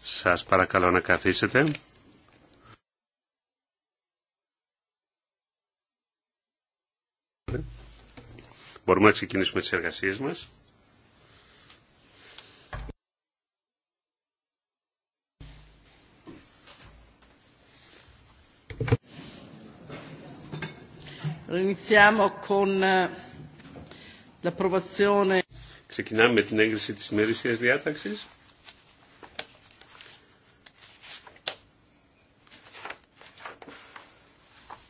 Σας παρακαλώ να καθίσετε. Μπορούμε να ξεκινήσουμε τις εργασίες μας. Iniziamo con eh, l'approvazione Ξεκινάμε με την έγκριση της ημερήσιας διάταξης.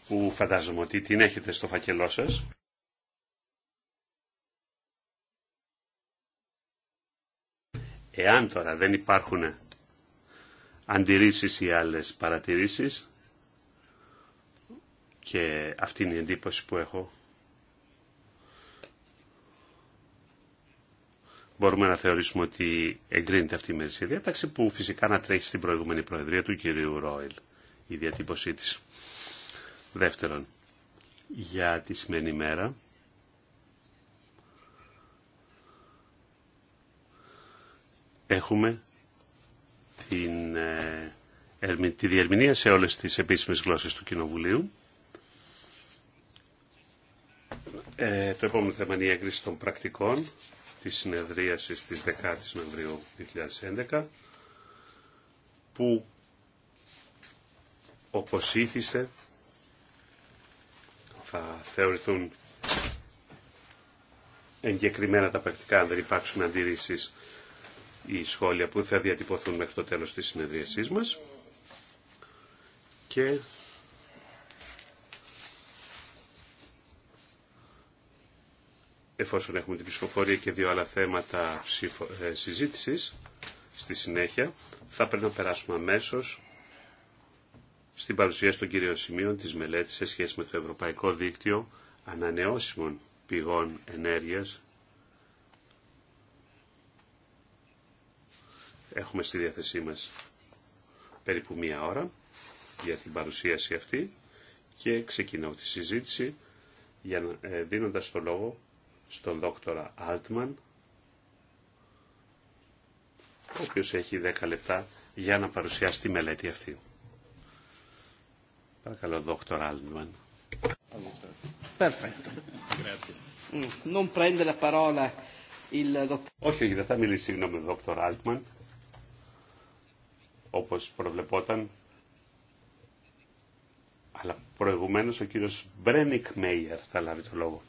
Που φαντάζομαι ότι την έχετε στο φακελό σας. Εάν τώρα δεν υπάρχουν αντιρρήσεις ή άλλες παρατηρήσεις, και αυτή είναι η εντύπωση που έχω μπορούμε να θεωρήσουμε ότι εγκρίνεται αυτή η μέση διάταξη που φυσικά να τρέχει στην προηγούμενη προεδρία του κυρίου Ρόιλ, η διατύπωσή της. Δεύτερον, για τη σημερινή μέρα, έχουμε την, ε, τη διερμηνία σε όλες τις επίσημες γλώσσες του Κοινοβουλίου. Ε, το επόμενο θέμα είναι η έγκριση των πρακτικών της συνεδρίασης της 10ης Νοεμβρίου 2011 που όπως ήθισε θα θεωρηθούν εγκεκριμένα τα πρακτικά αν δεν υπάρξουν αντιρρήσεις ή σχόλια που θα διατυπωθούν μέχρι το τέλος της συνεδρίασής μας και εφόσον έχουμε την ψηφοφορία και δύο άλλα θέματα ε, συζήτησης στη συνέχεια, θα πρέπει να περάσουμε αμέσω στην παρουσίαση των κυρίων σημείων της μελέτης σε σχέση με το Ευρωπαϊκό Δίκτυο Ανανεώσιμων Πηγών Ενέργειας. Έχουμε στη διάθεσή μας περίπου μία ώρα για την παρουσίαση αυτή και ξεκινάω τη συζήτηση για, ε, δίνοντας το λόγο στον δόκτορα Άλτμαν ο οποίος έχει 10 λεπτά για να παρουσιάσει τη μελέτη αυτή. Παρακαλώ, δόκτορα Άλτμαν. Mm, όχι, όχι, δεν θα μιλήσει, συγγνώμη, δόκτωρ Άλτμαν Όπως προβλεπόταν, αλλά προηγουμένως ο κύριος Μπρένικ Μέιερ θα λάβει το λόγο.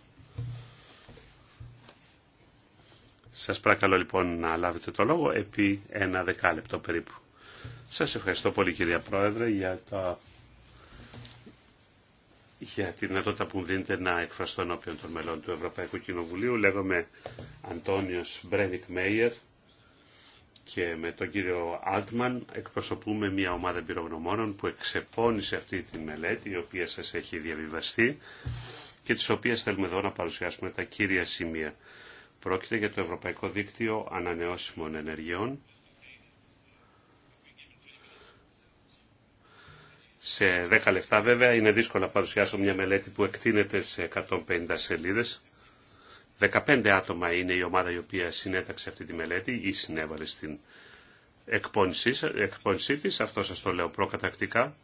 Σας παρακαλώ λοιπόν να λάβετε το λόγο επί ένα δεκάλεπτο περίπου. Σας ευχαριστώ πολύ κυρία Πρόεδρε για, το... για τη δυνατότητα που μου δίνετε να εκφραστώ ενώπιον των μελών του Ευρωπαϊκού Κοινοβουλίου. Λέγομαι Αντώνιος Μπρένικ Μέιερ και με τον κύριο Άλτμαν εκπροσωπούμε μια ομάδα εμπειρογνωμόνων που εξεπώνησε αυτή τη μελέτη η οποία σας έχει διαβιβαστεί και τις οποίες θέλουμε εδώ να παρουσιάσουμε τα κύρια σημεία. Πρόκειται για το Ευρωπαϊκό Δίκτυο Ανανεώσιμων Ενεργειών. Σε 10 λεπτά βέβαια είναι δύσκολο να παρουσιάσω μια μελέτη που εκτείνεται σε 150 σελίδες. 15 άτομα είναι η ομάδα η οποία συνέταξε αυτή τη μελέτη ή συνέβαλε στην εκπόνησή, της. Αυτό σας το λέω προκατακτικά.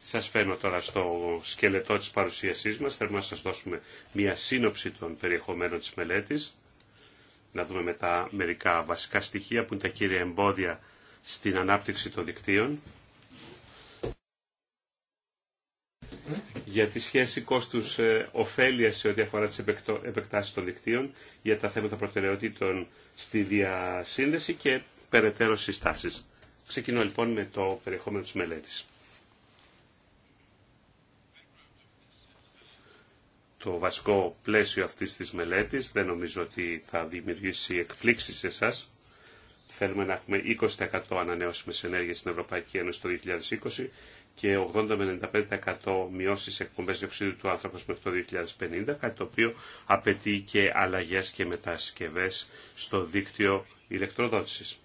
Σας φέρνω τώρα στο σκελετό της παρουσίασής μας. Θέλουμε να σας δώσουμε μια σύνοψη των περιεχομένων της μελέτης. Να δούμε μετά μερικά βασικά στοιχεία που είναι τα κύρια εμπόδια στην ανάπτυξη των δικτύων. για τη σχέση κόστους ε, ωφέλεια σε ό,τι αφορά τις επεκτάσεις των δικτύων, για τα θέματα προτεραιότητων στη διασύνδεση και περαιτέρω συστάσεις. Ξεκινώ λοιπόν με το περιεχόμενο της μελέτης. το βασικό πλαίσιο αυτής της μελέτης. Δεν νομίζω ότι θα δημιουργήσει εκπλήξεις σε εσά. Θέλουμε να έχουμε 20% ανανεώσιμες ενέργειες στην Ευρωπαϊκή Ένωση το 2020 και 80 95% μειώσεις σε εκπομπέ του άνθρωπος μέχρι το 2050, κάτι το οποίο απαιτεί και αλλαγές και μετασκευέ στο δίκτυο ηλεκτροδότησης.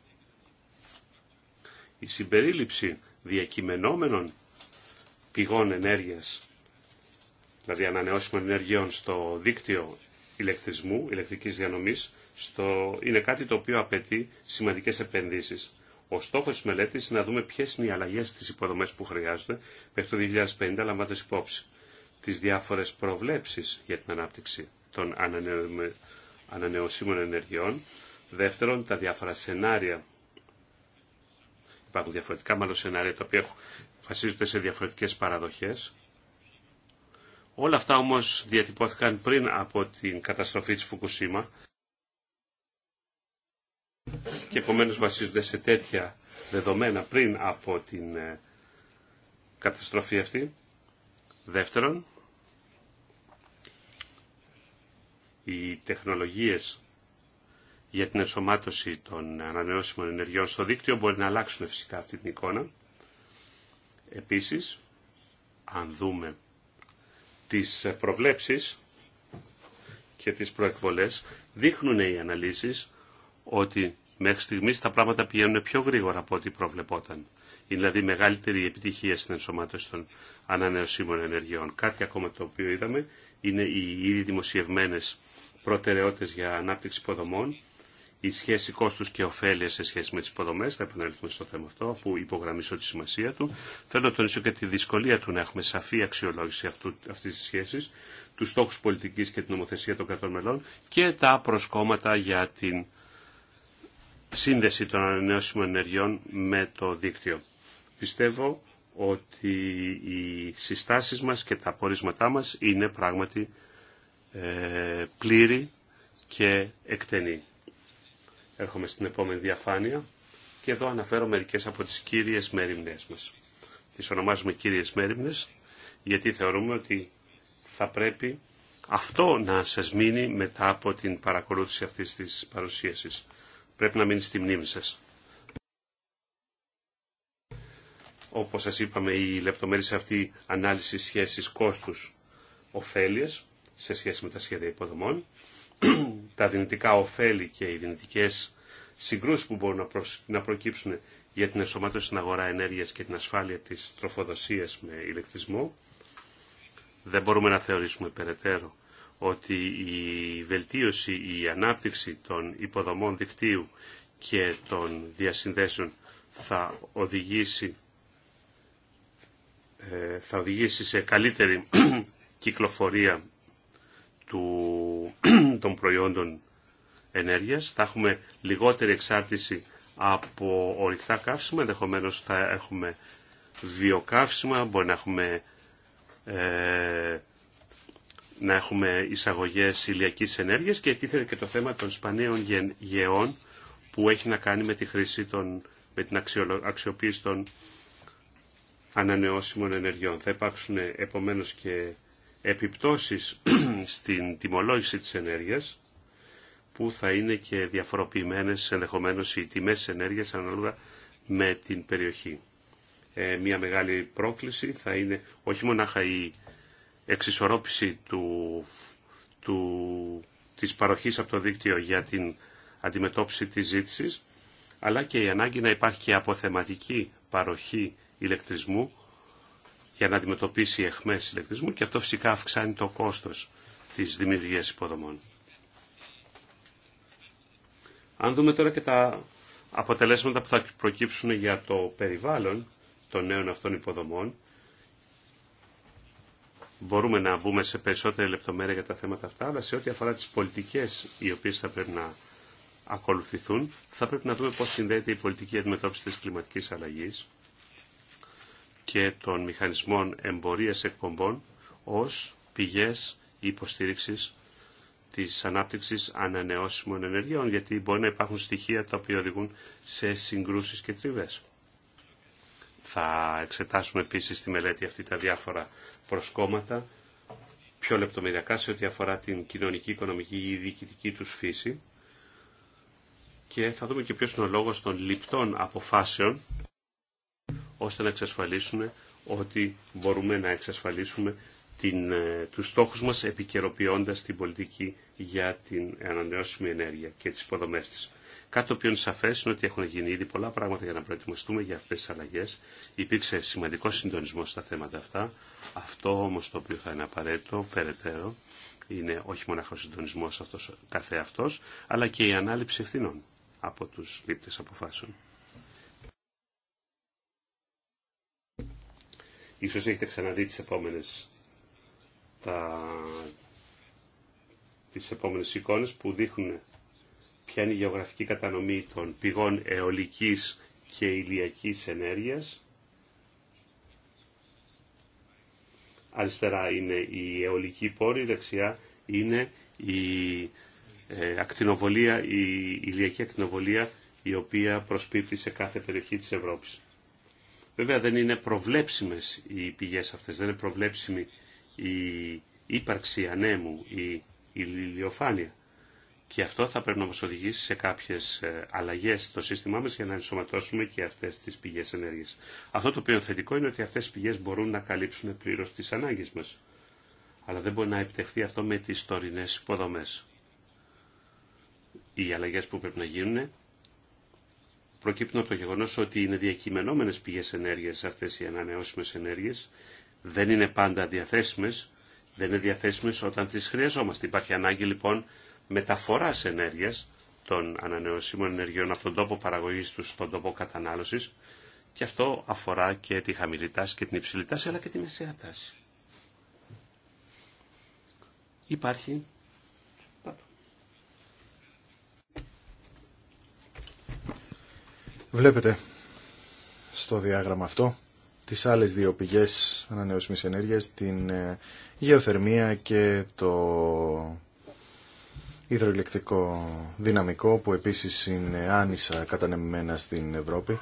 Η συμπερίληψη διακειμενόμενων πηγών ενέργειας δηλαδή ανανεώσιμων ενεργειών στο δίκτυο ηλεκτρισμού, ηλεκτρικής διανομής, στο... είναι κάτι το οποίο απαιτεί σημαντικές επενδύσεις. Ο στόχο τη μελέτη είναι να δούμε ποιε είναι οι αλλαγέ στι υποδομέ που χρειάζονται μέχρι το 2050, λαμβάνοντα υπόψη τι διάφορε προβλέψει για την ανάπτυξη των ανανεωσίμων ενεργειών. Δεύτερον, τα διάφορα σενάρια. Υπάρχουν διαφορετικά μάλλον σενάρια τα οποία βασίζονται σε διαφορετικέ παραδοχέ. Όλα αυτά όμως διατυπώθηκαν πριν από την καταστροφή της Φουκουσίμα και επομένως βασίζονται σε τέτοια δεδομένα πριν από την ε, καταστροφή αυτή. Δεύτερον, οι τεχνολογίες για την ενσωμάτωση των ανανεώσιμων ενεργειών στο δίκτυο μπορεί να αλλάξουν φυσικά αυτή την εικόνα. Επίσης, αν δούμε τις προβλέψεις και τις προεκβολές δείχνουν οι αναλύσεις ότι μέχρι στιγμής τα πράγματα πηγαίνουν πιο γρήγορα από ό,τι προβλεπόταν. Είναι δηλαδή μεγαλύτερη επιτυχία στην ενσωμάτωση των ανανεωσίμων ενεργειών. Κάτι ακόμα το οποίο είδαμε είναι οι ήδη δημοσιευμένες προτεραιότητες για ανάπτυξη υποδομών η σχέση κόστους και ωφέλεια σε σχέση με τις υποδομές, θα επαναληφθούμε στο θέμα αυτό, που υπογραμμίσω τη σημασία του. Θέλω να τονίσω και τη δυσκολία του να έχουμε σαφή αξιολόγηση αυτή αυτής της σχέσης, τους στόχους πολιτικής και την νομοθεσία των κρατών μελών και τα προσκόμματα για την σύνδεση των ανανεώσιμων ενεργειών με το δίκτυο. Πιστεύω ότι οι συστάσεις μας και τα πορίσματά μας είναι πράγματι ε, πλήρη και εκτενή. Έρχομαι στην επόμενη διαφάνεια και εδώ αναφέρω μερικές από τις κύριες μέρημνες μας. Τις ονομάζουμε κύριες μέρημνες γιατί θεωρούμε ότι θα πρέπει αυτό να σας μείνει μετά από την παρακολούθηση αυτής της παρουσίασης. Πρέπει να μείνει στη μνήμη σας. Όπως σας είπαμε, η σε αυτή ανάλυση σχέσης κόστους ωφέλειες σε σχέση με τα σχέδια υποδομών τα δυνητικά ωφέλη και οι δυνητικές συγκρούσεις που μπορούν να προκύψουν για την εσωματώση στην αγορά ενέργειας και την ασφάλεια της τροφοδοσίας με ηλεκτρισμό. Δεν μπορούμε να θεωρήσουμε περαιτέρω ότι η βελτίωση, η ανάπτυξη των υποδομών δικτύου και των διασυνδέσεων θα οδηγήσει, ε, θα οδηγήσει σε καλύτερη κυκλοφορία των προϊόντων ενέργειας, θα έχουμε λιγότερη εξάρτηση από ορυκτά καύσιμα, ενδεχομένω θα έχουμε βιοκαύσιμα, μπορεί να έχουμε, ε, να έχουμε εισαγωγές ηλιακής ενέργειας και τίθεται και το θέμα των σπανίων γεών που έχει να κάνει με τη χρήση των, με την αξιοποίηση των ανανεώσιμων ενεργειών. Θα υπάρξουν επομένως και επιπτώσεις στην τιμολόγηση της ενέργειας που θα είναι και διαφοροποιημένες ενδεχομένως οι τιμές της ενέργειας ανάλογα με την περιοχή. Ε, μια μεγάλη πρόκληση θα είναι όχι μονάχα η εξισορρόπηση του, του, της παροχής από το δίκτυο για την αντιμετώπιση της ζήτησης, αλλά και η ανάγκη να υπάρχει και αποθεματική παροχή ηλεκτρισμού για να αντιμετωπίσει εχμές ηλεκτρισμού και αυτό φυσικά αυξάνει το κόστος της δημιουργίας υποδομών. Αν δούμε τώρα και τα αποτελέσματα που θα προκύψουν για το περιβάλλον των νέων αυτών υποδομών, μπορούμε να βούμε σε περισσότερη λεπτομέρεια για τα θέματα αυτά, αλλά σε ό,τι αφορά τις πολιτικές οι οποίες θα πρέπει να ακολουθηθούν, θα πρέπει να δούμε πώς συνδέεται η πολιτική αντιμετώπιση της κλιματικής αλλαγής και των μηχανισμών εμπορίας εκπομπών ως πηγές υποστήριξης της ανάπτυξης ανανεώσιμων ενεργειών, γιατί μπορεί να υπάρχουν στοιχεία τα οποία οδηγούν σε συγκρούσεις και τριβές. Θα εξετάσουμε επίσης στη μελέτη αυτή τα διάφορα προσκόμματα, πιο λεπτομεριακά σε ό,τι αφορά την κοινωνική, οικονομική ή διοικητική τους φύση. Και θα δούμε και ποιος είναι ο λόγος των λιπτών αποφάσεων ώστε να εξασφαλίσουμε ότι μπορούμε να εξασφαλίσουμε την, ε, τους στόχους μας επικαιροποιώντα την πολιτική για την ανανεώσιμη ενέργεια και τις υποδομές της. Κάτι το οποίο είναι σαφέ είναι ότι έχουν γίνει ήδη πολλά πράγματα για να προετοιμαστούμε για αυτέ τι αλλαγέ. Υπήρξε σημαντικό συντονισμό στα θέματα αυτά. Αυτό όμω το οποίο θα είναι απαραίτητο περαιτέρω είναι όχι μόνο ο συντονισμό αυτό καθεαυτό, αλλά και η ανάληψη ευθυνών από του λήπτε αποφάσεων. Ίσως έχετε ξαναδεί τις επόμενες, τα, τις επόμενες εικόνες που δείχνουν ποια είναι η γεωγραφική κατανομή των πηγών αιωλικής και ηλιακής ενέργειας. Αριστερά είναι η αιωλική πόρη, δεξιά είναι η ε, ακτινοβολία, η ηλιακή ακτινοβολία η οποία προσπίπτει σε κάθε περιοχή της Ευρώπης. Βέβαια δεν είναι προβλέψιμες οι πηγές αυτές, δεν είναι προβλέψιμη η ύπαρξη ανέμου, η, η Και αυτό θα πρέπει να μας οδηγήσει σε κάποιες ε, αλλαγές στο σύστημά μας για να ενσωματώσουμε και αυτές τις πηγές ενέργειας. Αυτό το οποίο θετικό είναι ότι αυτές οι πηγές μπορούν να καλύψουν πλήρως τις ανάγκες μας. Αλλά δεν μπορεί να επιτευχθεί αυτό με τις τωρινές υποδομές. Οι αλλαγές που πρέπει να γίνουν προκύπτουν από το γεγονό ότι είναι διακειμενόμενες πηγές ενέργειας αυτέ οι ανανεώσιμε ενέργειες, δεν είναι πάντα διαθέσιμες, δεν είναι διαθέσιμες όταν τις χρειαζόμαστε. Υπάρχει ανάγκη λοιπόν μεταφοράς ενέργεια των ανανεώσιμων ενεργειών από τον τόπο παραγωγής του στον τόπο κατανάλωσης και αυτό αφορά και τη χαμηλή τάση και την υψηλή τάση αλλά και τη μεσαία τάση. Υπάρχει Βλέπετε στο διάγραμμα αυτό τις άλλες δύο πηγές ανανεώσιμης ενέργειας, την ε, γεωθερμία και το υδροηλεκτρικό δυναμικό που επίσης είναι άνισα κατανεμημένα στην Ευρώπη.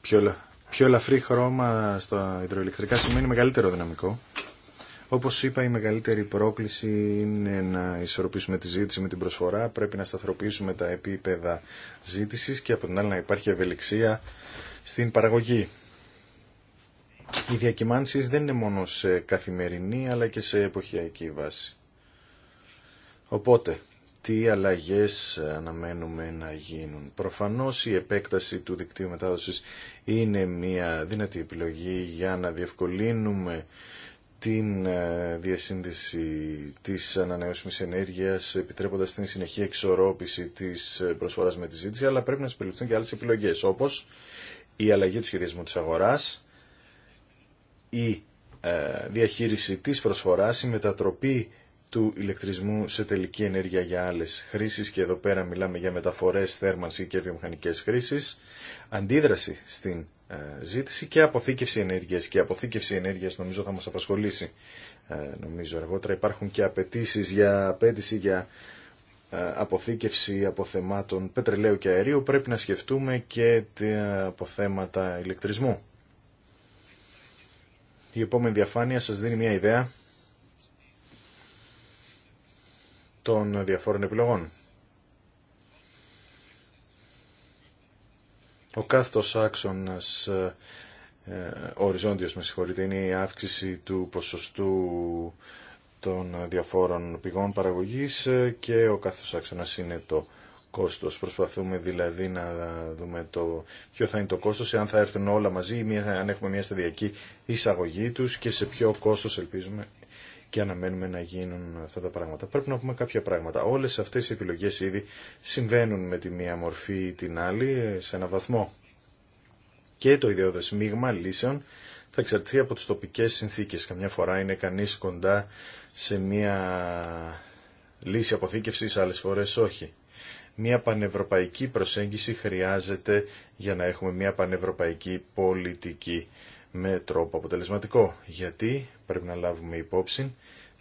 Πιο, πιο ελαφρύ χρώμα στα υδροηλεκτρικά σημαίνει μεγαλύτερο δυναμικό. Όπω είπα, η μεγαλύτερη πρόκληση είναι να ισορροπήσουμε τη ζήτηση με την προσφορά, πρέπει να σταθροποιήσουμε τα επίπεδα ζήτηση και από την άλλη να υπάρχει ευελιξία στην παραγωγή. Οι διακυμάνσεις δεν είναι μόνο σε καθημερινή αλλά και σε εποχιακή βάση. Οπότε, τι αλλαγές αναμένουμε να γίνουν. Προφανώς η επέκταση του δικτύου μετάδοσης είναι μια δυνατή επιλογή για να διευκολύνουμε την ε, διασύνδεση της ανανεώσιμης ενέργειας, επιτρέποντας την συνεχή εξορρόπηση της ε, προσφοράς με τη ζήτηση, αλλά πρέπει να συμπεριληφθούν και άλλες επιλογές, όπως η αλλαγή του σχεδιασμού της αγοράς, η ε, διαχείριση της προσφοράς, η μετατροπή του ηλεκτρισμού σε τελική ενέργεια για άλλες χρήσεις και εδώ πέρα μιλάμε για μεταφορές, θέρμανση και βιομηχανικές χρήσεις, αντίδραση στην ε, ζήτηση και αποθήκευση ενέργειας. Και αποθήκευση ενέργειας νομίζω θα μας απασχολήσει ε, νομίζω αργότερα. Υπάρχουν και απαιτήσει για απέτηση για ε, αποθήκευση αποθεμάτων πετρελαίου και αερίου. Πρέπει να σκεφτούμε και τα αποθέματα ηλεκτρισμού. Η επόμενη διαφάνεια σας δίνει μια ιδέα των διαφόρων επιλογών. Ο κάθετος άξονας ε, ε, οριζόντιος, με είναι η αύξηση του ποσοστού των διαφόρων πηγών παραγωγής ε, και ο κάθετος άξονας είναι το κόστος. Προσπαθούμε δηλαδή να δούμε το ποιο θα είναι το κόστος, αν θα έρθουν όλα μαζί, αν έχουμε μια σταδιακή εισαγωγή τους και σε ποιο κόστος ελπίζουμε και αναμένουμε να γίνουν αυτά τα πράγματα. Πρέπει να πούμε κάποια πράγματα. Όλες αυτές οι επιλογές ήδη συμβαίνουν με τη μία μορφή ή την άλλη ε, σε ένα βαθμό. Και το ιδεώδες μείγμα λύσεων θα εξαρτηθεί από τις τοπικές συνθήκες. Καμιά φορά είναι κανείς κοντά σε μία λύση αποθήκευσης, άλλες φορές όχι. Μία πανευρωπαϊκή προσέγγιση χρειάζεται για να έχουμε μία πανευρωπαϊκή πολιτική με τρόπο αποτελεσματικό. Γιατί πρέπει να λάβουμε υπόψη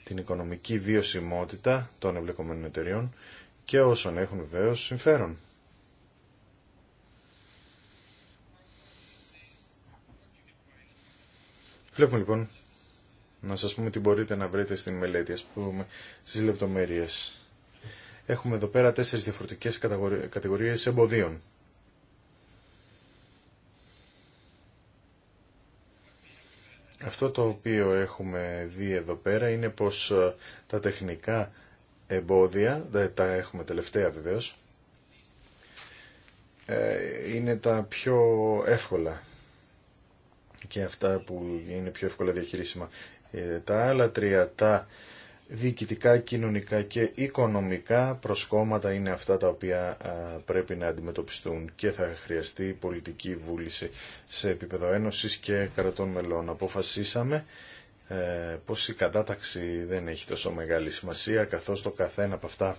την οικονομική βιωσιμότητα των εμπλεκομένων εταιριών και όσων έχουν βεβαίω συμφέρον. Βλέπουμε λοιπόν να σας πούμε τι μπορείτε να βρείτε στην μελέτη, ας πούμε, στις λεπτομέρειες. Έχουμε εδώ πέρα τέσσερις διαφορετικές κατηγορίες εμποδίων. Αυτό το οποίο έχουμε δει εδώ πέρα είναι πως ε, τα τεχνικά εμπόδια, τα έχουμε τελευταία βεβαίως, ε, είναι τα πιο εύκολα και αυτά που είναι πιο εύκολα διαχειρίσιμα. Ε, τα άλλα τρία τα διοικητικά, κοινωνικά και οικονομικά προσκόμματα είναι αυτά τα οποία πρέπει να αντιμετωπιστούν και θα χρειαστεί πολιτική βούληση σε επίπεδο ένωσης και κρατών μελών. Αποφασίσαμε ε, πως η κατάταξη δεν έχει τόσο μεγάλη σημασία καθώς το καθένα από αυτά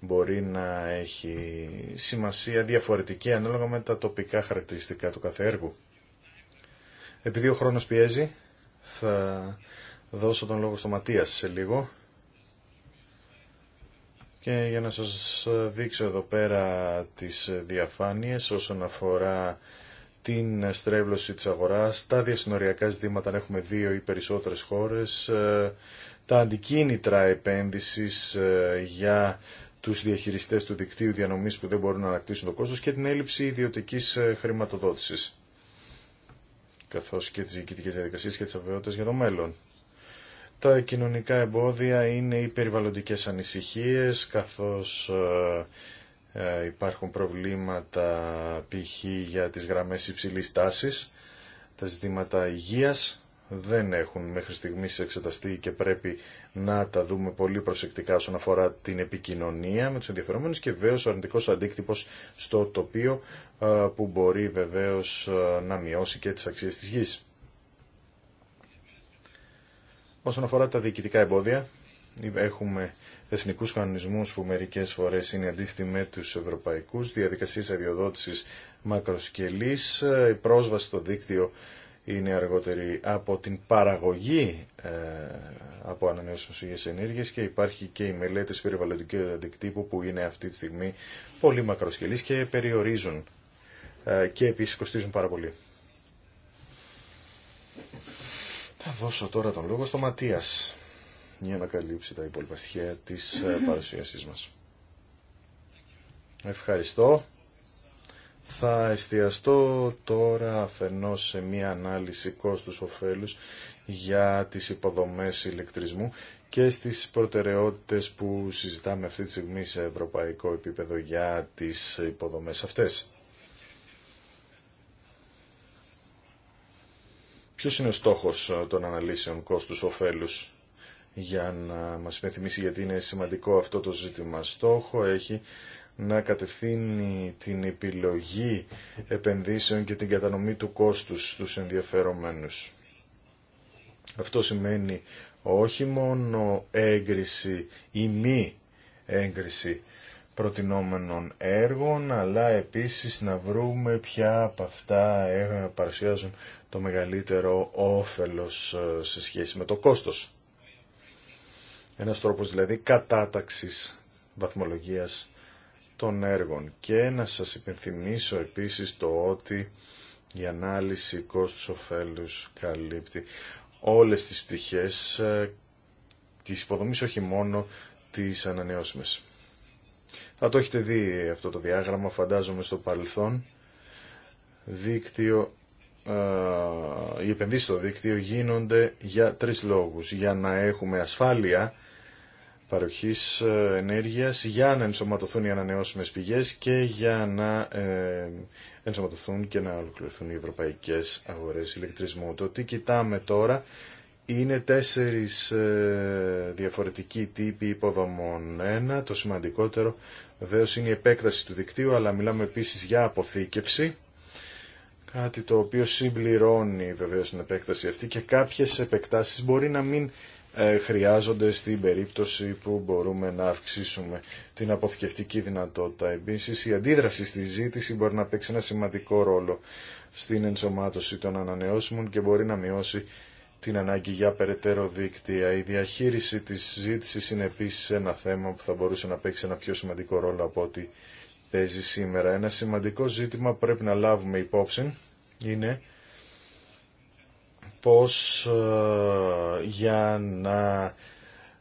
μπορεί να έχει σημασία διαφορετική ανάλογα με τα τοπικά χαρακτηριστικά του κάθε Επειδή ο χρόνος πιέζει, θα δώσω τον λόγο στο Ματίας σε λίγο. Και για να σας δείξω εδώ πέρα τις διαφάνειες όσον αφορά την στρέβλωση της αγοράς, τα διασυνοριακά ζητήματα αν έχουμε δύο ή περισσότερες χώρες, ε, τα αντικίνητρα επένδυσης ε, για τους διαχειριστές του δικτύου διανομής που δεν μπορούν να ανακτήσουν το κόστος και την έλλειψη ιδιωτικής ε, χρηματοδότησης καθώς και τις διοικητικές διαδικασίες και τις αβεβαιότητες για το μέλλον. Τα κοινωνικά εμπόδια είναι οι περιβαλλοντικές ανησυχίες, καθώς ε, ε, υπάρχουν προβλήματα π.χ. για τις γραμμές υψηλής τάσης. Τα ζητήματα υγείας δεν έχουν μέχρι στιγμής εξεταστεί και πρέπει να τα δούμε πολύ προσεκτικά όσον αφορά την επικοινωνία με τους ενδιαφερόμενους και βεβαίω ο αρνητικός αντίκτυπος στο τοπίο ε, που μπορεί βεβαίως να μειώσει και τις αξίες της γης. Όσον αφορά τα διοικητικά εμπόδια, έχουμε εθνικού κανονισμούς που μερικές φορές είναι αντίστοιχοι με του ευρωπαϊκούς, διαδικασίε αδειοδότηση μακροσκελή. Ε, η πρόσβαση στο δίκτυο είναι αργότερη από την παραγωγή ε, από ανανεώσιμες πηγές ενέργειας και υπάρχει και η μελέτες περιβαλλοντικού αντικτύπου που είναι αυτή τη στιγμή πολύ μακροσκελής και περιορίζουν ε, και επίσης κοστίζουν πάρα πολύ. Θα δώσω τώρα τον λόγο στο Ματίας για να καλύψει τα υπόλοιπα στοιχεία της ε, παρουσίασής μας. Ευχαριστώ. Θα εστιαστώ τώρα αφενός σε μία ανάλυση κόστους οφέλους για τις υποδομές ηλεκτρισμού και στις προτεραιότητες που συζητάμε αυτή τη στιγμή σε ευρωπαϊκό επίπεδο για τις υποδομές αυτές. Ποιος είναι ο στόχος ε, των αναλύσεων κόστους κόστους-οφέλους για να μας υπενθυμίσει γιατί είναι σημαντικό αυτό το ζήτημα. Στόχο έχει να κατευθύνει την επιλογή επενδύσεων και την κατανομή του κόστους στους ενδιαφερομένους. Αυτό σημαίνει όχι μόνο έγκριση ή μη έγκριση προτινόμενων έργων, αλλά επίσης να βρούμε ποια από αυτά παρουσιάζουν το μεγαλύτερο όφελος ε, σε σχέση με το κόστος. Ένας τρόπος δηλαδή κατάταξης βαθμολογίας των έργων. Και να σας υπενθυμίσω επίσης το ότι η ανάλυση κόστους οφέλους καλύπτει όλες τις πτυχές ε, της υποδομής, όχι μόνο τις ανανεώσιμες. Θα το έχετε δει αυτό το διάγραμμα φαντάζομαι στο παρελθόν. Δίκτυο, ε, οι επενδύσεις στο δίκτυο γίνονται για τρεις λόγους. Για να έχουμε ασφάλεια παροχής ε, ενέργειας, για να ενσωματωθούν οι ανανεώσιμες πηγές και για να ε, ενσωματωθούν και να ολοκληρωθούν οι ευρωπαϊκές αγορές ηλεκτρισμού. Το τι κοιτάμε τώρα είναι τέσσερις ε, διαφορετικοί τύποι υποδομών. Ένα, το σημαντικότερο βεβαίω είναι η επέκταση του δικτύου, αλλά μιλάμε επίσης για αποθήκευση, κάτι το οποίο συμπληρώνει βεβαίως την επέκταση αυτή και κάποιες επεκτάσεις μπορεί να μην ε, χρειάζονται στην περίπτωση που μπορούμε να αυξήσουμε την αποθηκευτική δυνατότητα. Επίση, η αντίδραση στη ζήτηση μπορεί να παίξει ένα σημαντικό ρόλο στην ενσωμάτωση των ανανεώσιμων και μπορεί να μειώσει την ανάγκη για περαιτέρω δίκτυα. Η διαχείριση της συζήτηση είναι επίσης ένα θέμα που θα μπορούσε να παίξει ένα πιο σημαντικό ρόλο από ό,τι παίζει σήμερα. Ένα σημαντικό ζήτημα που πρέπει να λάβουμε υπόψη είναι πως ε, για να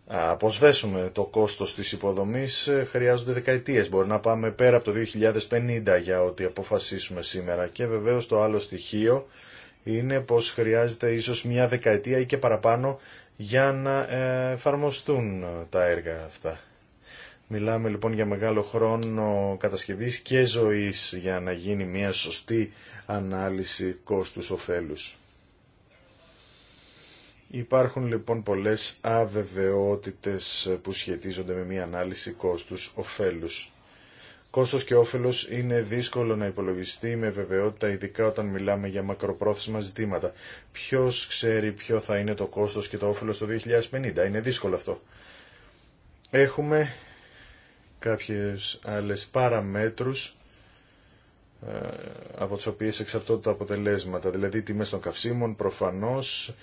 αποσβέσουμε το κόστος της υποδομής ε, χρειάζονται δεκαετίες. Μπορεί να πάμε πέρα από το 2050 για ό,τι αποφασίσουμε σήμερα. Και βεβαίως το άλλο στοιχείο είναι πως χρειάζεται ίσως μια δεκαετία ή και παραπάνω για να ε, εφαρμοστούν ε, τα έργα αυτά. Μιλάμε λοιπόν για μεγάλο χρόνο κατασκευής και ζωής για να γίνει μια σωστή ανάλυση κόστους κόστους-οφέλους. Υπάρχουν λοιπόν πολλές αβεβαιότητες που σχετίζονται με μια ανάλυση κόστους κόστους-οφέλους. Κόστος και όφελος είναι δύσκολο να υπολογιστεί με βεβαιότητα, ειδικά όταν μιλάμε για μακροπρόθεσμα ζητήματα. Ποιος ξέρει ποιο θα είναι το κόστος και το όφελος το 2050. Είναι δύσκολο αυτό. Έχουμε κάποιες άλλες παραμέτρους ε, από τις οποίες εξαρτώνται τα αποτελέσματα, δηλαδή τιμές των καυσίμων, προφανώς,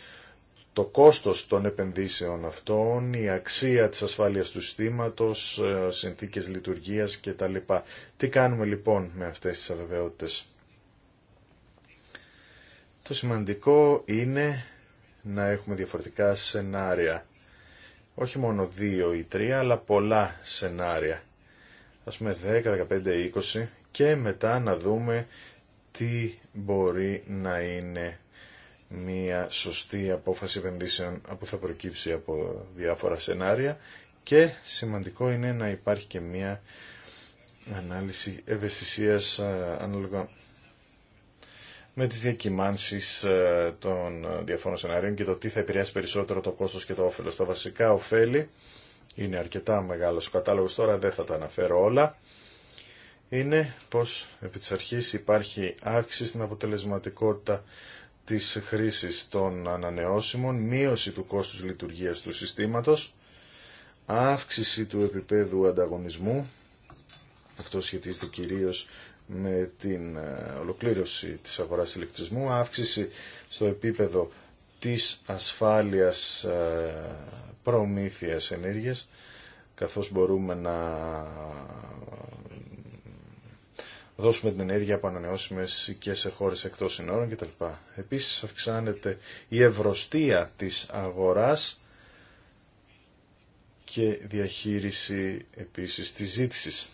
το κόστος των επενδύσεων αυτών, η αξία της ασφάλειας του συστήματος, ε, συνθήκες λειτουργίας κτλ. Τι κάνουμε λοιπόν με αυτές τις αβεβαιότητες. Το σημαντικό είναι να έχουμε διαφορετικά σενάρια. Όχι μόνο δύο ή τρία, αλλά πολλά σενάρια. Ας πούμε 10, 15, 20 και μετά να δούμε τι μπορεί να είναι μια σωστή απόφαση επενδύσεων που θα προκύψει από διάφορα σενάρια και σημαντικό είναι να υπάρχει και μια ανάλυση ευαισθησίας ανάλογα με τις διακυμάνσεις των διαφόρων σενάριων και το τι θα επηρεάσει περισσότερο το κόστος και το όφελος. Τα βασικά ωφέλη είναι αρκετά μεγάλος ο κατάλογος τώρα, δεν θα τα αναφέρω όλα. Είναι πως επί της αρχής υπάρχει άξιση στην αποτελεσματικότητα της χρήσης των ανανεώσιμων, μείωση του κόστους λειτουργίας του συστήματος, αύξηση του επίπεδου ανταγωνισμού, αυτό σχετίζεται κυρίως με την ε, ολοκλήρωση της αγοράς ηλεκτρισμού, αύξηση στο επίπεδο της ασφάλειας ε, προμήθειας ενέργειας, καθώς μπορούμε να δώσουμε την ενέργεια από ανανεώσιμε και σε χώρε εκτό συνόρων κτλ. Επίση, αυξάνεται η ευρωστία τη αγορά και διαχείριση επίσης της ζήτησης.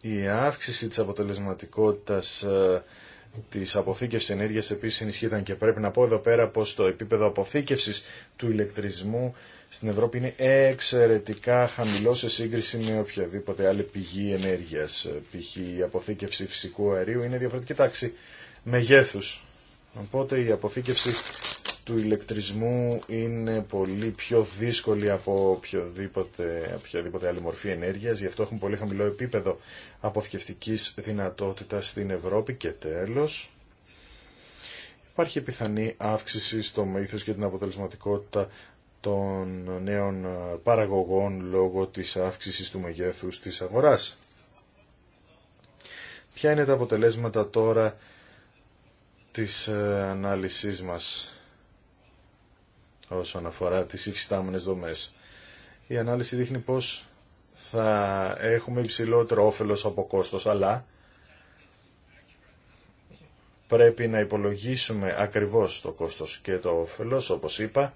Η αύξηση της αποτελεσματικότητας ε, της αποθήκευσης ενέργειας επίσης ενισχύεται και πρέπει να πω εδώ πέρα πως το επίπεδο αποθήκευσης του ηλεκτρισμού στην Ευρώπη είναι εξαιρετικά χαμηλό σε σύγκριση με οποιαδήποτε άλλη πηγή ενέργειας. Π.χ. η αποθήκευση φυσικού αερίου είναι διαφορετική τάξη μεγέθους. Οπότε η αποθήκευση του ηλεκτρισμού είναι πολύ πιο δύσκολη από οποιαδήποτε άλλη μορφή ενέργειας, γι' αυτό έχουμε πολύ χαμηλό επίπεδο αποθηκευτικής δυνατότητας στην Ευρώπη και τέλος υπάρχει πιθανή αύξηση στο μήθος και την αποτελεσματικότητα των νέων παραγωγών λόγω της αύξησης του μεγέθους της αγοράς. Ποια είναι τα αποτελέσματα τώρα της ε, ανάλυσής μας όσον αφορά τις υφιστάμενες δομές. Η ανάλυση δείχνει πως θα έχουμε υψηλότερο όφελος από κόστος, αλλά πρέπει να υπολογίσουμε ακριβώς το κόστος και το όφελος, όπως είπα,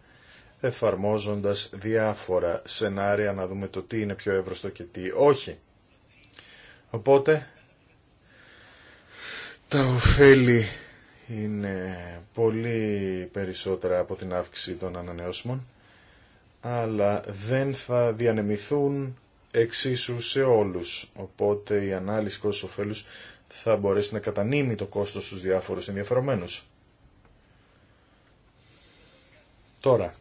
εφαρμόζοντας διάφορα σενάρια να δούμε το τι είναι πιο εύρωστο και τι όχι. Οπότε τα ωφέλη είναι πολύ περισσότερα από την αύξηση των ανανεώσιμων αλλά δεν θα διανεμηθούν εξίσου σε όλους. Οπότε η ανάλυση κόστος ωφέλους θα μπορέσει να κατανείμει το κόστος στους διάφορους ενδιαφερομένους. Τώρα,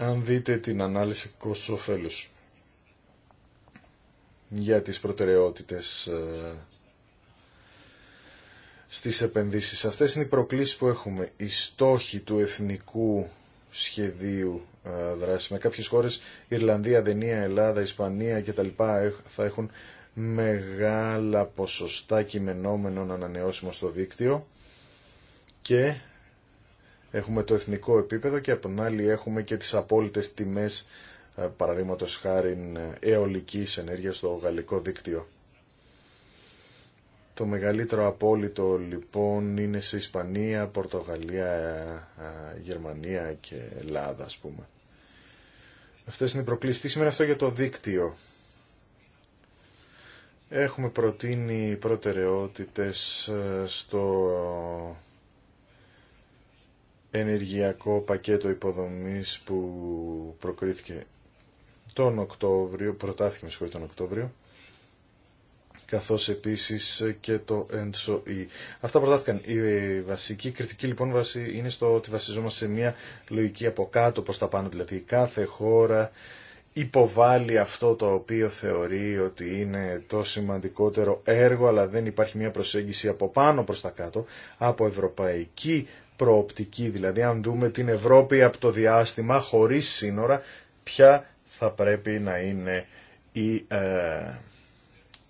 αν δείτε την ανάλυση κόστος ωφέλους για τις προτεραιότητες ε, στις επενδύσεις. Αυτές είναι οι προκλήσεις που έχουμε. Οι στόχοι του εθνικού σχεδίου ε, δράση. Με κάποιες χώρες, Ιρλανδία, Δενία, Ελλάδα, Ισπανία κτλ. θα έχουν μεγάλα ποσοστά κειμενόμενων ανανεώσιμων στο δίκτυο και Έχουμε το εθνικό επίπεδο και από την άλλη έχουμε και τις απόλυτες τιμές ε, παραδείγματο χάρη αιωλική ενέργειας στο γαλλικό δίκτυο. Το μεγαλύτερο απόλυτο λοιπόν είναι σε Ισπανία, Πορτογαλία, ε, ε, Γερμανία και Ελλάδα ας πούμε. Αυτές είναι οι προκλήσεις. Τι σημαίνει αυτό για το δίκτυο. Έχουμε προτείνει προτεραιότητες στο ενεργειακό πακέτο υποδομής που προκρίθηκε τον Οκτώβριο, προτάθηκε με τον Οκτώβριο, καθώς επίσης και το ΕΝΤΣΟΗ e. Αυτά προτάθηκαν. Η βασική κριτική λοιπόν βασί, είναι στο ότι βασιζόμαστε σε μια λογική από κάτω προς τα πάνω, δηλαδή κάθε χώρα υποβάλλει αυτό το οποίο θεωρεί ότι είναι το σημαντικότερο έργο, αλλά δεν υπάρχει μια προσέγγιση από πάνω προς τα κάτω, από ευρωπαϊκή προοπτική, δηλαδή αν δούμε την Ευρώπη από το διάστημα χωρίς σύνορα, ποια θα πρέπει να είναι η ε,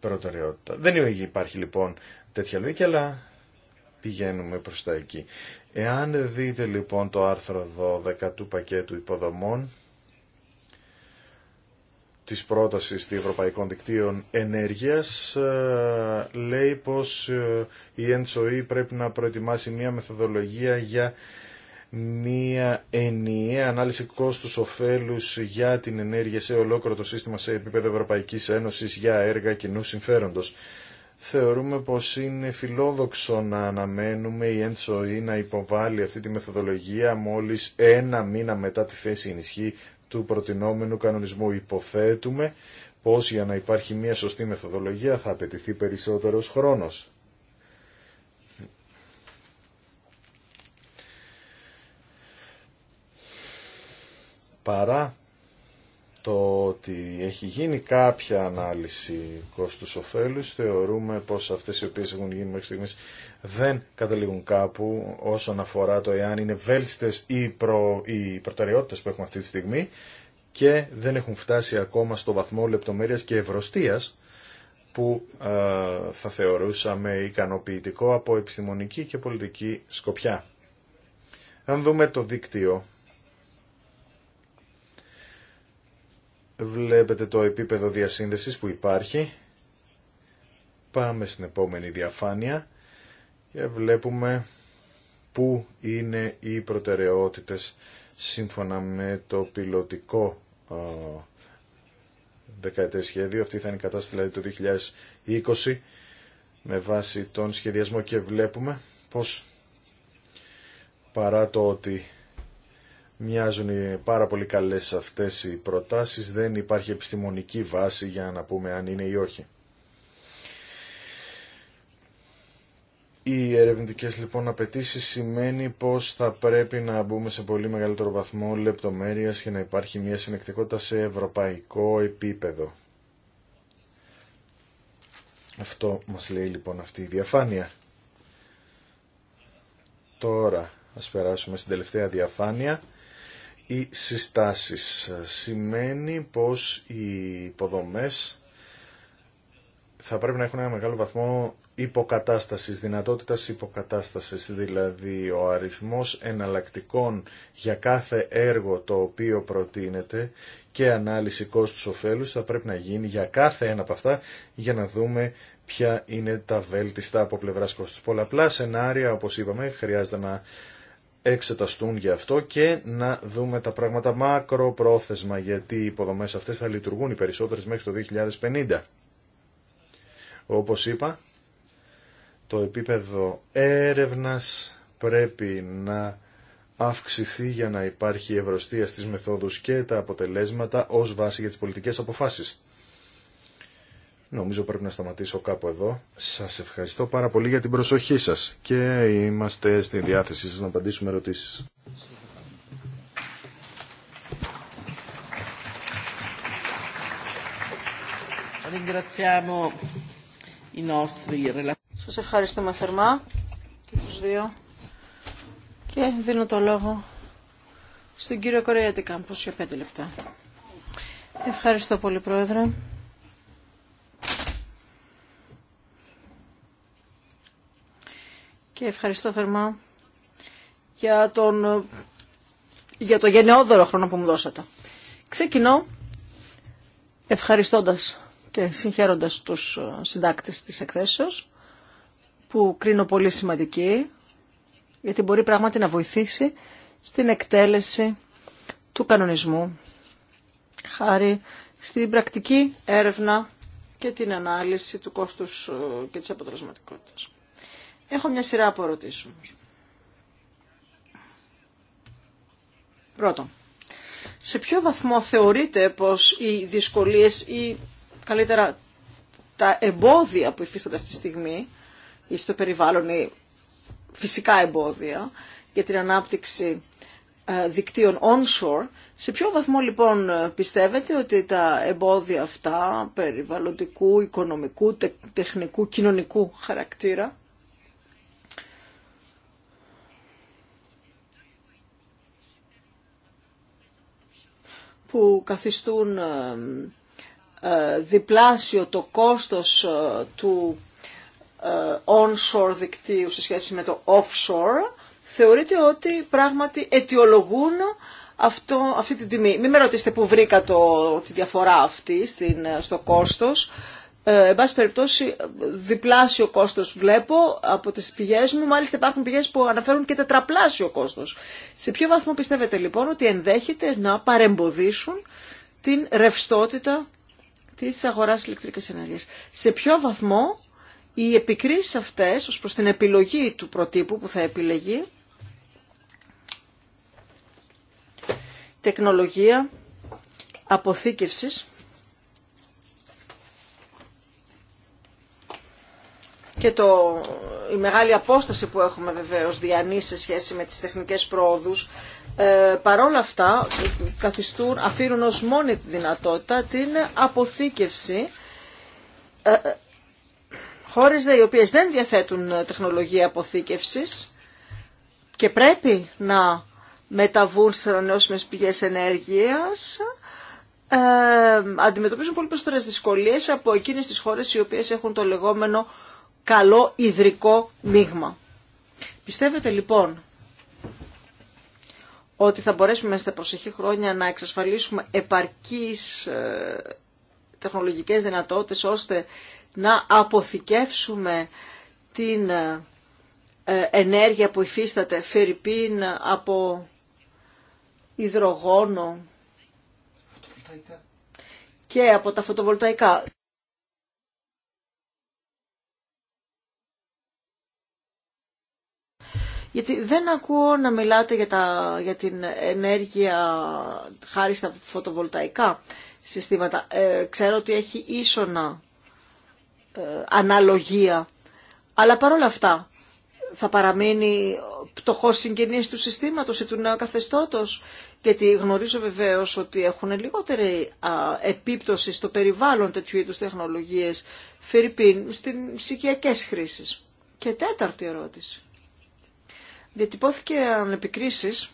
προτεραιότητα. Δεν υπάρχει λοιπόν τέτοια λογική, αλλά πηγαίνουμε προς τα εκεί. Εάν δείτε λοιπόν το άρθρο 12 του πακέτου υποδομών, της πρόταση των Ευρωπαϊκών Δικτύων Ενέργειας ε, λέει πως ε, η ΕΝΣΟΗ πρέπει να προετοιμάσει μια μεθοδολογία για μια ενιαία ανάλυση κόστους κόστους-οφέλους για την ενέργεια σε ολόκληρο το σύστημα σε επίπεδο Ευρωπαϊκής Ένωσης για έργα κοινού συμφέροντος. Θεωρούμε πως είναι φιλόδοξο να αναμένουμε η ΕΝΣΟΗ να υποβάλει αυτή τη μεθοδολογία μόλις ένα μήνα μετά τη θέση ενισχύ του προτινόμενου κανονισμού. Υποθέτουμε πως για να υπάρχει μια σωστή μεθοδολογία θα απαιτηθεί περισσότερος χρόνος. Παρά το ότι έχει γίνει κάποια ανάλυση κόστους ωφέλους θεωρούμε πως αυτές οι οποίες έχουν γίνει μέχρι στιγμής δεν καταλήγουν κάπου όσον αφορά το εάν είναι βέλτιστες οι, προ... οι προτεραιότητες που έχουμε αυτή τη στιγμή και δεν έχουν φτάσει ακόμα στο βαθμό λεπτομέρειας και ευρωστίας που θα θεωρούσαμε ικανοποιητικό από επιστημονική και πολιτική σκοπιά. Αν δούμε το δίκτυο Βλέπετε το επίπεδο διασύνδεσης που υπάρχει. Πάμε στην επόμενη διαφάνεια και βλέπουμε πού είναι οι προτεραιότητες σύμφωνα με το πιλωτικό δεκαετές σχέδιο. Αυτή θα είναι η κατάσταση δηλαδή 2020 με βάση τον σχεδιασμό και βλέπουμε πως παρά το ότι Μοιάζουν ε, πάρα πολύ καλές αυτές οι προτάσεις, δεν υπάρχει επιστημονική βάση για να πούμε αν είναι ή όχι. Οι ερευνητικέ λοιπόν απαιτήσει σημαίνει πως θα πρέπει να μπούμε σε πολύ μεγαλύτερο βαθμό λεπτομέρειας και να υπάρχει μια συνεκτικότητα σε ευρωπαϊκό επίπεδο. Αυτό μας λέει λοιπόν αυτή η διαφάνεια. Τώρα ας περάσουμε στην τελευταία διαφάνεια οι συστάσεις. Σημαίνει πως οι υποδομές θα πρέπει να έχουν ένα μεγάλο βαθμό υποκατάστασης, δυνατότητας υποκατάστασης, δηλαδή ο αριθμός εναλλακτικών για κάθε έργο το οποίο προτείνεται και ανάλυση κόστους ωφέλους θα πρέπει να γίνει για κάθε ένα από αυτά για να δούμε ποια είναι τα βέλτιστα από πλευράς κόστους. Πολλαπλά σενάρια, όπως είπαμε, χρειάζεται να εξεταστούν γι' αυτό και να δούμε τα πράγματα μακροπρόθεσμα γιατί οι υποδομές αυτές θα λειτουργούν οι περισσότερες μέχρι το 2050. Όπως είπα, το επίπεδο έρευνας πρέπει να αυξηθεί για να υπάρχει ευρωστία στις μεθόδους και τα αποτελέσματα ως βάση για τις πολιτικές αποφάσεις. Νομίζω πρέπει να σταματήσω κάπου εδώ. Σας ευχαριστώ πάρα πολύ για την προσοχή σας και είμαστε στη διάθεσή σας να απαντήσουμε ερωτήσεις. Σας ευχαριστούμε θερμά και τους δύο και δίνω το λόγο στον κύριο Κορεάτη Κάμπος για πέντε λεπτά. Ευχαριστώ πολύ Πρόεδρε. και ευχαριστώ θερμά για, τον, για το γενναιόδωρο χρόνο που μου δώσατε. Ξεκινώ ευχαριστώντας και συγχαίροντας τους ε, συντάκτες της εκθέσεως που κρίνω πολύ σημαντική γιατί μπορεί πράγματι να βοηθήσει στην εκτέλεση του κανονισμού χάρη στην πρακτική έρευνα και την ανάλυση του κόστους ε, και της αποτελεσματικότητας. Έχω μια σειρά από Πρώτον, σε ποιο βαθμό θεωρείτε πως οι δυσκολίες ή καλύτερα τα εμπόδια που υφίστανται αυτή τη στιγμή ή στο περιβάλλον ή φυσικά εμπόδια για την ανάπτυξη ε, δικτύων onshore. Σε ποιο βαθμό λοιπόν πιστεύετε ότι τα εμπόδια αυτά περιβαλλοντικού, οικονομικού, τεχνικού, κοινωνικού χαρακτήρα που καθιστούν ε, ε, διπλάσιο το κόστος ε, του onshore δικτύου σε σχέση με το offshore, θεωρείται ότι πράγματι αιτιολογούν αυτό, αυτή την τιμή. Μην με ρωτήσετε που βρήκα το, τη διαφορά αυτή στην, στο κόστος. Ε, εν πάση περιπτώσει διπλάσιο κόστος βλέπω από τις πηγές μου, μάλιστα υπάρχουν πηγές που αναφέρουν και τετραπλάσιο κόστος. Σε ποιο βαθμό πιστεύετε λοιπόν ότι ενδέχεται να παρεμποδίσουν την ρευστότητα της αγοράς ηλεκτρικής ενέργειας. Σε ποιο βαθμό οι επικρίση αυτές ως προς την επιλογή του προτύπου που θα επιλεγεί, τεχνολογία αποθήκευσης, και το, η μεγάλη απόσταση που έχουμε βεβαίως διανύσει σε σχέση με τις τεχνικές πρόοδους, ε, παρόλα αυτά καθιστούν, αφήνουν ως μόνη τη δυνατότητα την αποθήκευση ε, ε χώρες οι οποίες δεν διαθέτουν τεχνολογία αποθήκευσης και πρέπει να μεταβούν σε ανανεώσιμες πηγές ενέργειας, ε, αντιμετωπίζουν πολύ περισσότερες δυσκολίες από εκείνες τις χώρες οι οποίες έχουν το λεγόμενο καλό υδρικό μείγμα. Πιστεύετε λοιπόν ότι θα μπορέσουμε στα προσεχή χρόνια να εξασφαλίσουμε επαρκείς ε, τεχνολογικές δυνατότητες ώστε να αποθηκεύσουμε την ε, ε, ενέργεια που υφίσταται φερρυπίν από υδρογόνο και από τα φωτοβολταϊκά. Γιατί δεν ακούω να μιλάτε για, τα, για την ενέργεια χάρη στα φωτοβολταϊκά συστήματα. Ε, ξέρω ότι έχει ίσονα ε, αναλογία. Αλλά παρόλα αυτά θα παραμείνει πτωχός συγγενής του συστήματος ή του νέου καθεστώτος. Γιατί γνωρίζω βεβαίως ότι έχουν λιγότερη επίπτωση στο περιβάλλον τέτοιου είδους τεχνολογίες, φερρυπίν, στις οικιακές χρήσεις. Και τέταρτη ερώτηση. Διατυπώθηκε ανεπικρίσεις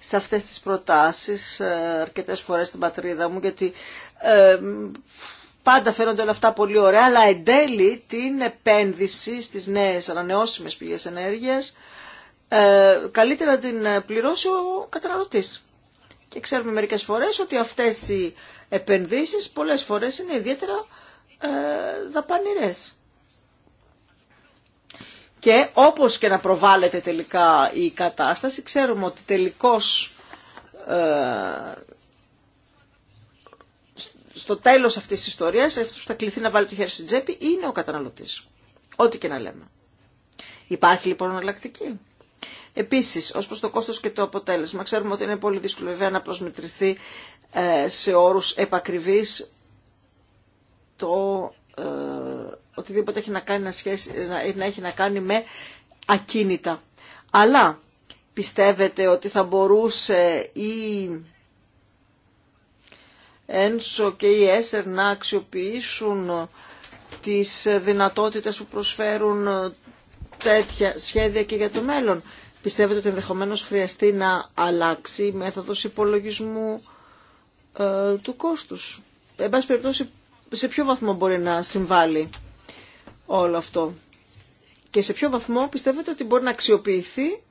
σε αυτές τις προτάσεις ε, αρκετές φορές στην πατρίδα μου γιατί ε, πάντα φαίνονται όλα αυτά πολύ ωραία αλλά εν τέλει την επένδυση στις νέες ανανεώσιμες πηγές ενέργειας ε, καλύτερα την πληρώσει ο καταναλωτής. Και ξέρουμε μερικές φορές ότι αυτές οι επενδύσεις πολλές φορές είναι ιδιαίτερα ε, δαπανηρές. Και όπως και να προβάλλεται τελικά η κατάσταση, ξέρουμε ότι τελικώς ε, στο τέλος αυτής της ιστορίας, αυτός που θα κληθεί να βάλει το χέρι στην τσέπη, είναι ο καταναλωτής. Ό,τι και να λέμε. Υπάρχει λοιπόν εναλλακτική. Επίσης, ως προς το κόστος και το αποτέλεσμα, ξέρουμε ότι είναι πολύ δύσκολο βέβαια να προσμετρηθεί ε, σε όρους επακριβής το ε, οτιδήποτε έχει να, κάνει, να, να έχει να κάνει με ακίνητα. Αλλά πιστεύετε ότι θα μπορούσε η ΕΝΣΟ και η ΕΣΕΡ να αξιοποιήσουν τις δυνατότητες που προσφέρουν τέτοια σχέδια και για το μέλλον. Πιστεύετε ότι ενδεχομένως χρειαστεί να αλλάξει η μέθοδος υπολογισμού ε, του κόστους. Εν πάση περιπτώσει, σε ποιο βαθμό μπορεί να συμβάλλει όλο αυτό. Και σε ποιο βαθμό πιστεύετε ότι μπορεί να αξιοποιηθεί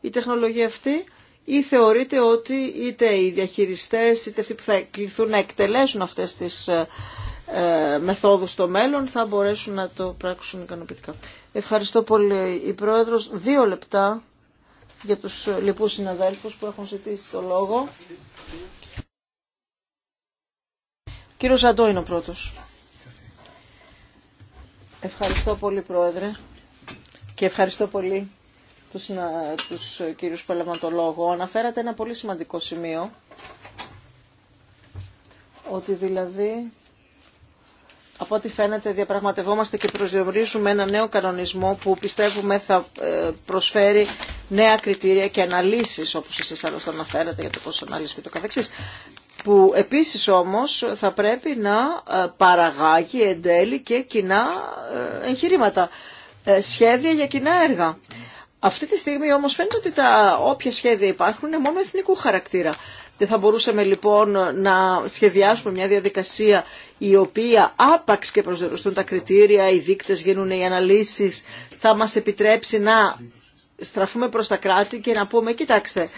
η τεχνολογία αυτή ή θεωρείτε ότι είτε οι διαχειριστές είτε αυτοί που θα κληθούν να εκτελέσουν αυτές τις ε, ε μεθόδους στο μέλλον θα μπορέσουν να το πράξουν ικανοποιητικά. Ευχαριστώ πολύ. Η Πρόεδρος, δύο λεπτά για τους λοιπούς συναδέλφους που έχουν ζητήσει το λόγο. Κύριος Αντώ είναι ο πρώτος. Ευχαριστώ πολύ, Πρόεδρε. Και ευχαριστώ πολύ τους, τους κύριους που Αναφέρατε ένα πολύ σημαντικό σημείο, ότι δηλαδή, από ό,τι φαίνεται, διαπραγματευόμαστε και προσδιορίζουμε ένα νέο κανονισμό που πιστεύουμε θα ε, προσφέρει νέα κριτήρια και αναλύσεις, όπως εσείς άλλωστε αναφέρατε για το πώς αναλύσεις και το καθεξής που επίσης όμως θα πρέπει να ε, παραγάγει εν τέλει και κοινά ε, εγχειρήματα, ε, σχέδια για κοινά έργα. Αυτή τη στιγμή όμως φαίνεται ότι τα όποια σχέδια υπάρχουν είναι μόνο εθνικού χαρακτήρα. Δεν θα μπορούσαμε λοιπόν να σχεδιάσουμε μια διαδικασία η οποία άπαξ και προσδιοριστούν τα κριτήρια, οι δείκτες γίνουν οι αναλύσεις, θα μας επιτρέψει να στραφούμε προς τα κράτη και να πούμε, κοιτάξτε,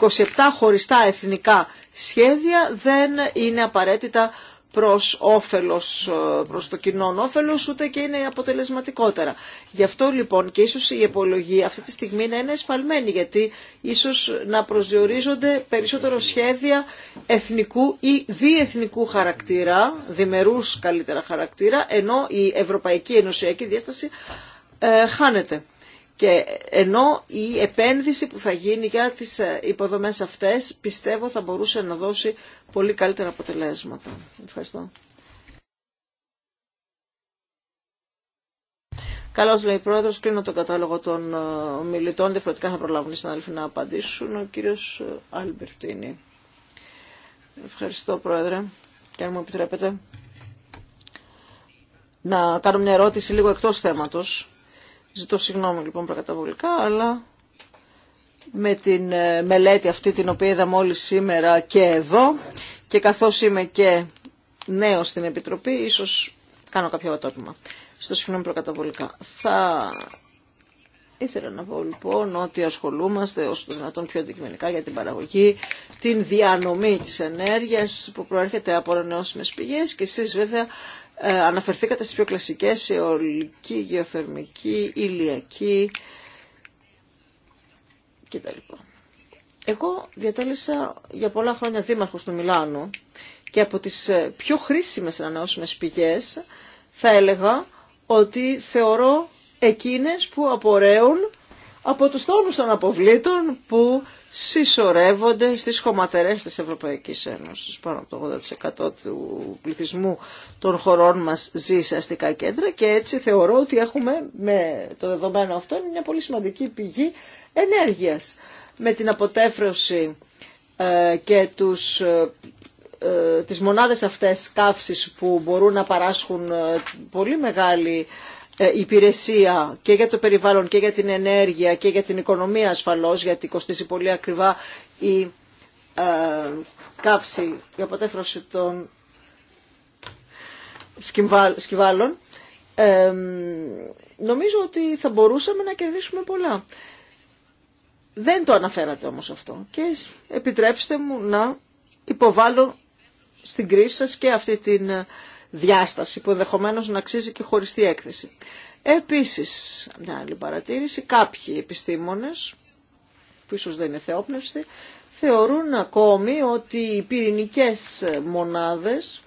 27 χωριστά εθνικά σχέδια δεν είναι απαραίτητα προς όφελος, προς το κοινό όφελος, ούτε και είναι αποτελεσματικότερα. Γι' αυτό λοιπόν και ίσως η επολογία αυτή τη στιγμή να είναι εσφαλμένη, γιατί ίσως να προσδιορίζονται περισσότερο σχέδια εθνικού ή διεθνικού χαρακτήρα, διμερούς καλύτερα χαρακτήρα, ενώ η Ευρωπαϊκή Ενωσιακή ευρωπαικη ενωσιακη διεσταση ε, χάνεται. Και ενώ η επένδυση που θα γίνει για τις ε, υποδομές αυτές πιστεύω θα μπορούσε να δώσει πολύ καλύτερα αποτελέσματα. Ευχαριστώ. Καλώς λέει η Πρόεδρος, κλείνω τον κατάλογο των ε, μιλητών. Διαφορετικά θα προλάβουν οι συνάδελφοι να απαντήσουν. Ο κύριος ε, Αλμπερτίνη. Ευχαριστώ Πρόεδρε και αν μου επιτρέπετε να κάνω μια ερώτηση λίγο εκτός θέματος Ζητώ συγγνώμη λοιπόν προκαταβολικά, αλλά με την ε, μελέτη αυτή την οποία είδαμε μόλις σήμερα και εδώ και καθώς είμαι και νέος στην Επιτροπή, ίσως κάνω κάποιο ατόπιμα. Στο συγγνώμη προκαταβολικά. Θα ήθελα να πω λοιπόν ότι ασχολούμαστε ως το δυνατόν πιο αντικειμενικά για την παραγωγή, την διανομή της ενέργειας που προέρχεται από ανανεώσιμες πηγές και εσείς βέβαια ε, αναφερθήκατε στις πιο κλασικές, αιωλική, γεωθερμική, ηλιακή κτλ. Εγώ διατέλεσα για πολλά χρόνια δήμαρχος του Μιλάνου και από τις ε, πιο χρήσιμες ανανεώσιμες πηγές θα έλεγα ότι θεωρώ εκείνες που απορρέουν από τους τόνους των αποβλήτων που συσσωρεύονται στις χωματερές της Ευρωπαϊκής Ένωσης. Πάνω από το 80% του πληθυσμού των χωρών μας ζει σε αστικά κέντρα και έτσι θεωρώ ότι έχουμε με το δεδομένο αυτό μια πολύ σημαντική πηγή ενέργειας. Με την αποτέφρωση ε, και τους ε, ε, τις μονάδες αυτές καύσης που μπορούν να παράσχουν πολύ μεγάλη ε, υπηρεσία και για το περιβάλλον και για την ενέργεια και για την οικονομία ασφαλώς γιατί κοστίζει πολύ ακριβά η ε, καύση, η αποτέφρωση των σκυβάλων ε, νομίζω ότι θα μπορούσαμε να κερδίσουμε πολλά. Δεν το αναφέρατε όμως αυτό και επιτρέψτε μου να υποβάλω στην κρίση σας και αυτή την ε, διάσταση που ενδεχομένω να αξίζει και χωριστή έκθεση. Επίσης, μια άλλη παρατήρηση, κάποιοι επιστήμονες, που ίσως δεν είναι θεόπνευστοι, θεωρούν ακόμη ότι οι πυρηνικές μονάδες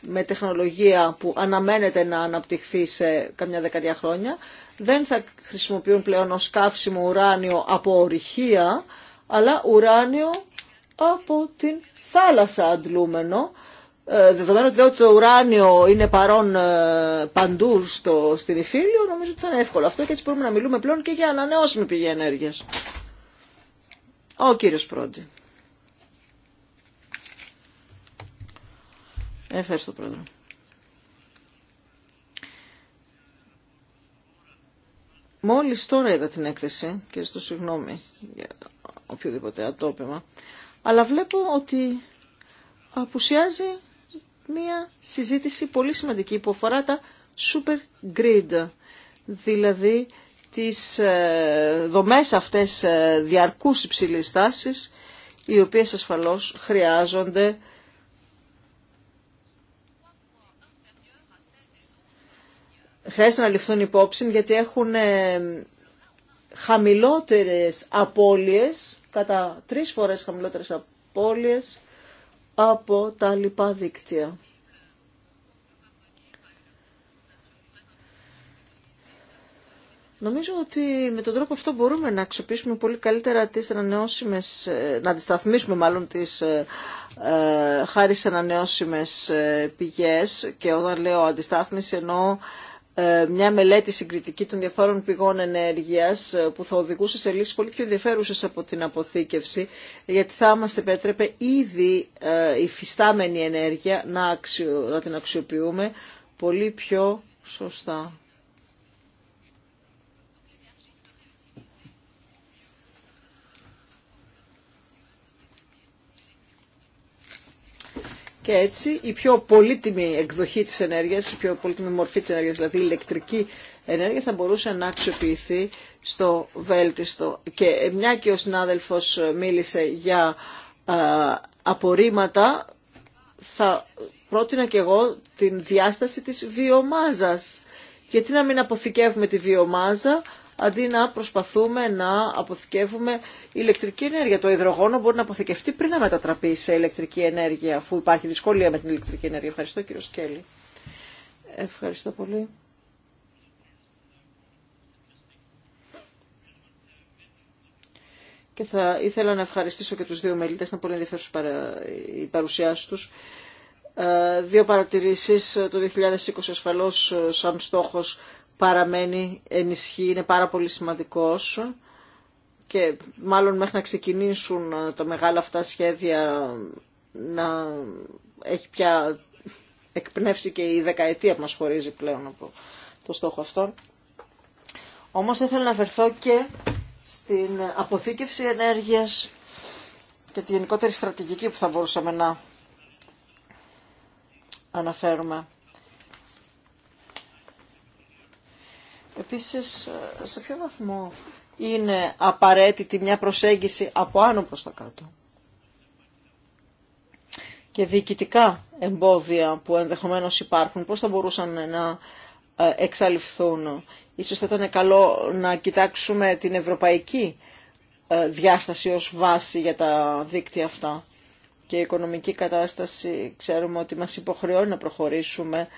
με τεχνολογία που αναμένεται να αναπτυχθεί σε καμιά δεκαετία χρόνια, δεν θα χρησιμοποιούν πλέον ως καύσιμο ουράνιο από ορυχεία, αλλά ουράνιο από την θάλασσα αντλούμενο, ε, δεδομένου ότι το ουράνιο είναι παρόν ε, παντού στο, στην Ιφίλιο, νομίζω ότι θα είναι εύκολο αυτό και έτσι μπορούμε να μιλούμε πλέον και για ανανεώσιμη πηγή ενέργειας. Ο κύριος Πρόντι. Ευχαριστώ πρόεδρο. Μόλις τώρα είδα την έκθεση και στο συγγνώμη για οποιοδήποτε ατόπιμα, αλλά βλέπω ότι απουσιάζει μία συζήτηση πολύ σημαντική που αφορά τα super grid, δηλαδή τις ε, δομές αυτές ε, διαρκούς υψηλής τάσης, οι οποίες ασφαλώς χρειάζονται χρειάζεται να ληφθούν υπόψη γιατί έχουν ε, χαμηλότερες απώλειες, κατά τρεις φορές χαμηλότερες απώλειες από τα λοιπά δίκτυα. Νομίζω ότι με τον τρόπο αυτό μπορούμε να αξιοποιήσουμε πολύ καλύτερα τις ανανεώσιμες, ε, να αντισταθμίσουμε μάλλον τις ε, ε χάρη ανανεώσιμες ε, πηγές και όταν λέω αντιστάθμιση εννοώ ε, μια μελέτη συγκριτική των διαφόρων πηγών ενέργειας ε, που θα οδηγούσε σε λύσεις πολύ πιο ενδιαφέρουσες από την αποθήκευση γιατί θα μας επέτρεπε ήδη ε, η φυστάμενη ενέργεια να την αξιοποιούμε πολύ πιο σωστά. και έτσι η πιο πολύτιμη εκδοχή της ενέργειας, η πιο πολύτιμη μορφή της ενέργειας, δηλαδή η ηλεκτρική ενέργεια θα μπορούσε να αξιοποιηθεί στο βέλτιστο. Και μια και ο συνάδελφος μίλησε για απορρίμματα, θα πρότεινα και εγώ την διάσταση της βιομάζας. Γιατί να μην αποθηκεύουμε τη βιομάζα αντί να προσπαθούμε να αποθηκεύουμε ηλεκτρική ενέργεια. Το υδρογόνο μπορεί να αποθηκευτεί πριν να μετατραπεί σε ηλεκτρική ενέργεια, αφού υπάρχει δυσκολία με την ηλεκτρική ενέργεια. Ευχαριστώ κύριο Σκέλη. Ευχαριστώ πολύ. Και θα ήθελα να ευχαριστήσω και τους δύο μελίτες, ήταν πολύ ενδιαφέρουσες οι παρουσιάσεις τους. Ε, δύο παρατηρήσεις, το 2020 ασφαλώς ε, σαν στόχος παραμένει ενισχύει, είναι πάρα πολύ σημαντικός και μάλλον μέχρι να ξεκινήσουν ε, τα μεγάλα αυτά σχέδια να έχει πια εκπνεύσει και η δεκαετία που μας χωρίζει πλέον από το στόχο αυτό. Όμως ήθελα να βερθώ και στην αποθήκευση ενέργειας και τη γενικότερη στρατηγική που θα μπορούσαμε να αναφέρουμε. Επίσης, σε ποιο βαθμό είναι απαραίτητη μια προσέγγιση από άνω προς τα κάτω. Και διοικητικά εμπόδια που ενδεχομένως υπάρχουν, πώς θα μπορούσαν να ε, εξαλειφθούν. Ίσως θα ήταν καλό να κοιτάξουμε την ευρωπαϊκή ε, διάσταση ως βάση για τα δίκτυα αυτά. Και η οικονομική κατάσταση ξέρουμε ότι μας υποχρεώνει να προχωρήσουμε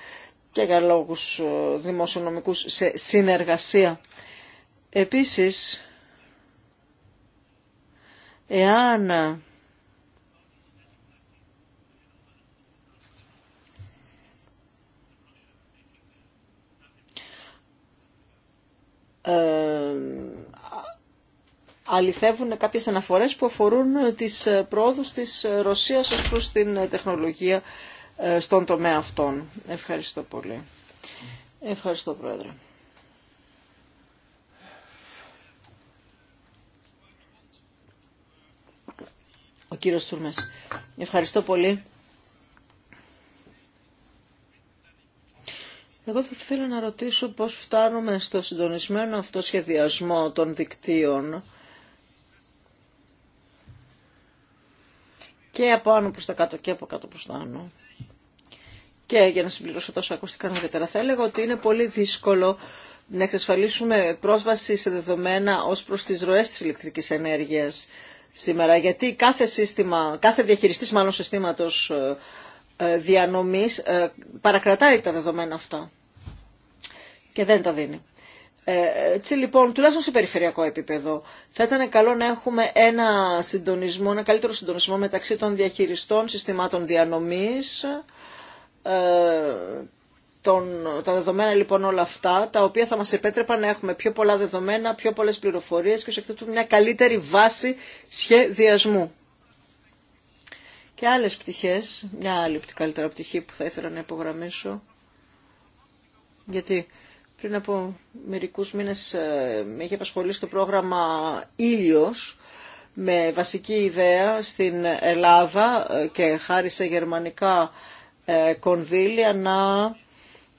και για λόγους ε, δημοσιονομικούς σε συνεργασία. Επίσης, εάν ε, αληθεύουν κάποιες αναφορές που αφορούν ε, τις πρόοδους της Ρωσίας ως προς την τεχνολογία ε, στον τομέα αυτών. Ευχαριστώ πολύ. Ευχαριστώ Πρόεδρε. Ο κύριος Τούρμες. Ευχαριστώ πολύ. Εγώ θα ήθελα να ρωτήσω πώς φτάνουμε στο συντονισμένο αυτό σχεδιασμό των δικτύων και από άνω προς τα κάτω και από κάτω προς τα άνω. Και για να συμπληρώσω τόσο ακούστηκαν νωρίτερα, θα έλεγα ότι είναι πολύ δύσκολο να εξασφαλίσουμε πρόσβαση σε δεδομένα ως προς τις ροές της ηλεκτρικής ενέργειας σήμερα, γιατί κάθε, σύστημα, κάθε διαχειριστής μάλλον συστήματος ε, ε, διανομής ε, παρακρατάει τα δεδομένα αυτά και δεν τα δίνει. Έτσι λοιπόν, τουλάχιστον σε περιφερειακό επίπεδο, θα ήταν καλό να έχουμε ένα συντονισμό, ένα καλύτερο συντονισμό μεταξύ των διαχειριστών συστημάτων διανομής, ε, τον, τα δεδομένα λοιπόν όλα αυτά, τα οποία θα μας επέτρεπαν να έχουμε πιο πολλά δεδομένα, πιο πολλές πληροφορίες και ως εκ τούτου μια καλύτερη βάση σχεδιασμού. Και άλλες πτυχές, μια άλλη καλύτερα πτυχή που θα ήθελα να υπογραμμίσω, γιατί πριν από μερικούς μήνες ε, με είχε απασχολήσει το πρόγραμμα «Ήλιος», με βασική ιδέα στην Ελλάδα ε, και χάρη σε γερμανικά ε, κονδύλια να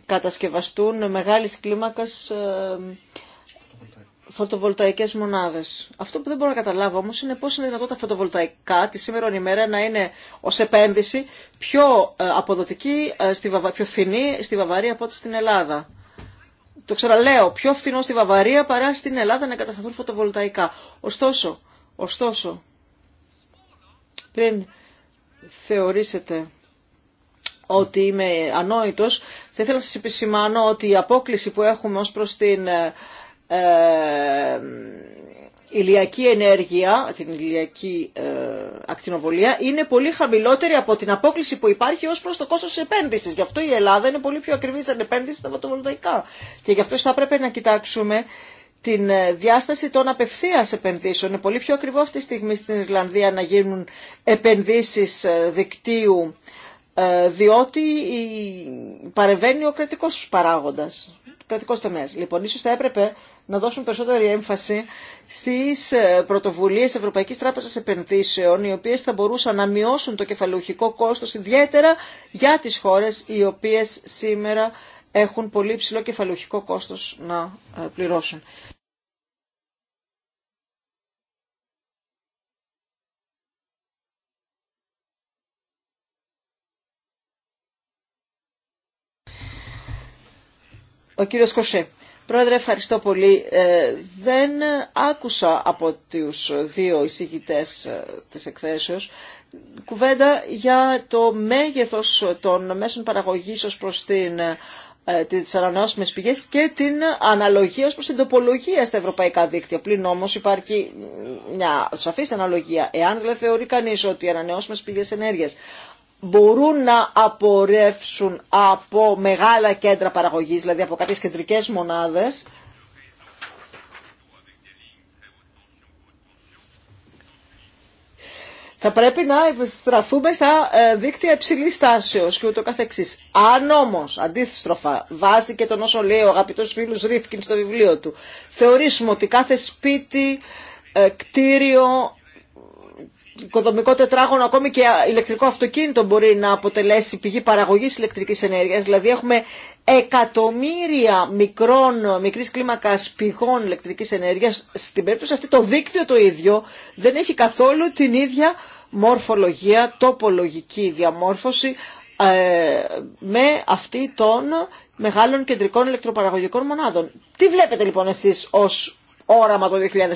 κατασκευαστούν μεγάλης κλίμακας ε, φωτοβολταϊκές μονάδες. Αυτό που δεν μπορώ να καταλάβω όμως είναι πώς είναι δυνατόν τα φωτοβολταϊκά τη σήμερα ημέρα να είναι ως επένδυση πιο ε, αποδοτική, πιο φθηνή στη Βαβαρία από ό,τι στην Ελλάδα. Το ξαναλέω, πιο φθηνό στη Βαβαρία παρά στην Ελλάδα να κατασταθούν φωτοβολταϊκά. Ωστόσο, ωστόσο, πριν θεωρήσετε ότι είμαι ανόητος, θα ήθελα να σας επισημάνω ότι η απόκληση που έχουμε ως προς την ε, ε, ηλιακή ενέργεια, την ηλιακή ε, ακτινοβολία, είναι πολύ χαμηλότερη από την απόκληση που υπάρχει ως προς το κόστος της επένδυσης. Γι' αυτό η Ελλάδα είναι πολύ πιο ακριβή σαν επένδυση στα φωτοβολταϊκά. Και γι' αυτό θα πρέπει να κοιτάξουμε την διάσταση των απευθεία επενδύσεων. Είναι πολύ πιο ακριβό αυτή τη στιγμή στην Ιρλανδία να γίνουν επενδύσεις δικτύου ε, διότι παρεμβαίνει ο κρατικός παράγοντας, ο κρατικό τομέα. Λοιπόν, ίσω θα έπρεπε να δώσουν περισσότερη έμφαση στις ε, πρωτοβουλίες Ευρωπαϊκής Τράπεζας Επενδύσεων, οι οποίες θα μπορούσαν να μειώσουν το κεφαλουχικό κόστος, ιδιαίτερα για τις χώρες οι οποίες σήμερα έχουν πολύ ψηλό κεφαλουχικό κόστος να ε, πληρώσουν. Ο κύριος Κοσέ. Πρόεδρε, ευχαριστώ πολύ. Ε, δεν άκουσα από τους δύο εισηγητές ε, της εκθέσεως κουβέντα για το μέγεθος των μέσων παραγωγής ως προς την ε, τις ανανεώσιμες πηγές και την αναλογία ως προς την τοπολογία στα ευρωπαϊκά δίκτυα. Πλην όμως υπάρχει μια σαφής αναλογία. Εάν δηλαδή θεωρεί κανείς ότι οι ανανεώσιμες πηγές ενέργειας μπορούν να απορρεύσουν από μεγάλα κέντρα παραγωγής, δηλαδή από κάποιες κεντρικές μονάδες, θα πρέπει να στραφούμε στα ε, δίκτυα υψηλή τάσεω και ούτω καθεξή. Αν όμω, αντίστροφα, βάζει και τον όσο λέει ο αγαπητό φίλο Ρίφκιν στο βιβλίο του, θεωρήσουμε ότι κάθε σπίτι, ε, κτίριο, οικοδομικό τετράγωνο, ακόμη και ηλεκτρικό αυτοκίνητο μπορεί να αποτελέσει πηγή παραγωγής ηλεκτρικής ενέργειας. Δηλαδή έχουμε εκατομμύρια μικρών, μικρής κλίμακας πηγών ηλεκτρικής ενέργειας. Στην περίπτωση αυτή το δίκτυο το ίδιο δεν έχει καθόλου την ίδια μορφολογία, τοπολογική διαμόρφωση ε, με αυτή των μεγάλων κεντρικών ηλεκτροπαραγωγικών μονάδων. Τι βλέπετε λοιπόν εσείς ως όραμα το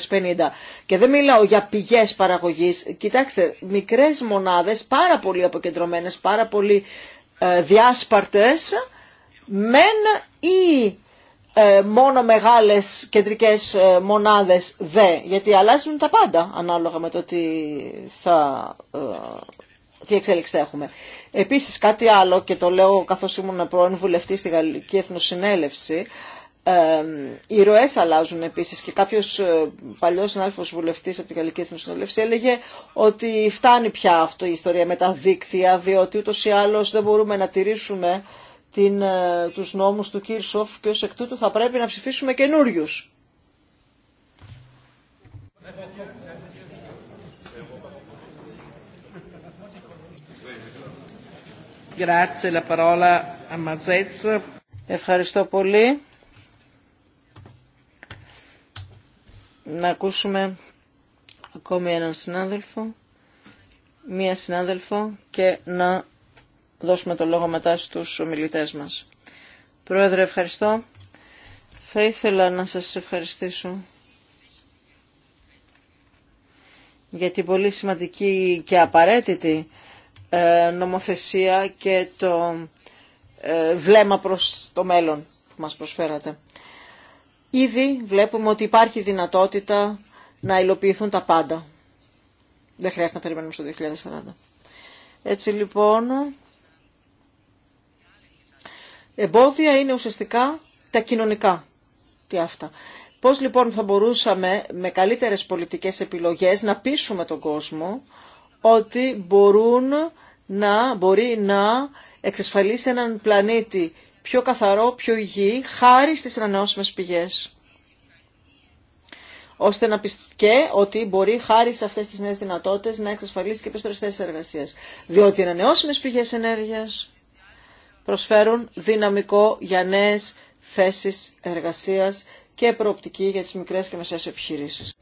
2050. Και δεν μιλάω για πηγές παραγωγής. Κοιτάξτε, μικρές μονάδες, πάρα πολύ αποκεντρωμένες, πάρα πολύ ε, διάσπαρτες, μεν ή ε, μόνο μεγάλες κεντρικές ε, μονάδες δε, γιατί αλλάζουν τα πάντα ανάλογα με το τι θα... Ε, τι εξέλιξη έχουμε. Επίσης κάτι άλλο, και το λέω καθώς ήμουν πρώην βουλευτή στη Γαλλική Εθνοσυνέλευση, οι ροέ αλλάζουν επίση και κάποιο ε, παλιό συνάδελφο βουλευτή από την Γαλλική Εθνοσυνέλευση έλεγε ότι φτάνει πια αυτό η ιστορία με τα δίκτυα, διότι ούτω ή άλλω δεν μπορούμε να τηρήσουμε την, ε, τους νόμους του Κίρσοφ και ω εκ τούτου θα πρέπει να ψηφίσουμε καινούριου. Ευχαριστώ πολύ. να ακούσουμε ακόμη έναν συνάδελφο, μία συνάδελφο και να δώσουμε το λόγο μετά στους ομιλητές μας. Πρόεδρε, ευχαριστώ. Θα ήθελα να σας ευχαριστήσω για την πολύ σημαντική και απαραίτητη ε, νομοθεσία και το ε, βλέμμα προς το μέλλον που μας προσφέρατε ήδη βλέπουμε ότι υπάρχει δυνατότητα να υλοποιηθούν τα πάντα. Δεν χρειάζεται να περιμένουμε στο 2040. Έτσι λοιπόν, εμπόδια είναι ουσιαστικά τα κοινωνικά. Τι αυτά. Πώς λοιπόν θα μπορούσαμε με καλύτερες πολιτικές επιλογές να πείσουμε τον κόσμο ότι μπορούν να, μπορεί να εξασφαλίσει έναν πλανήτη πιο καθαρό, πιο υγιή, χάρη στις ανανεώσιμες πηγές. Ώστε να πει και ότι μπορεί χάρη σε αυτές τις νέες δυνατότητες να εξασφαλίσει και περισσότερες εργασίες. Διότι οι ανανεώσιμες πηγές ενέργειας προσφέρουν δυναμικό για νέες θέσεις εργασίας και προοπτική για τις μικρές και μεσαίες επιχειρήσεις.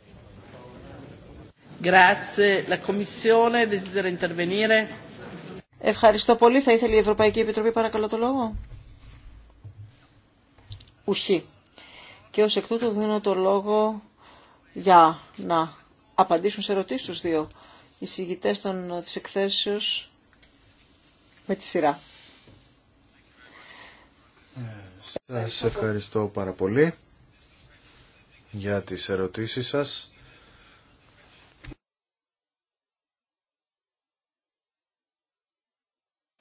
Ευχαριστώ πολύ. Θα ήθελε η Ευρωπαϊκή Επιτροπή παρακαλώ το λόγο ουχή. Και ως εκ τούτου δίνω το λόγο για να απαντήσουν σε ερωτήσεις τους δύο οι συγητές των, της εκθέσεως με τη σειρά. Ε, σας ευχαριστώ πάρα πολύ για τις ερωτήσεις σας.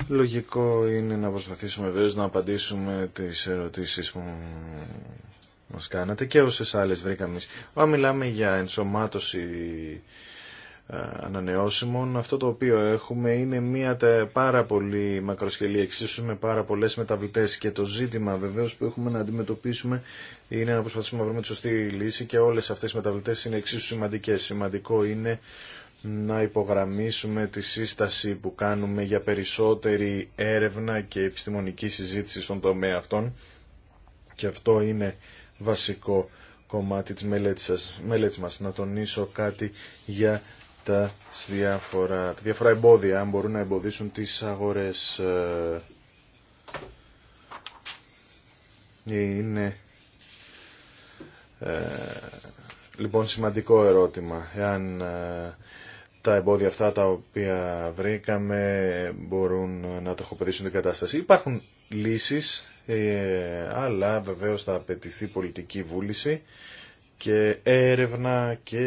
Λογικό είναι να προσπαθήσουμε βέβαια να απαντήσουμε τις ερωτήσεις που μας κάνατε και όσες άλλες βρήκαμε. Αν μιλάμε για ενσωμάτωση ε, ανανεώσιμων, αυτό το οποίο έχουμε είναι μια πάρα πολύ μακροσκελή εξίσου με πάρα πολλές μεταβλητές και το ζήτημα βεβαίως που έχουμε να αντιμετωπίσουμε είναι να προσπαθήσουμε να βρούμε τη σωστή λύση και όλες αυτές οι μεταβλητές είναι εξίσου σημαντικές. Σημαντικό είναι να υπογραμμίσουμε τη σύσταση που κάνουμε για περισσότερη έρευνα και επιστημονική συζήτηση στον τομέα αυτών και αυτό είναι βασικό κομμάτι της μελέτης, σας, μας. Να τονίσω κάτι για τα διάφορα, τα διάφορα εμπόδια, αν μπορούν να εμποδίσουν τις αγορές. Ε, είναι ε, λοιπόν σημαντικό ερώτημα. Εάν ε, τα εμπόδια αυτά τα οποία βρήκαμε μπορούν να τροχοπεδίσουν την κατάσταση. Υπάρχουν λύσεις, ε, αλλά βεβαίως θα απαιτηθεί πολιτική βούληση και έρευνα και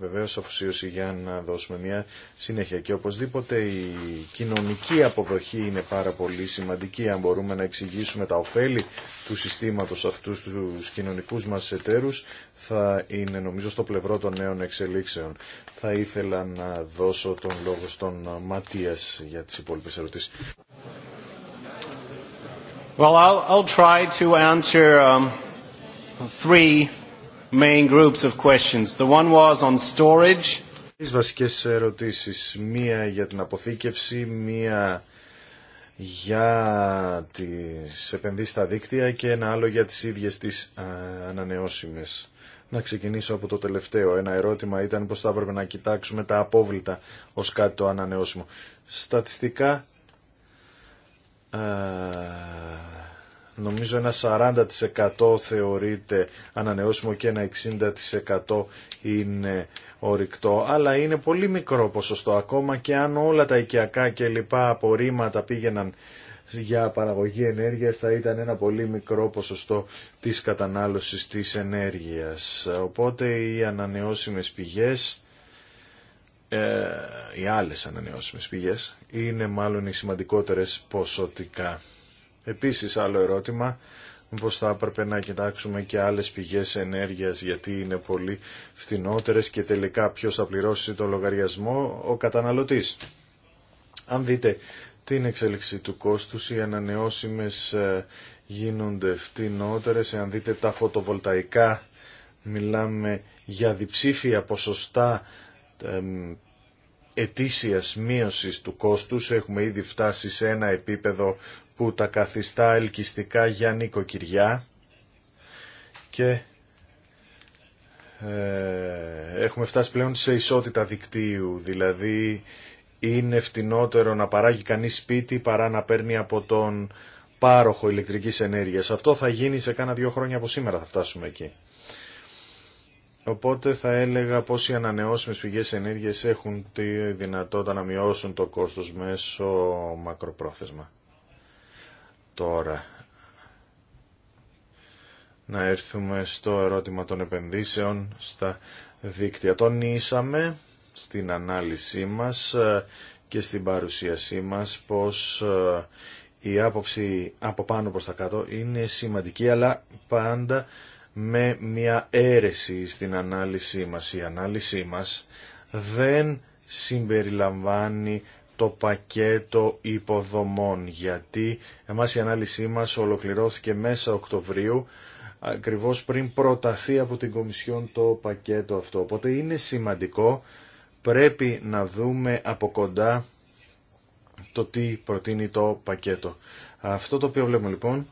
βεβαίως αφοσίωση για να δώσουμε μια συνέχεια. Και οπωσδήποτε η κοινωνική αποδοχή είναι πάρα πολύ σημαντική αν μπορούμε να εξηγήσουμε τα ωφέλη του συστήματος αυτούς τους κοινωνικούς μας εταίρους θα είναι νομίζω στο πλευρό των νέων εξελίξεων. Θα ήθελα να δώσω τον λόγο στον Ματίας για τις υπόλοιπες ερωτήσεις. Well, I'll, try to answer um, main groups of Τις βασικές ερωτήσεις, μία για την αποθήκευση, μία για τις επενδύσεις στα δίκτυα και ένα άλλο για τις ίδιες τις ανανεώσιμες. Να ξεκινήσω από το τελευταίο. Ένα ερώτημα ήταν πώς θα έπρεπε να κοιτάξουμε τα απόβλητα ως κάτι το ανανεώσιμο. Στατιστικά νομίζω ένα 40% θεωρείται ανανεώσιμο και ένα 60% είναι ορυκτό, αλλά είναι πολύ μικρό ποσοστό ακόμα και αν όλα τα οικιακά και λοιπά απορρίμματα πήγαιναν για παραγωγή ενέργειας θα ήταν ένα πολύ μικρό ποσοστό της κατανάλωσης της ενέργειας. Οπότε οι ανανεώσιμες πηγές, ε, οι άλλες ανανεώσιμες πηγές, είναι μάλλον οι σημαντικότερες ποσοτικά. Επίσης άλλο ερώτημα, πως θα έπρεπε να κοιτάξουμε και άλλες πηγές ενέργειας γιατί είναι πολύ φτηνότερες και τελικά ποιος θα πληρώσει το λογαριασμό, ο καταναλωτής. Αν δείτε την εξέλιξη του κόστους, οι ανανεώσιμες ε, γίνονται φτηνότερες, αν δείτε τα φωτοβολταϊκά μιλάμε για διψήφια ποσοστά ετήσιας μείωσης του κόστους. Έχουμε ήδη φτάσει σε ένα επίπεδο που τα καθιστά ελκυστικά για νοικοκυριά και ε, έχουμε φτάσει πλέον σε ισότητα δικτύου, δηλαδή είναι φτηνότερο να παράγει κανείς σπίτι παρά να παίρνει από τον πάροχο ηλεκτρικής ενέργειας. Αυτό θα γίνει σε κάνα δύο χρόνια από σήμερα θα φτάσουμε εκεί. Οπότε θα έλεγα πως οι ανανεώσιμες πηγές ενέργειας έχουν τη δυνατότητα να μειώσουν το κόστος μέσω μακροπρόθεσμα τώρα. Να έρθουμε στο ερώτημα των επενδύσεων στα δίκτυα. Τονίσαμε στην ανάλυση μας ε, και στην παρουσίασή μας πως ε, η άποψη από πάνω προς τα κάτω είναι σημαντική αλλά πάντα με μια αίρεση στην ανάλυση μας. Η ανάλυση μας δεν συμπεριλαμβάνει το πακέτο υποδομών, γιατί εμάς η ανάλυση μας ολοκληρώθηκε μέσα Οκτωβρίου, ακριβώς πριν προταθεί από την Κομισιόν το πακέτο αυτό. Οπότε είναι σημαντικό, πρέπει να δούμε από κοντά το τι προτείνει το πακέτο. Αυτό το οποίο βλέπουμε λοιπόν,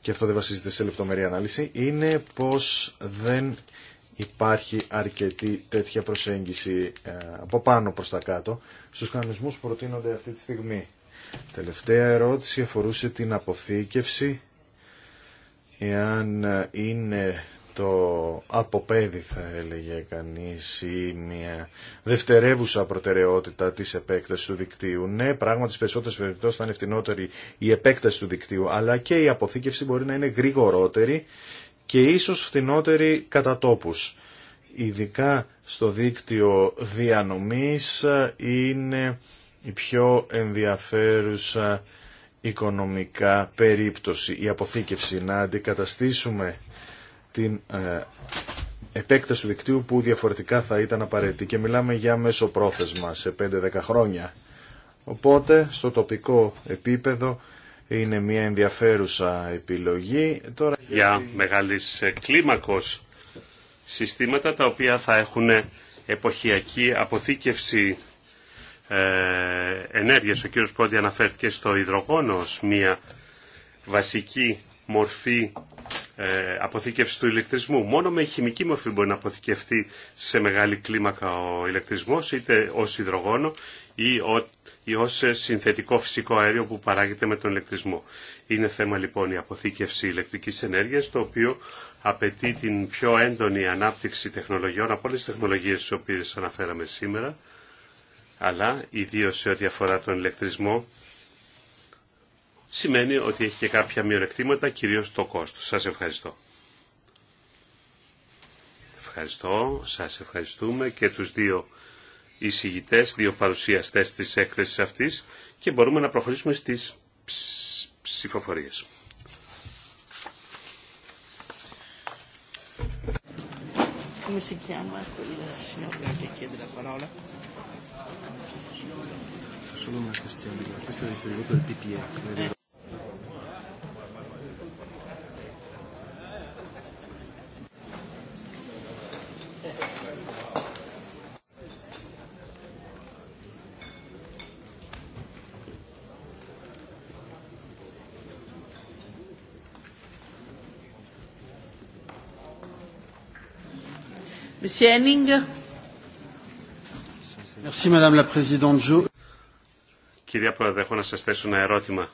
και αυτό δεν βασίζεται σε λεπτομερή ανάλυση, είναι πως δεν υπάρχει αρκετή τέτοια προσέγγιση ε, από πάνω προς τα κάτω στους κανονισμούς που προτείνονται αυτή τη στιγμή. Τελευταία ερώτηση αφορούσε την αποθήκευση, εάν ε, είναι το αποπέδι θα έλεγε κανείς ή μια δευτερεύουσα προτεραιότητα της επέκτασης του δικτύου. Ναι, πράγματι στις περισσότερες περιπτώσεις θα είναι φτηνότερη η επέκταση του δικτύου, αλλά και η αποθήκευση μπορεί να είναι γρηγορότερη και ίσως φθηνότερη κατά τόπους. Ειδικά στο δίκτυο διανομής ε, είναι η πιο ενδιαφέρουσα οικονομικά περίπτωση, η αποθήκευση, να αντικαταστήσουμε την ε, επέκταση του δικτύου που διαφορετικά θα ήταν απαραίτητη και μιλάμε για μέσο πρόθεσμα σε 5-10 χρόνια. Οπότε στο τοπικό επίπεδο είναι μια ενδιαφέρουσα επιλογή. Τώρα... Για μεγάλης ε, κλίμακος συστήματα τα οποία θα έχουν εποχιακή αποθήκευση ε, ενέργειας. Ο κύριος Πόντι αναφέρθηκε στο υδρογόνο ως μια βασική μορφή ε, αποθήκευση του ηλεκτρισμού. Μόνο με χημική μορφή μπορεί να αποθηκευτεί σε μεγάλη κλίμακα ο ηλεκτρισμός, είτε ως υδρογόνο ή ή ως συνθετικό φυσικό αέριο που παράγεται με τον ηλεκτρισμό. Είναι θέμα λοιπόν η αποθήκευση ηλεκτρικής ενέργειας, το οποίο απαιτεί την πιο έντονη ανάπτυξη τεχνολογιών από όλες τις τεχνολογίες τις οποίες αναφέραμε σήμερα, αλλά ιδίω σε ό,τι αφορά τον ηλεκτρισμό, σημαίνει ότι έχει και κάποια μειονεκτήματα, κυρίως το κόστος. Σας ευχαριστώ. Ευχαριστώ, σας ευχαριστούμε και τους δύο εισηγητέ, δύο παρουσιαστέ τη έκθεση αυτή και μπορούμε να προχωρήσουμε στι ψηφοφορίε. Κυρία Πρόεδρε, έχω να σας θέσω ένα ερώτημα.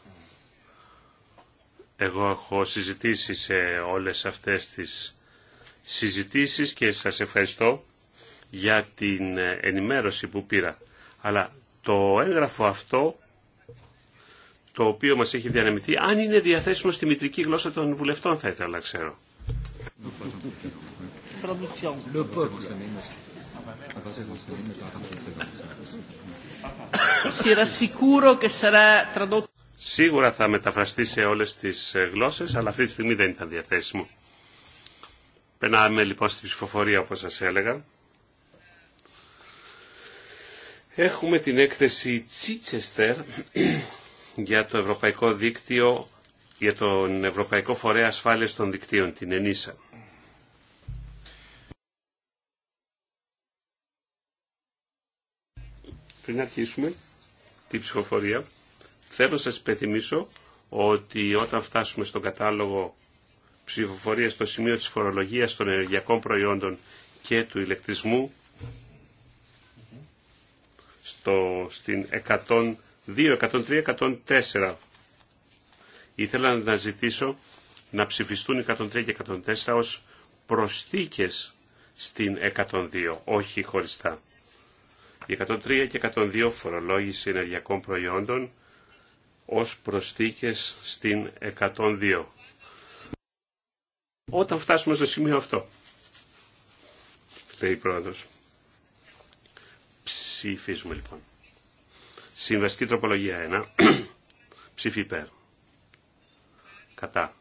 Εγώ έχω συζητήσει σε όλες αυτές τις συζητήσεις και σας ευχαριστώ για την ενημέρωση που πήρα. Αλλά το έγγραφο αυτό, το οποίο μας έχει διανεμηθεί, αν είναι διαθέσιμο στη μητρική γλώσσα των βουλευτών θα ήθελα να ξέρω. Le peuple. Σίγουρα θα μεταφραστεί σε όλες τις ε, γλώσσες, αλλά αυτή τη στιγμή δεν ήταν διαθέσιμο. Περνάμε λοιπόν στη ψηφοφορία όπως σας έλεγα. Έχουμε την έκθεση Τσίτσεστερ για το Ευρωπαϊκό Δίκτυο, για τον Ευρωπαϊκό Φορέα Ασφάλειας των Δικτύων, την ΕΝΙΣΑ. Πριν αρχίσουμε την ψηφοφορία, θέλω να σας υπενθυμίσω ότι όταν φτάσουμε στον κατάλογο ψηφοφορία στο σημείο της φορολογίας των ενεργειακών προϊόντων και του ηλεκτρισμού, στο, στην 102, 103, 104. Ήθελα να ζητήσω να ψηφιστούν 103 και 104 ως προσθήκες στην 102, όχι χωριστά. Η 103 και 102 φορολόγηση ενεργειακών προϊόντων ως προστίκες στην 102. Όταν φτάσουμε στο σημείο αυτό, λέει η πρόεδρος. Ψηφίζουμε λοιπόν. Συμβαστική τροπολογία 1. Ψήφι υπέρ. Κατά.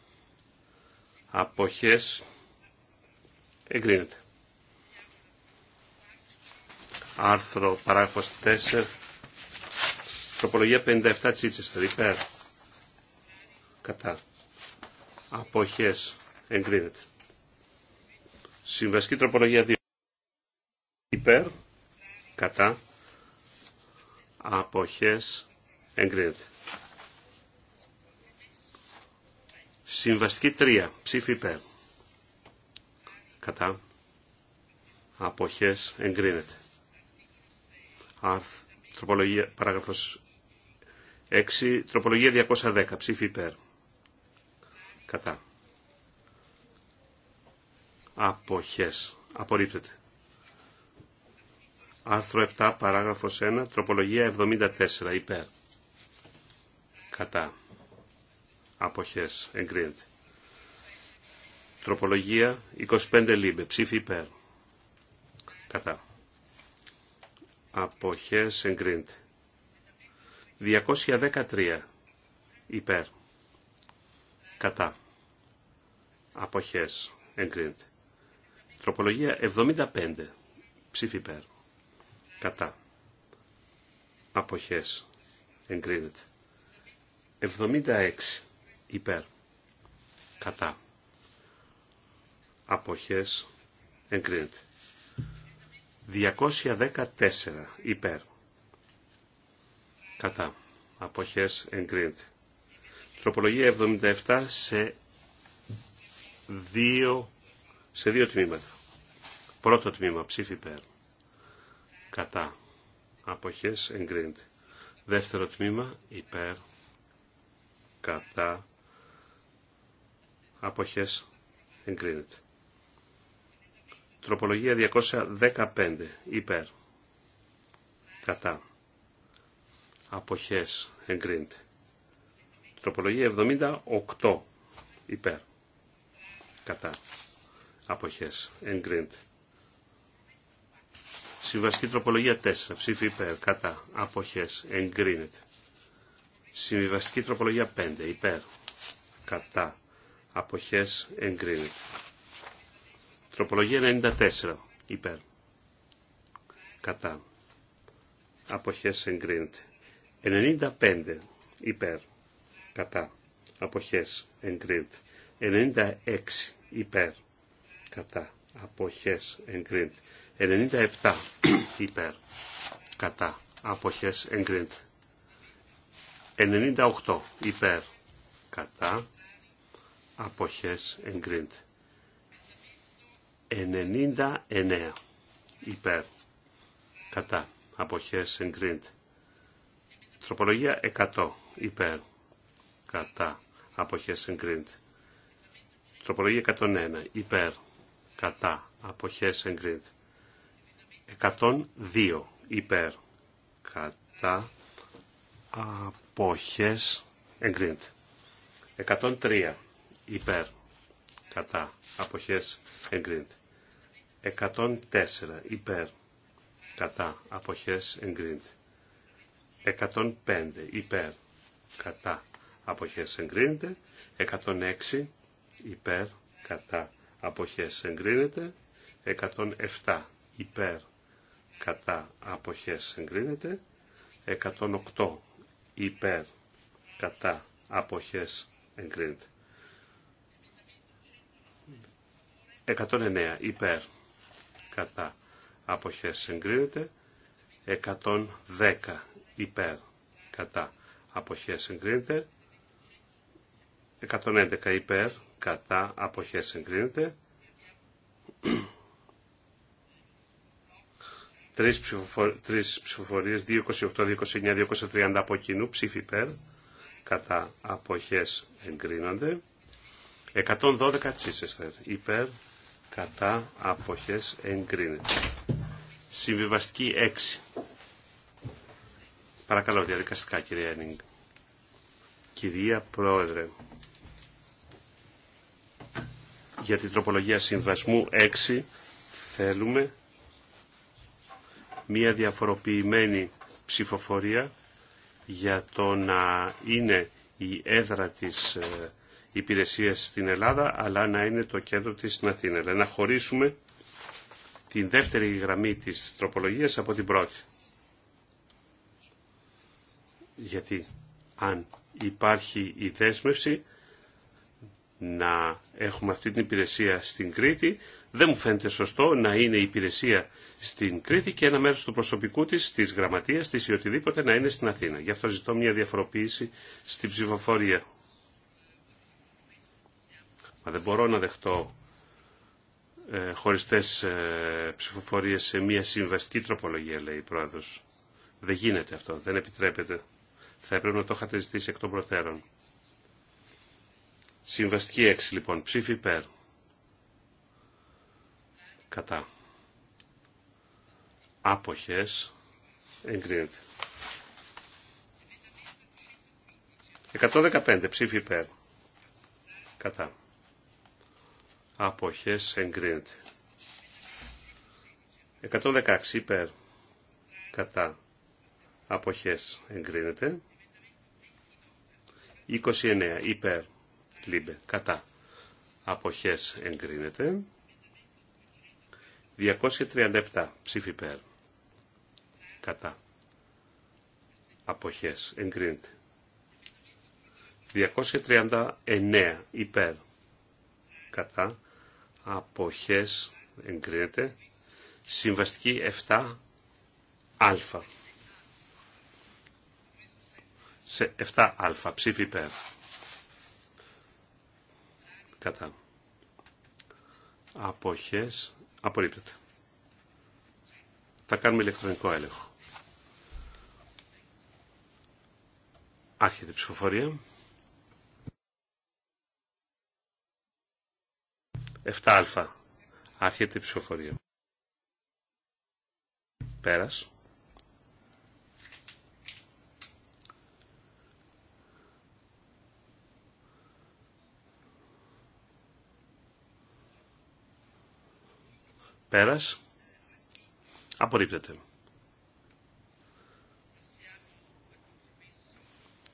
Αποχές. Εγκρίνεται άρθρο παράγραφος 4 τροπολογία 57 τσίτσεστερ υπέρ κατά αποχές εγκρίνεται Συμβαστική τροπολογία 2 υπέρ κατά αποχές εγκρίνεται συμβαστική 3 ψήφι υπέρ κατά αποχές εγκρίνεται Άρθ, τροπολογία, παράγραφος 6, τροπολογία 210, ψήφι υπέρ. Κατά. Αποχές. Απορρίπτεται. Άρθρο 7, παράγραφος 1, τροπολογία 74, υπέρ. Κατά. Αποχές. Εγκρίνεται. Τροπολογία 25 λίμπε, ψήφι υπέρ. Κατά αποχές εγκρίνεται. 213 υπέρ κατά αποχές εγκρίνεται. Τροπολογία 75 ψήφι υπέρ κατά αποχές εγκρίνεται. 76 υπέρ κατά αποχές εγκρίνεται. 214 υπέρ. Κατά. Αποχές εγκρίνεται. Τροπολογία 77 σε δύο, σε δύο τμήματα. Πρώτο τμήμα ψήφι υπέρ. Κατά. Αποχές εγκρίνεται. Δεύτερο τμήμα υπέρ. Κατά. Αποχές εγκρίνεται. Τροπολογία 215 υπέρ. Κατά. Αποχές εγκρίνεται. Τροπολογία 78 υπέρ. Κατά. Αποχές εγκρίνεται. Συμβαστική τροπολογία 4. Ψήφι υπέρ. Κατά. Αποχές εγκρίνεται. Συμβαστική τροπολογία 5. Υπέρ. Κατά. Αποχές εγκρίνεται. Τροπολογία 94 υπέρ. Κατά. Αποχές εγκρίνεται. 95 υπέρ. Κατά. Αποχές εγκρίνεται. 96 υπέρ. Κατά. Αποχές εγκρίνεται. 97 υπέρ. Κατά. Αποχές εγκρίνεται. 98 υπέρ. Κατά. Αποχές εγκρίνεται. 99 υπέρ κατά αποχές εγκρίνεται. Τροπολογία 100 υπέρ κατά αποχές εγκρίνεται. Τροπολογία 101 υπέρ κατά αποχές εγκρίνεται. 102 υπέρ κατά αποχές εγκρίνεται. 103 υπέρ κατά αποχές εγκρίνεται. 104 υπέρ κατά αποχές εγκρίνεται. 105 υπέρ κατά αποχές εγκρίνεται. 106 υπέρ κατά αποχές εγκρίνεται. 107 υπέρ κατά αποχές εγκρίνεται. 108 υπέρ κατά αποχές εγκρίνεται. 109 υπέρ κατά αποχές εγκρίνεται 110 υπέρ κατά αποχές εγκρίνεται 111 υπέρ κατά αποχές εγκρίνεται τρεις, τρεις ψηφοφορίες 228, 229, 230 από κοινού ψήφι υπέρ κατά αποχές εγκρίνονται 112 τσίσεστερ υπέρ κατά αποχές εγκρίνεται. Συμβιβαστική 6. Παρακαλώ διαδικαστικά κυρία Ένιγκ. Κυρία Πρόεδρε, για την τροπολογία συμβασμού 6 θέλουμε μία διαφοροποιημένη ψηφοφορία για το να είναι η έδρα της ε, Υπηρεσία στην Ελλάδα, αλλά να είναι το κέντρο της στην Αθήνα. να χωρίσουμε την δεύτερη γραμμή της τροπολογίας από την πρώτη. Γιατί αν υπάρχει η δέσμευση να έχουμε αυτή την υπηρεσία στην Κρήτη, δεν μου φαίνεται σωστό να είναι η υπηρεσία στην Κρήτη και ένα μέρος του προσωπικού της, της γραμματείας της ή οτιδήποτε να είναι στην Αθήνα. Γι' αυτό ζητώ μια διαφοροποίηση στην ψηφοφορία δεν μπορώ να δεχτώ ε, χωριστές ε, ψηφοφορίες σε μια συμβαστική τροπολογία, λέει η Πρόεδρος. Δεν γίνεται αυτό, δεν επιτρέπεται. Θα έπρεπε να το είχατε ζητήσει εκ των προτέρων. Συμβαστική 6 λοιπόν, ψήφι υπέρ. Κατά. Άποχες. Εγκρίνεται. 115 ψήφι υπέρ. Κατά αποχές εγκρίνεται. 116 υπέρ κατά αποχές εγκρίνεται. 29 υπέρ λίμπε κατά αποχές εγκρίνεται. 237 ψήφι υπέρ κατά αποχές εγκρίνεται. 239 υπέρ κατά αποχές εγκρίνεται. Συμβαστική 7α. Σε 7α ψήφι υπέρ. Κατά. Αποχές απορρίπτεται. Θα κάνουμε ηλεκτρονικό έλεγχο. Άρχεται η ψηφοφορία. 7α. Άρχεται η ψηφοφορία. Πέρας. Πέρας. Απορρίπτεται.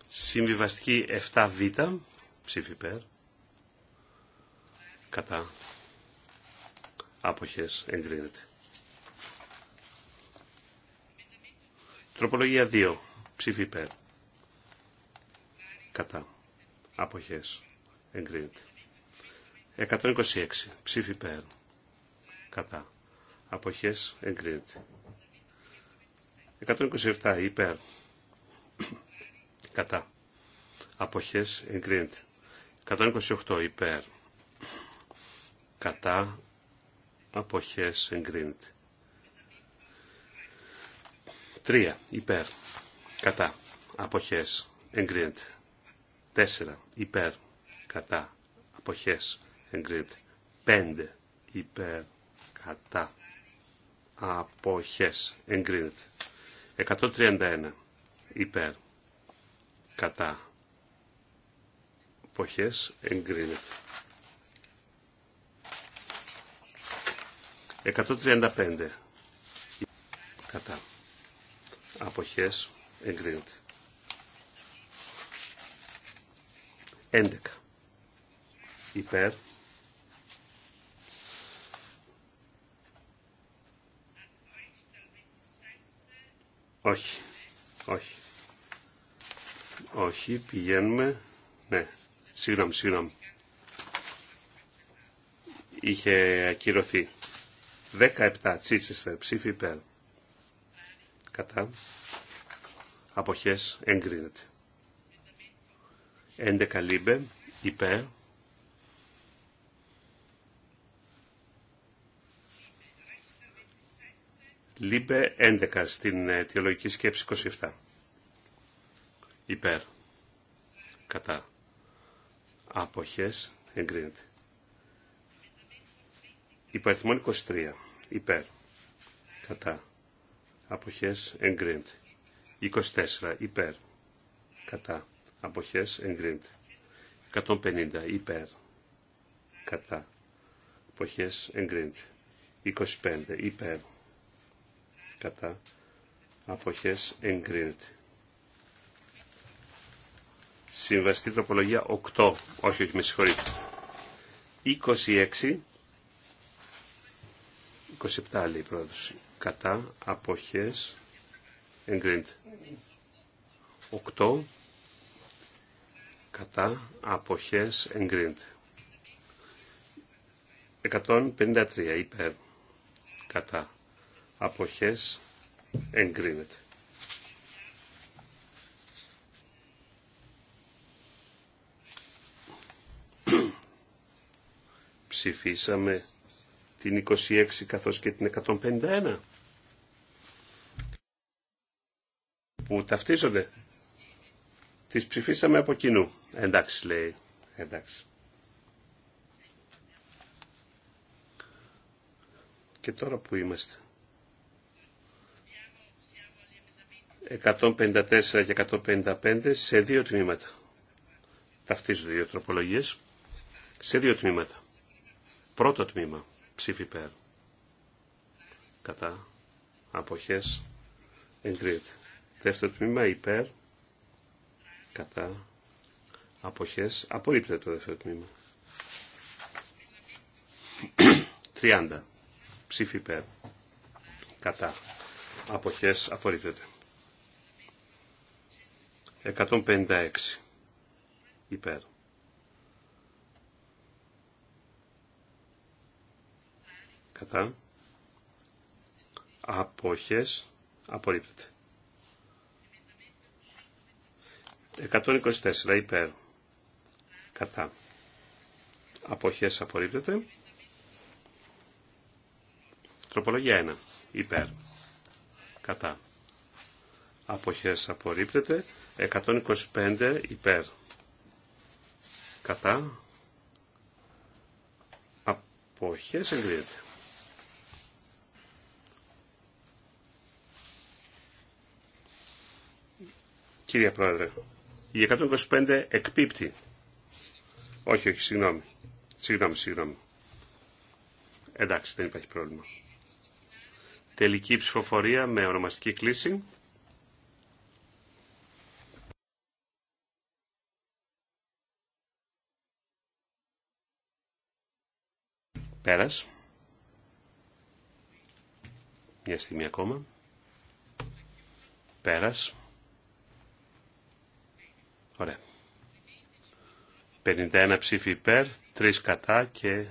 Συμβιβαστική 7β. Ψήφι πέρα κατά άποχες εγκρίνεται. Τροπολογία 2. Ψήφι υπέρ. Κατά. Αποχές. Εγκρίνεται. 126. Ψήφι υπέρ. Κατά. Αποχές. Εγκρίνεται. 127. Υπέρ. Κατά. Αποχές. Εγκρίνεται. 128. Υπέρ κατά αποχές εγκρίνεται. 3. Υπέρ. Κατά. Αποχές. Εγκρίνεται. 4. Υπέρ. Κατά. Αποχές. Εγκρίνεται. 5. Υπέρ. Κατά. Αποχές. Εγκρίνεται. 131. Υπέρ. Κατά. Αποχές. Εγκρίνεται. 135. Κατά. Αποχές εγκρίνεται. 11. Υπέρ. Όχι. Όχι. Όχι. Πηγαίνουμε. Ναι. Συγγνώμη, συγγνώμη. Είχε ακυρωθεί. 17 Τσίτσεστερ ψήφι υπέρ. Κατά. Αποχές εγκρίνεται. 11 Λίμπε υπέρ. Λίμπε 11 στην αιτιολογική σκέψη 27. Υπέρ. Κατά. Αποχές εγκρίνεται. Υπαριθμόν 23 υπέρ, κατά, αποχές εγκρίνεται. 24 υπέρ, κατά, αποχές εγκρίνεται. 150 υπέρ, κατά, αποχές εγκρίνεται. 25 υπέρ, κατά, αποχές εγκρίνεται. Συμβαστική τροπολογία 8, όχι, όχι με συγχωρείτε. 26 27 λέει πρόεδρος. Κατά αποχές εγκρίνεται. 8 κατά αποχές εγκρίνεται. 153 υπέρ κατά αποχές εγκρίνεται. Ψηφίσαμε την 26 καθώς και την 151 που ταυτίζονται. Τις ψηφίσαμε από κοινού. Εντάξει λέει. Εντάξει. Και τώρα που είμαστε. 154 και 155 σε δύο τμήματα. Ταυτίζονται δύο τροπολογίες. Σε δύο τμήματα. Πρώτο τμήμα ψήφι Κατά. Αποχές. Εγκρίνεται. Δεύτερο τμήμα υπέρ. Κατά. Αποχές. Απορρίπτεται το δεύτερο τμήμα. 30. Ψήφι υπέρ. Κατά. Αποχές. Απορρίπτεται. 156. Υπέρ κατά αποχές απορρίπτεται. 124 υπέρ κατά αποχές απορρίπτεται. Τροπολογία 1 υπέρ κατά αποχές απορρίπτεται. 125 υπέρ κατά αποχές εγκρίνεται. Κύριε Πρόεδρε, η 125 εκπίπτει. Όχι, όχι, συγγνώμη. Συγγνώμη, συγγνώμη. Εντάξει, δεν υπάρχει πρόβλημα. Τελική ψηφοφορία με ονομαστική κλίση. Πέρας. Μια στιγμή ακόμα. Πέρας. Ωραία. 51 ψήφοι υπέρ, 3 κατά και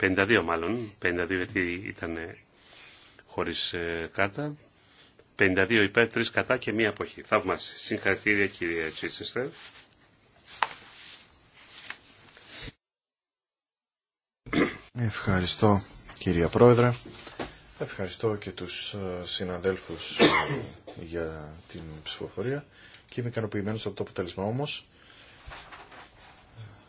52 μάλλον, 52 γιατί ήταν χωρίς ε, κάρτα. 52 υπέρ, 3 κατά και μία αποχή. Θαύμαση. Συγχαρητήρια κυρία Τσίτσεστερ. Ευχαριστώ κυρία Πρόεδρε. Ευχαριστώ και τους ε, συναδέλφους ε, για την ψηφοφορία και είμαι ικανοποιημένο από το αποτέλεσμα. όμω,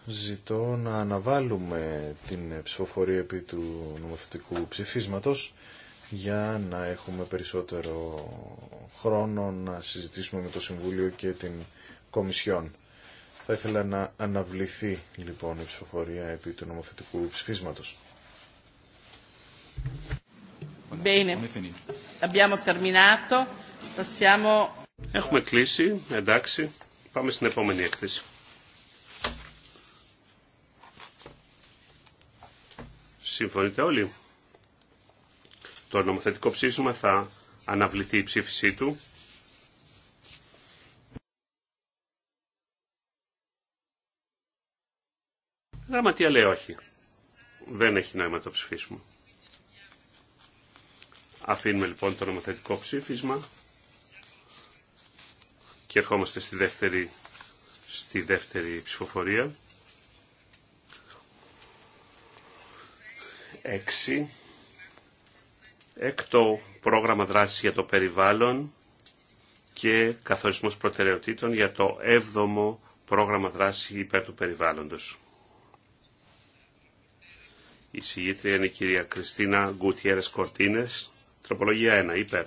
ζητώ να αναβάλουμε την ψηφοφορία επί του νομοθετικού ψηφίσματος για να έχουμε περισσότερο χρόνο να συζητήσουμε με το Συμβούλιο και την Κομισιόν. Θα ήθελα να αναβληθεί λοιπόν η ψηφοφορία επί του νομοθετικού ψηφίσματο. Bene, abbiamo terminato. Passiamo Έχουμε κλείσει, εντάξει. Πάμε στην επόμενη έκθεση. Συμφωνείτε όλοι. Το νομοθετικό ψήφισμα θα αναβληθεί η ψήφισή του. Γραμματεία λέει όχι. Δεν έχει νόημα το ψηφίσουμε. Αφήνουμε λοιπόν το νομοθετικό ψήφισμα και ερχόμαστε στη δεύτερη, στη δεύτερη ψηφοφορία. 6. Έκτο πρόγραμμα δράσης για το περιβάλλον και καθορισμός προτεραιοτήτων για το 7ο πρόγραμμα δράσης υπέρ του περιβάλλοντος. Η συγγήτρια είναι η κυρία Κριστίνα Γκουτιέρες Κορτίνες, τροπολογία 1, υπέρ.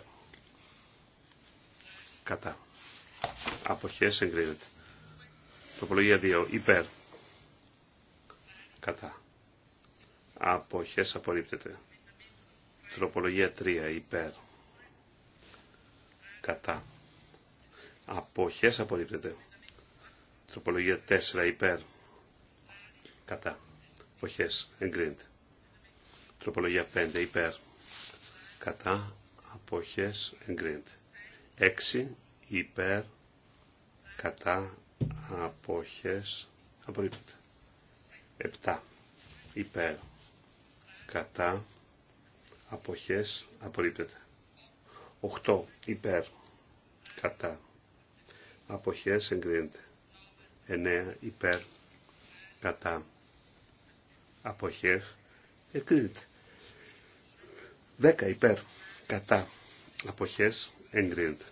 Κατά αποχές εγκρίνεται. Τροπολογία 2 υπέρ κατά αποχές απορρίπτεται. Τροπολογία 3 υπέρ κατά αποχές απορρίπτεται. Τροπολογία 4 υπέρ κατά αποχές εγκρίνεται. Τροπολογία 5 υπέρ κατά αποχές εγκρίνεται. 6 υπέρ κατά αποχές απορρίπτεται. 7 υπέρ κατά αποχές απορρίπτεται. 8 υπέρ κατά αποχές εγκρίνεται. 9 υπέρ κατά αποχές εγκρίνεται. 10 υπέρ κατά αποχές εγκρίνεται.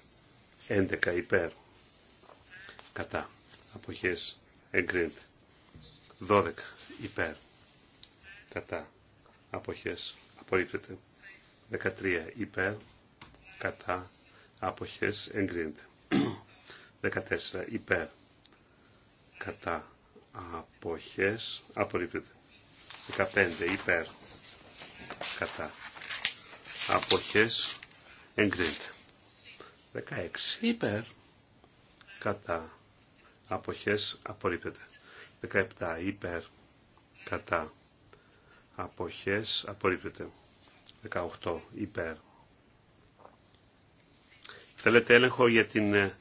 11 υπέρ κατά αποχές εγκρίνεται 12 υπέρ κατά αποχές απορρίπτεται 13 υπέρ κατά αποχές εγκρίνεται 14 υπέρ κατά αποχές απορρίπτεται 15 υπέρ κατά αποχές εγκρίνεται 16 υπέρ κατά αποχές απορρίπτεται. 17 υπέρ κατά αποχές απορρίπτεται. 18 υπέρ. Θέλετε έλεγχο για την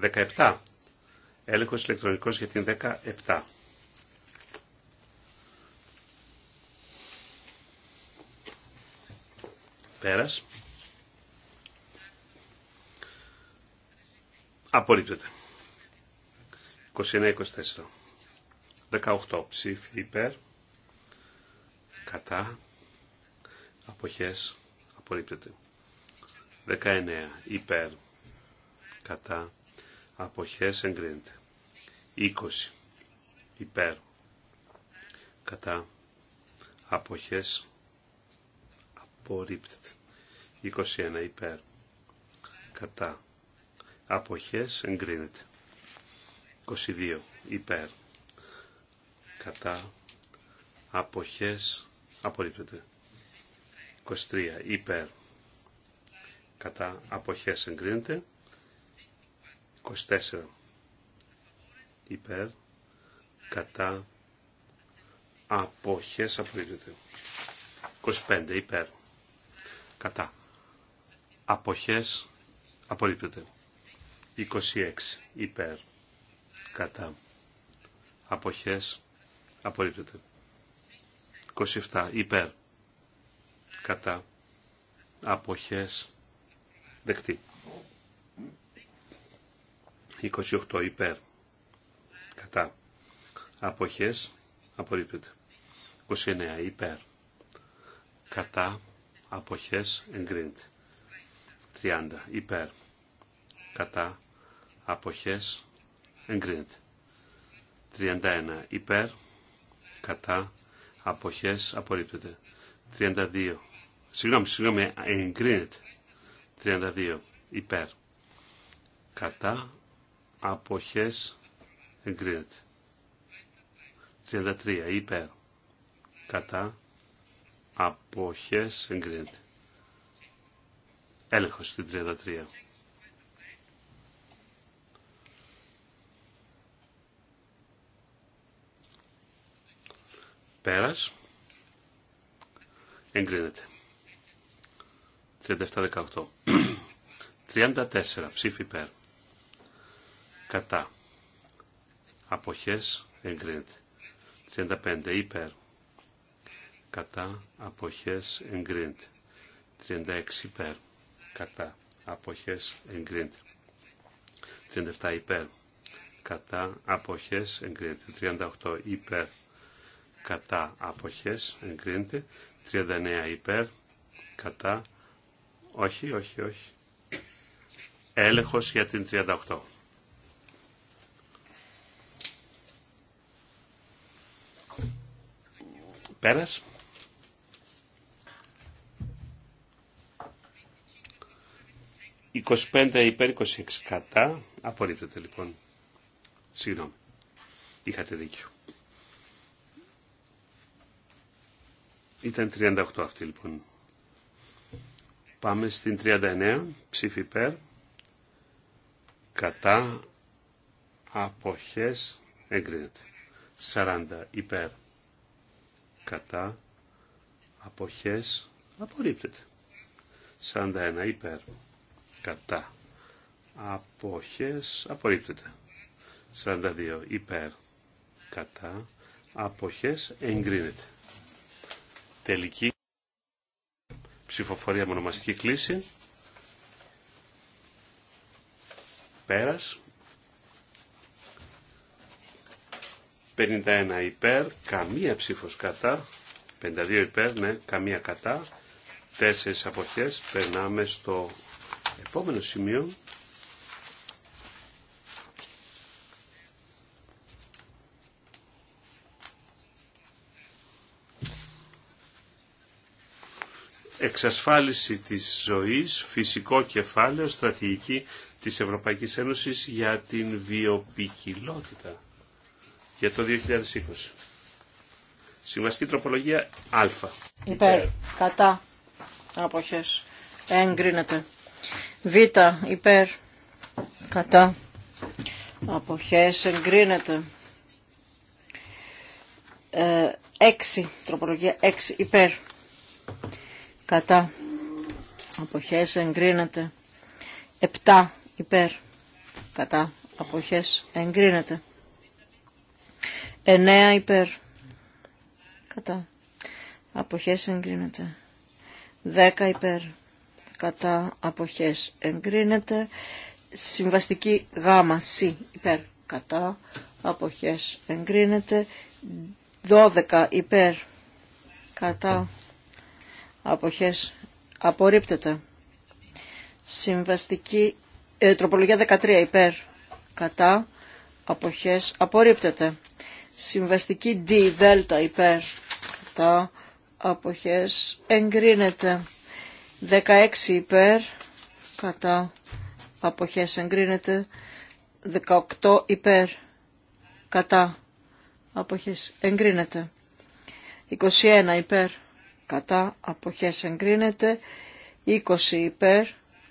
17. Ε, Έλεγχος ηλεκτρονικός για την 17. Πέρας. Απορρίπτεται. 21-24. 18 ψήφι υπέρ, κατά, αποχές, απορρίπτεται. 19 υπέρ, κατά, αποχές, εγκρίνεται. 20 υπέρ, κατά, αποχές, απορρίπτεται. 21 υπέρ, κατά, αποχές, εγκρίνεται. 22 υπέρ κατά αποχές απορρίπτεται 23 υπέρ κατά αποχές εγκρίνεται 24 υπέρ κατά αποχές απορρίπτεται 25 υπέρ κατά αποχές απορρίπτεται 26 υπέρ κατά αποχές απορρίπτεται. 27 υπέρ κατά αποχές δεκτή. 28 υπέρ κατά αποχές απορρίπτεται. 29 υπέρ κατά αποχές εγκρίνεται. 30 υπέρ κατά αποχές εγκρίνεται. 31 υπέρ, κατά, αποχές, απορρίπτεται. 32, συγγνώμη, συγγνώμη, εγκρίνεται. 32 υπέρ, κατά, αποχές, εγκρίνεται. 33 υπέρ, κατά, αποχές, εγκρίνεται. Έλεγχος στην 33. Πέρας. Εγκρίνεται. 37-18. 34 ψήφι υπέρ. Κατά. Αποχές εγκρίνεται. 35 υπέρ. Κατά. Αποχές εγκρίνεται. 36 υπέρ. Κατά. Αποχές εγκρίνεται. 37 υπέρ. Κατά. Αποχές εγκρίνεται. 38 υπέρ κατά αποχές εγκρίνεται 39 υπέρ κατά όχι όχι όχι έλεγχος για την 38 πέρας «25 υπέρ 26 κατά» απορρίπτεται λοιπόν. Συγγνώμη. Είχατε δίκιο. Ήταν 38 αυτή λοιπόν. Πάμε στην 39, ψήφι υπέρ, κατά, αποχές, εγκρίνεται. 40 υπέρ, κατά, αποχές, απορρίπτεται. 41 υπέρ, κατά, αποχές, απορρίπτεται. 42 υπέρ, κατά, αποχές, εγκρίνεται τελική ψηφοφορία με ονομαστική κλίση. Πέρας. 51 υπέρ, καμία ψήφος κατά. 52 υπέρ, ναι, καμία κατά. Τέσσερις αποχές. Περνάμε στο επόμενο σημείο. εξασφάλιση της ζωής, φυσικό κεφάλαιο, στρατηγική της Ευρωπαϊκής Ένωσης για την βιοπικιλότητα για το 2020. Συμβαστική τροπολογία Α. Υπέρ, κατά, αποχές, εγκρίνεται. Β, υπέρ, κατά, αποχές, εγκρίνεται. Ε, 6, τροπολογία 6, υπέρ, κατά αποχές εγκρίνεται 7 υπέρ κατά αποχές εγκρίνεται 9 υπέρ κατά αποχές εγκρίνεται 10 υπέρ κατά αποχές εγκρίνεται συμβαστική γάμα σ υπέρ κατά αποχές εγκρίνεται 12 υπέρ κατά αποχές απορρίπτεται. Συμβαστική ε, τροπολογία 13 υπέρ κατά αποχές απορρίπτεται. Συμβαστική D δέλτα υπέρ κατά αποχές εγκρίνεται. 16 υπέρ κατά αποχές εγκρίνεται. 18 υπέρ κατά αποχές εγκρίνεται. 21 υπέρ κατά αποχές εγκρίνεται, 20 υπέρ,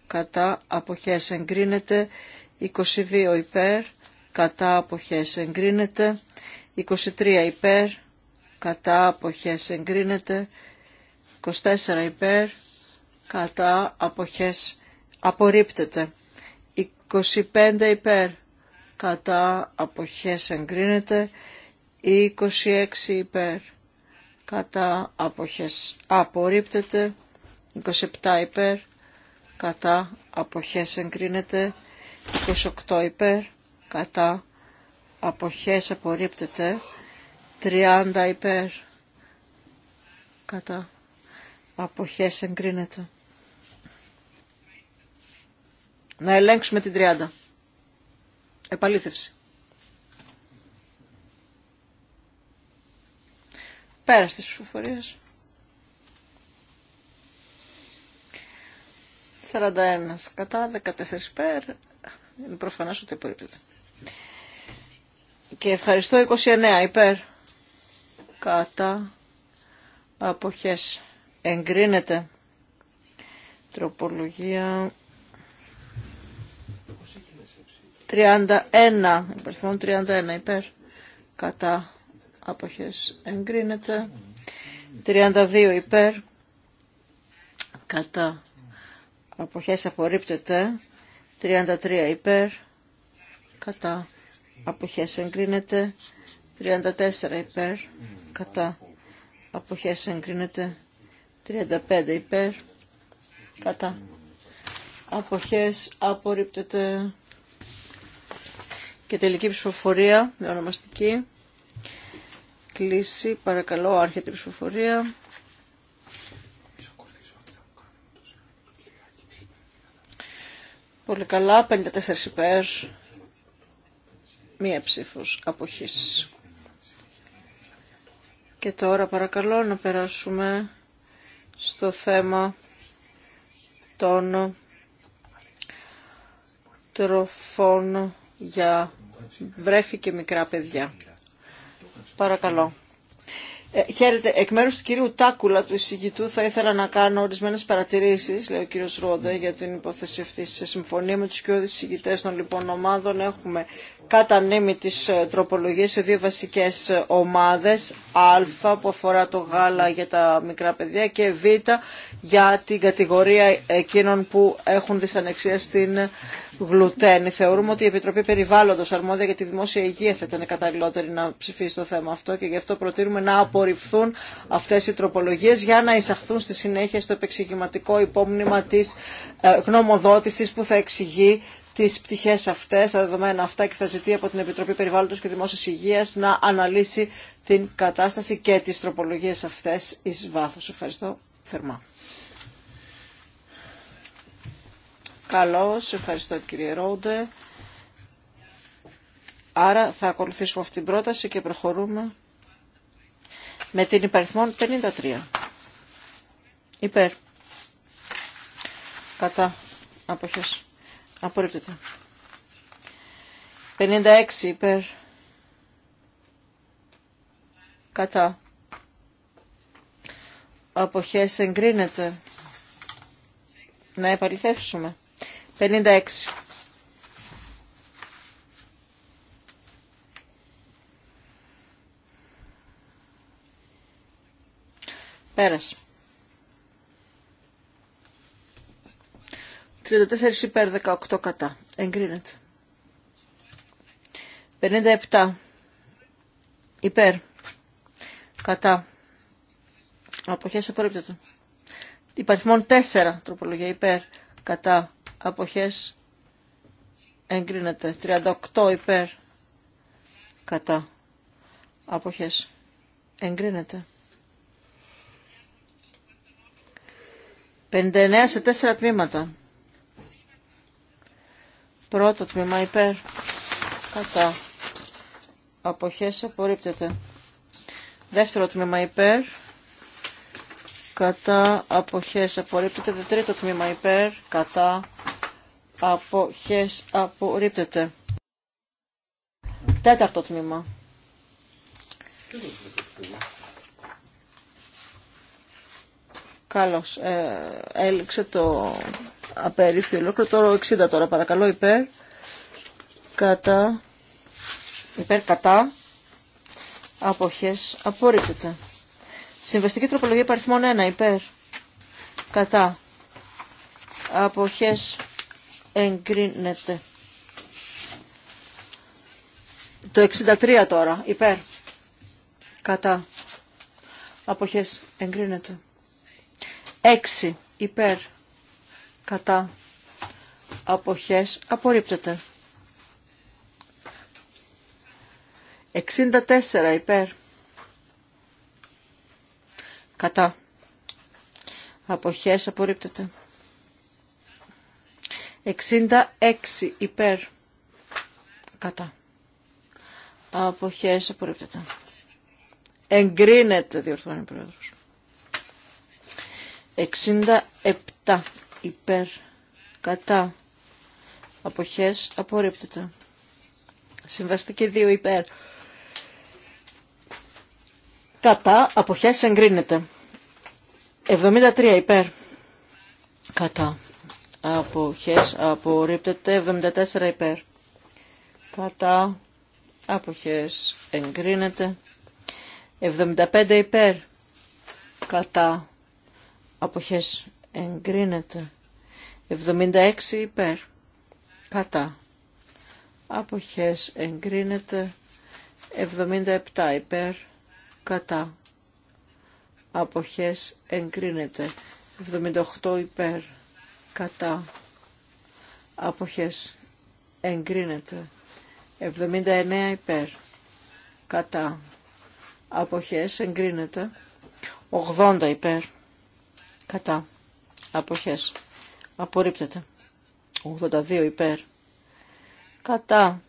κατά αποχές εγκρίνεται, 22 υπέρ, κατά αποχές εγκρίνεται, 23 υπέρ, κατά αποχές εγκρίνεται, 24 υπέρ, κατά αποχές απορρίπτεται, 25 υπέρ, κατά αποχές εγκρίνεται, 26 υπέρ κατά αποχές απορρίπτεται 27 υπέρ κατά αποχές εγκρίνεται 28 υπέρ κατά αποχές απορρίπτεται 30 υπέρ κατά αποχές εγκρίνεται να ελέγξουμε την 30 επαλήθευση Πέρα τη ψηφοφορία. 41 κατά, 14 πέρ. Είναι προφανέ ότι απορρίπτεται. Και ευχαριστώ 29 υπέρ. Κατά αποχές εγκρίνεται τροπολογία 31 31 υπέρ κατά αποχές εγκρίνεται. 32 υπέρ κατά αποχές απορρίπτεται. 33 υπέρ κατά αποχές εγκρίνεται. 34 υπέρ κατά αποχές εγκρίνεται. 35 υπέρ κατά αποχές απορρίπτεται. Και τελική ψηφοφορία με ονομαστική κλείσει. Παρακαλώ, άρχεται η ψηφοφορία. Πολύ καλά, 54 υπέρ, μία ψήφος αποχής. Και τώρα παρακαλώ να περάσουμε στο θέμα των τροφών για βρέφη και μικρά παιδιά. Παρακαλώ. Ε, χαίρετε. Εκ μέρου του κυρίου Τάκουλα, του εισηγητού, θα ήθελα να κάνω ορισμένες παρατηρήσεις, λέει ο κύριος Ρόντα, για την υπόθεση αυτή. Σε συμφωνία με τους κοιόδης εισηγητέ των λοιπόν ομάδων έχουμε κατά μνήμη τις ε, σε δύο βασικές ε, ομάδες, α που αφορά το γάλα για τα μικρά παιδιά και β για την κατηγορία εκείνων που έχουν δυσανεξία στην ε, Θεωρούμε ότι η Επιτροπή Περιβάλλοντο αρμόδια για τη δημόσια υγεία θα ήταν καταλληλότερη να ψηφίσει το θέμα αυτό και γι' αυτό προτείνουμε να απορριφθούν αυτέ οι τροπολογίε για να εισαχθούν στη συνέχεια στο επεξηγηματικό υπόμνημα τη ε, γνωμοδότηση που θα εξηγεί τι πτυχέ αυτέ, τα δεδομένα αυτά και θα ζητεί από την Επιτροπή Περιβάλλοντο και Δημόσια Υγεία να αναλύσει την κατάσταση και τι τροπολογίε αυτέ ει βάθο. Ευχαριστώ θερμά. Καλώς, ευχαριστώ κύριε Ρόντε. Άρα θα ακολουθήσουμε αυτή την πρόταση και προχωρούμε με την υπαριθμόν 53. Υπέρ. Κατά. Αποχές. Απορρίπτεται. 56 υπέρ. Κατά. Αποχές εγκρίνεται. Να επαληθεύσουμε. 56. Πέρασε. 34 υπέρ 18 κατά. Εγκρίνεται. 57 υπέρ κατά. Αποχές απορρίπτεται. Υπαριθμών 4 τροπολογία υπέρ κατά αποχές εγκρίνεται 38 υπέρ κατά αποχές εγκρίνεται 59 σε 4 τμήματα πρώτο τμήμα υπέρ κατά αποχές απορρίπτεται δεύτερο τμήμα υπέρ κατά αποχές απορρίπτεται τρίτο τμήμα υπέρ κατά αποχές απορρίπτεται. Τέταρτο τμήμα. Καλώς. Ε, έληξε το απερίφθιο ολόκληρο. Τώρα 60 τώρα παρακαλώ υπέρ. Κατά. Υπέρ κατά. Αποχές απορρίπτεται. Συμβαστική τροπολογία παριθμών 1 υπέρ. Κατά. Αποχές εγκρίνεται. Το 63 τώρα, υπέρ, κατά, αποχές, εγκρίνεται. 6, υπέρ, κατά, αποχές, απορρίπτεται. 64, υπέρ, κατά, αποχές, απορρίπτεται. 66 υπέρ κατά. Αποχές απορρίπτεται. Εγκρίνεται διορθώνει ο πρόεδρος. 67 υπέρ κατά. Αποχές απορρίπτεται. Συμβαστική 2 υπέρ. Κατά. Αποχές εγκρίνεται. 73 υπέρ. Κατά αποχές απορρίπτεται 74 υπέρ κατά αποχές εγκρίνεται 75 υπέρ κατά αποχές εγκρίνεται 76 υπέρ κατά αποχές εγκρίνεται 77 υπέρ κατά αποχές εγκρίνεται 78 υπέρ κατά αποχές εγκρίνεται 79 υπέρ κατά αποχές εγκρίνεται 80 υπέρ κατά αποχές απορρίπτεται 82 υπέρ κατά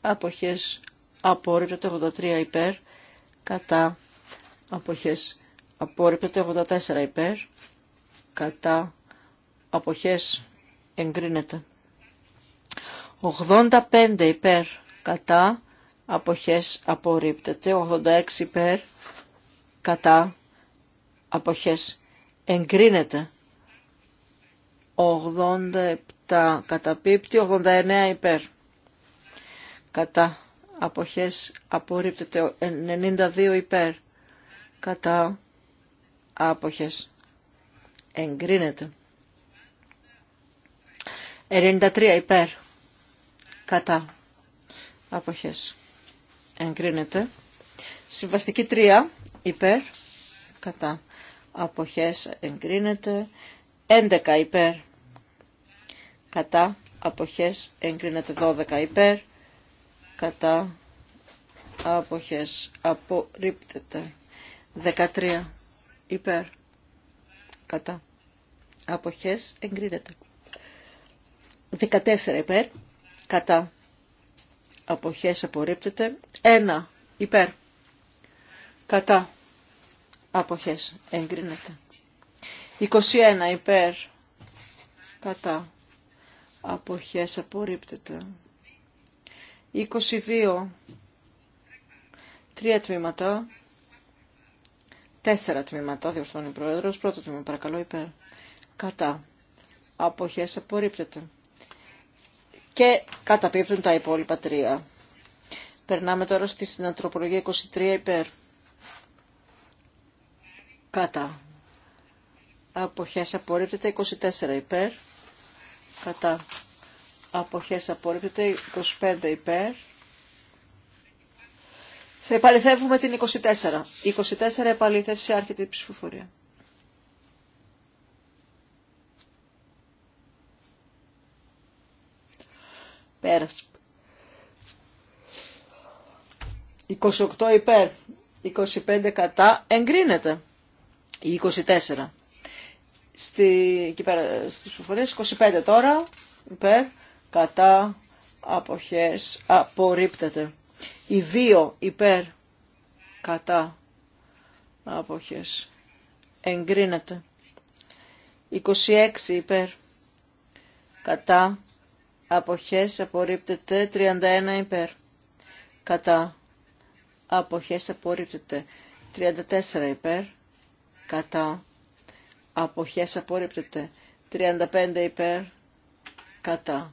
αποχές απορρίπτεται 83 υπέρ κατά αποχές απορρίπτεται 84 υπέρ κατά αποχές εγκρίνεται. 85 υπέρ κατά αποχές απορρίπτεται. 86 υπέρ κατά αποχές εγκρίνεται. 87 καταπίπτει, 89 υπέρ κατά αποχές απορρίπτεται. 92 υπέρ κατά άποχες εγκρίνεται. 93 υπέρ. Κατά. Αποχές. Εγκρίνεται. Συμβαστική 3 υπέρ. Κατά. Αποχές. Εγκρίνεται. 11 υπέρ. Κατά. Αποχές. Εγκρίνεται 12 υπέρ. Κατά. Αποχές. Απορρίπτεται. 13 υπέρ. Κατά. Αποχές εγκρίνεται. 14 υπέρ, κατά αποχές απορρίπτεται, 1 υπέρ, κατά αποχές εγκρίνεται. 21 υπέρ, κατά αποχές απορρίπτεται. 22, τρία τμήματα, τέσσερα τμήματα, διορθώνει ο Πρόεδρος, πρώτο τμήμα παρακαλώ υπέρ, κατά αποχές απορρίπτεται και καταπίπτουν τα υπόλοιπα τρία. Περνάμε τώρα στη συνανθρωπολογία 23 υπέρ. Κατά. Αποχές απορρίπτεται 24 υπέρ. Κατά. Αποχές απορρίπτεται 25 υπέρ. Θα επαληθεύουμε την 24. 24 επαληθεύσει άρχεται η ψηφοφορία. 28 υπέρ. 25 κατά. Εγκρίνεται. Η 24. Στη, εκεί στις προφορές 25 τώρα. Υπέρ. Κατά. Αποχές. Απορρίπτεται. Η 2 υπέρ. Κατά. Αποχές. Εγκρίνεται. 26 υπέρ. Κατά αποχές απορρίπτεται 31 υπέρ. Κατά αποχές απορρίπτεται 34 υπέρ. Κατά αποχές απορρίπτεται 35 υπέρ. Κατά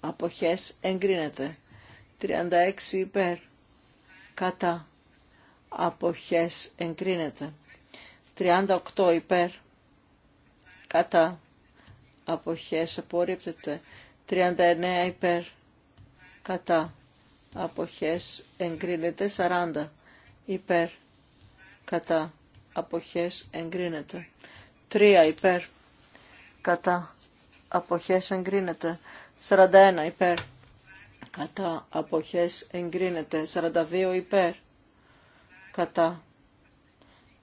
αποχές εγκρίνεται 36 υπέρ. Κατά αποχές εγκρίνεται 38 υπέρ. Κατά αποχές απορρίπτεται 39 υπέρ κατά αποχές εγκρίνεται 40 υπέρ κατά αποχές εγκρίνεται 3 υπέρ κατά αποχές εγκρίνεται 41 υπέρ κατά αποχές εγκρίνεται 42 υπέρ κατά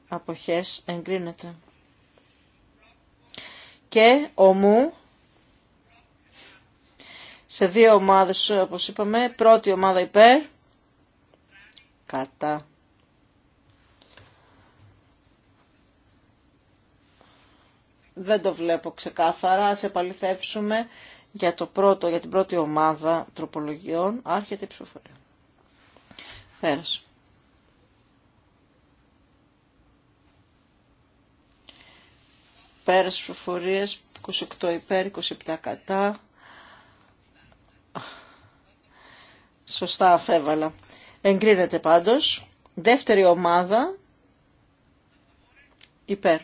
αποχές εγκρίνεται και ομού σε δύο ομάδες όπως είπαμε. Πρώτη ομάδα υπέρ, κατά. Δεν το βλέπω ξεκάθαρα, ας επαληθεύσουμε για, το πρώτο, για την πρώτη ομάδα τροπολογιών. Άρχεται η ψηφοφορία. Πέρασε. Πέρασε ψηφοφορίες, 28 υπέρ, 27 κατά. Σωστά αφέβαλα. Εγκρίνεται πάντως. Δεύτερη ομάδα. Υπέρ.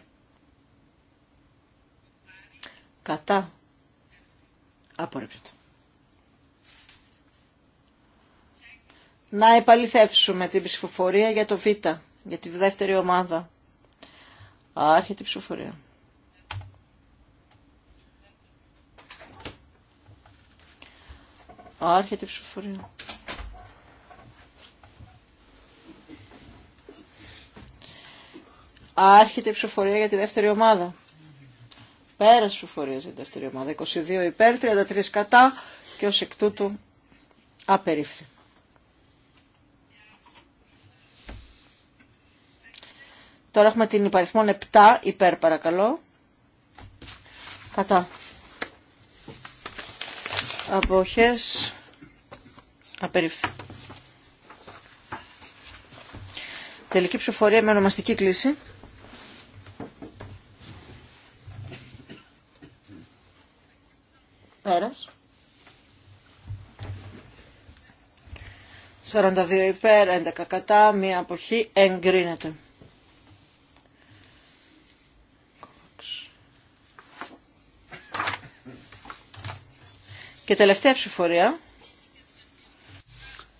Κατά. Απορρίπτεται. Να επαληθεύσουμε την ψηφοφορία για το Β, για τη δεύτερη ομάδα. Άρχεται η ψηφοφορία. Άρχεται η ψηφοφορία. Άρχεται η ψηφοφορία για τη δεύτερη ομάδα. Πέρας ψηφοφορία για τη δεύτερη ομάδα. 22 υπέρ, 33 κατά και ως εκ τούτου απερίφθη. Τώρα έχουμε την υπαριθμόν 7 υπέρ παρακαλώ. Κατά. Αποχές. Απεριφ... Τελική ψηφοφορία με ονομαστική κλίση. Πέρας. 42 υπέρ, 11 κατά, μία αποχή εγκρίνεται. Και τελευταία ψηφορία.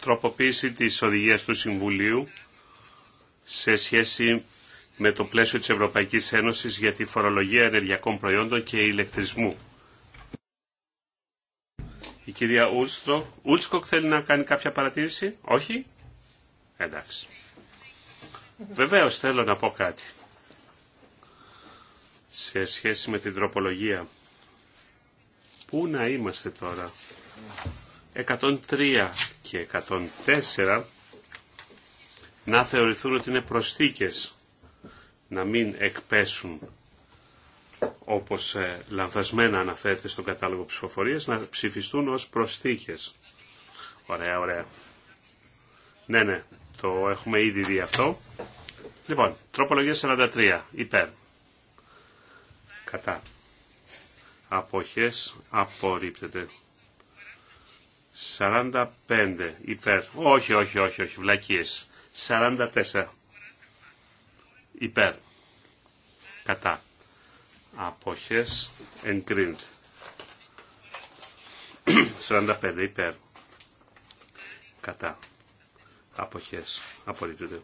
Τροποποίηση της οδηγίας του Συμβουλίου σε σχέση με το πλαίσιο της Ευρωπαϊκής Ένωσης για τη φορολογία ενεργειακών προϊόντων και ηλεκτρισμού. Η κυρία Ούλσκοκ θέλει να κάνει κάποια παρατήρηση. Όχι. Εντάξει. Βεβαίως θέλω να πω κάτι. Σε σχέση με την τροπολογία Πού να είμαστε τώρα. 103 και 104 να θεωρηθούν ότι είναι προστίκες να μην εκπέσουν όπως ε, λανθασμένα αναφέρεται στον κατάλογο ψηφοφορίας, να ψηφιστούν ως προσθήκες. Ωραία, ωραία. Ναι, ναι, το έχουμε ήδη δει αυτό. Λοιπόν, τροπολογία 43, υπέρ. Κατά αποχές απορρίπτεται. 45 υπέρ. Όχι, όχι, όχι, όχι, βλακίες. 44 υπέρ. Κατά. Αποχές εγκρίνεται. 45 υπέρ. Κατά. Αποχές. Απορρίπτεται.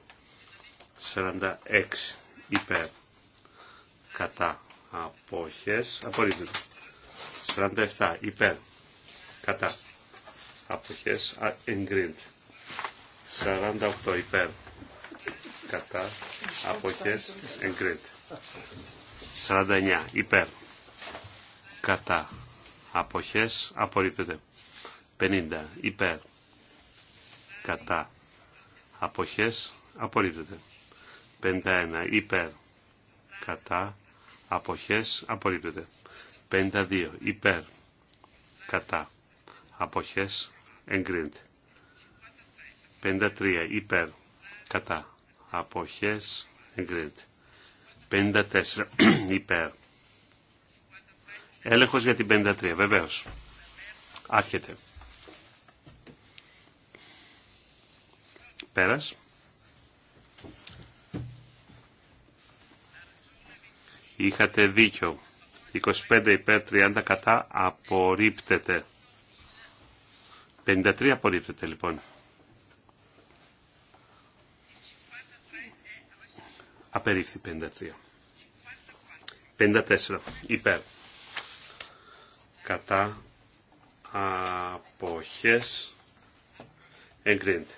46 υπέρ. Κατά. Αποχές. Απορρίπτεται. 47 υπέρ κατά αποχές εγκρίντ, 48 υπέρ κατά αποχές εγκρίντ, 49 υπέρ κατά αποχές απορρίπτεται 50 υπέρ κατά αποχές απορρίπτεται 51 υπέρ κατά αποχές απορρίπτεται 52 υπέρ κατά αποχές εγκρίνεται 53 υπέρ κατά αποχές εγκρίνεται 54 υπέρ έλεγχος για την 53 βεβαίως άρχεται πέρας είχατε δίκιο 25 υπέρ 30 κατά απορρίπτεται. 53 απορρίπτεται λοιπόν. Απερίφθη 53. 54 υπέρ. Κατά αποχές εγκρίνεται.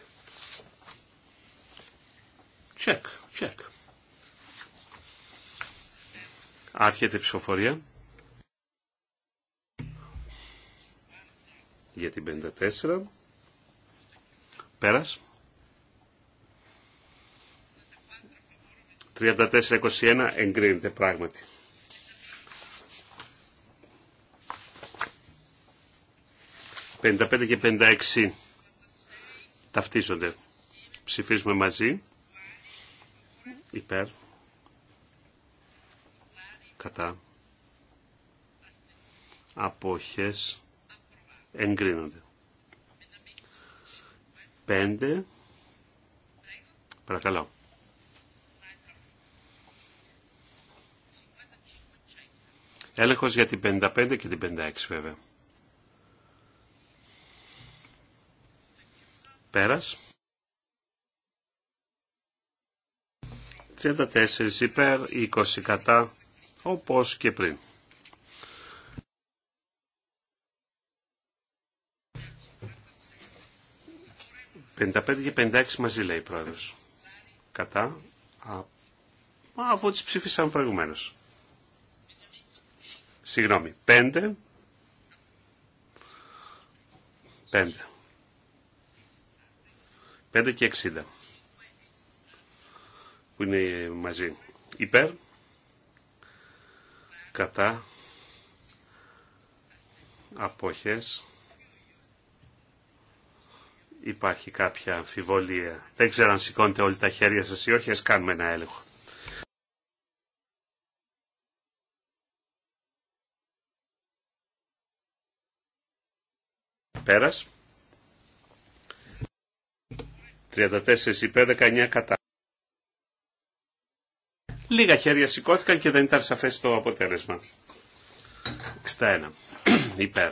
Check, check. Άρχεται η ψηφοφορία. Για την 54. Πέρας. 34-21 εγκρίνεται πράγματι. «55 και 56 ταυτίζονται. Ψηφίζουμε μαζί. Υπέρ κατά αποχές εγκρίνονται. 5 παρακαλώ. Έλεγχος για την 55 και την 56 βέβαια. Πέρας. 34 υπέρ, 20 κατά, όπως και πριν. «55 και 56 μαζί» λέει η πρόεδρος. Κατά. Α, αφού τις ψήφισαν προηγουμένως. Συγγνώμη. 5. 5. 5 και 60. Που είναι μαζί. Υπέρ κατά αποχές υπάρχει κάποια αμφιβολία. Δεν ξέρω αν σηκώνετε όλοι τα χέρια σας ή όχι, ας κάνουμε ένα έλεγχο. Πέρας. 34 υπέρ 19 κατά. Λίγα χέρια σηκώθηκαν και δεν ήταν σαφές το αποτέλεσμα. 61. Υπέρ.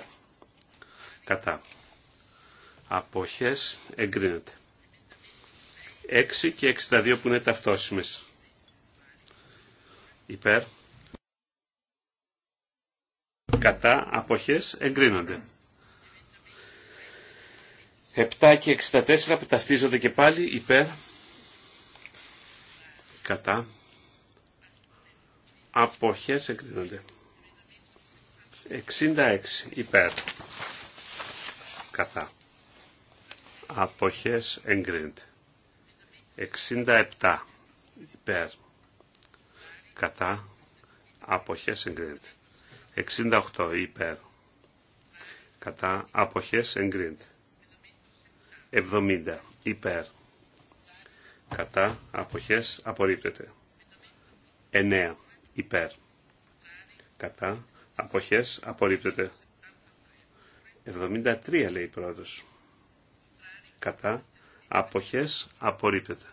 Κατά. Αποχές εγκρίνεται. 6 και 62 που είναι ταυτόσιμες. Υπέρ. Κατά. Αποχές εγκρίνονται. 7 και 64 που ταυτίζονται και πάλι υπέρ. Κατά αποχές εκδίδονται. 66 υπέρ κατά αποχές εγκρίνεται. 67 υπέρ κατά αποχές εγκρίνεται. 68 υπέρ κατά αποχές εγκρίνεται. 70 υπέρ κατά αποχές απορρίπτεται. 9 υπέρ. Κατά αποχές απορρίπτεται. 73 λέει η πρόεδρος. Κατά αποχές απορρίπτεται.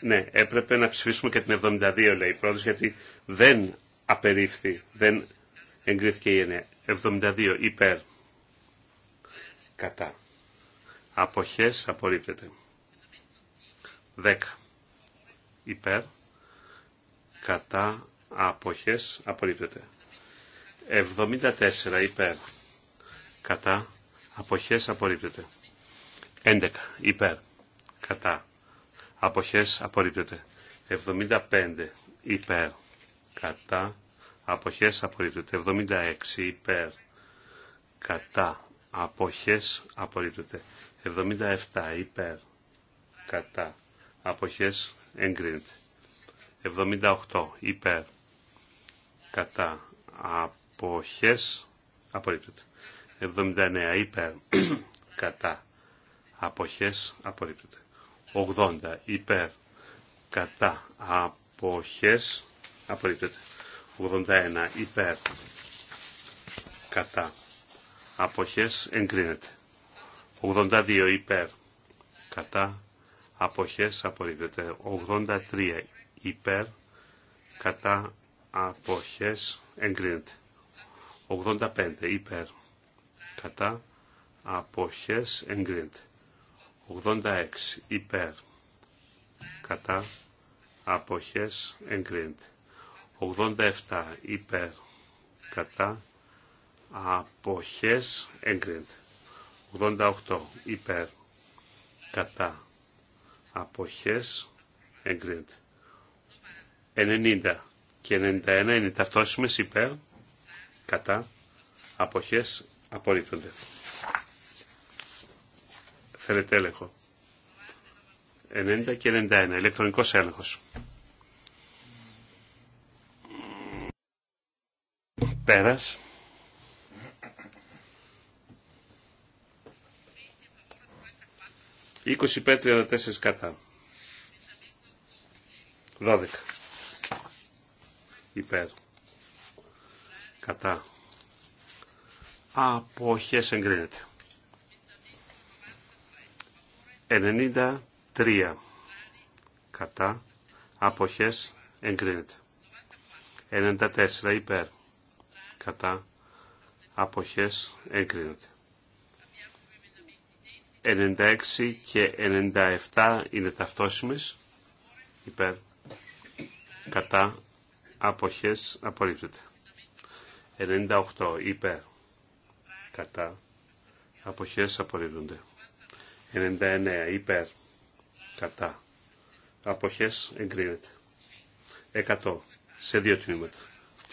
Ναι, έπρεπε να ψηφίσουμε και την 72 λέει η πρόεδρος γιατί δεν απερίφθη, δεν εγκρίθηκε η 72 υπέρ. Κατά. Αποχές απορρίπτεται. 10 υπέρ κατά αποχές απορρίπτεται. 74 υπέρ κατά αποχές απορρίπτεται. 11 υπέρ κατά αποχές απορρίπτεται. 75 υπέρ κατά αποχές απορρίπτεται. 76 υπέρ κατά αποχές απορρίπτεται. 77 υπέρ κατά αποχές εγκρίνεται. 78 υπέρ κατά αποχές απορρίπτεται. 79 υπέρ κατά αποχές απορρίπτεται. 80 υπέρ κατά αποχές απορρίπτεται. 81 υπέρ κατά αποχές εγκρίνεται. 82 υπέρ κατά αποχές απορρίπτεται. 83 υπέρ κατά αποχές εγκρίνεται. 85 υπέρ κατά αποχές εγκρίνεται. 86 υπέρ κατά αποχές εγκρίνεται. 87 υπέρ κατά αποχές εγκρίνεται. 88 υπέρ κατά αποχές εγκρίνεται. 90 και 91 είναι ταυτόσιμες υπέρ, κατά, αποχές απορρίπτονται. Θέλετε έλεγχο. 90 και 91, ηλεκτρονικός έλεγχος. Πέρας. Είκοσι υπέρ, 34 κατά. 12 υπέρ κατά αποχές εγκρίνεται 93 κατά αποχές εγκρίνεται 94 υπέρ κατά αποχές εγκρίνεται 96 και 97 είναι ταυτόσιμες υπέρ κατά αποχές απορρίπτεται. 98 υπέρ κατά αποχές απορρίπτονται. 99 υπέρ κατά αποχές εγκρίνεται. 100 σε δύο τμήματα.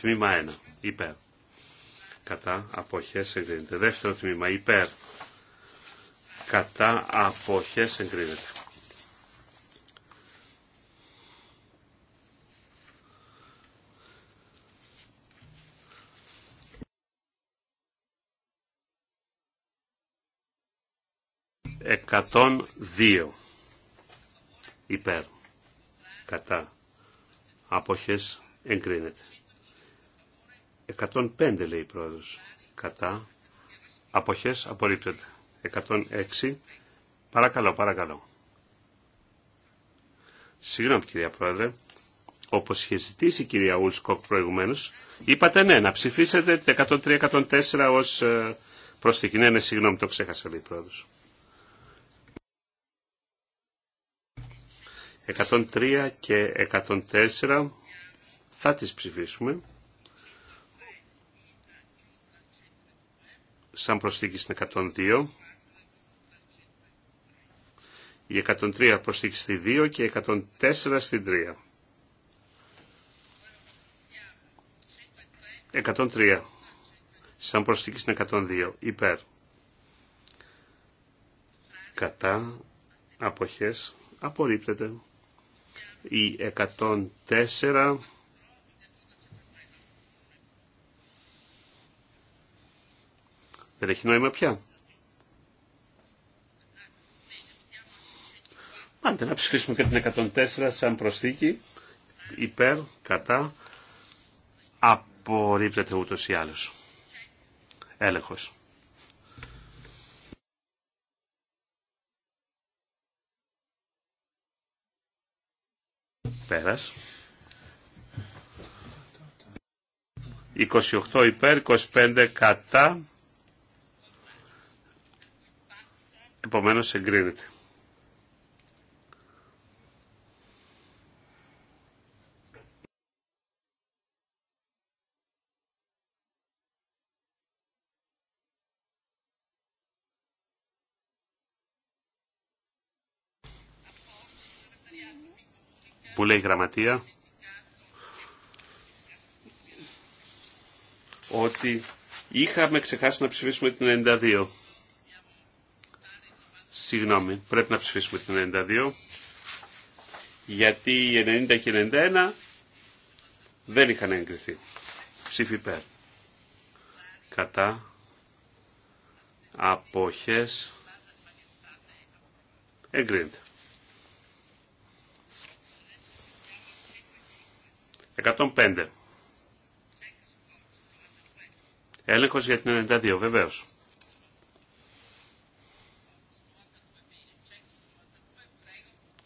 Τμήμα 1 υπέρ κατά αποχές εγκρίνεται. Δεύτερο τμήμα υπέρ κατά αποχές εγκρίνεται. 102 υπέρ κατά αποχές εγκρίνεται. 105 λέει η πρόεδρος κατά αποχές απορρίπτεται. 106 παρακαλώ παρακαλώ. Συγγνώμη κυρία Πρόεδρε, όπως είχε ζητήσει η κυρία Ουλσκοκ προηγουμένως, είπατε ναι, να ψηφίσετε 103-104 ως ε, προσθήκη. Ναι, ναι, συγγνώμη, το ξέχασα λέει η πρόεδρος. 103 και 104 θα τις ψηφίσουμε. Σαν προσθήκη στην 102. Η 103 προσθήκη στη 2 και η 104 στην 3. 103. Σαν προσθήκη στην 102. Υπέρ. Κατά. Αποχές. Απορρίπτεται η 104 δεν έχει νόημα πια. Αν να ψηφίσουμε και την 104 σαν προσθήκη υπέρ, κατά απορρίπτεται ούτως ή άλλως. Έλεγχος. 28 υπέρ, 25 κατά. Επομένως εγκρίνεται. που λέει η γραμματεία ότι είχαμε ξεχάσει να ψηφίσουμε την 92. Συγγνώμη, πρέπει να ψηφίσουμε την 92 γιατί οι 90 και 91 δεν είχαν εγκριθεί. Ψήφι υπέρ. Κατά αποχές εγκρίνεται. 105. Έλεγχος για την 92, βεβαίως.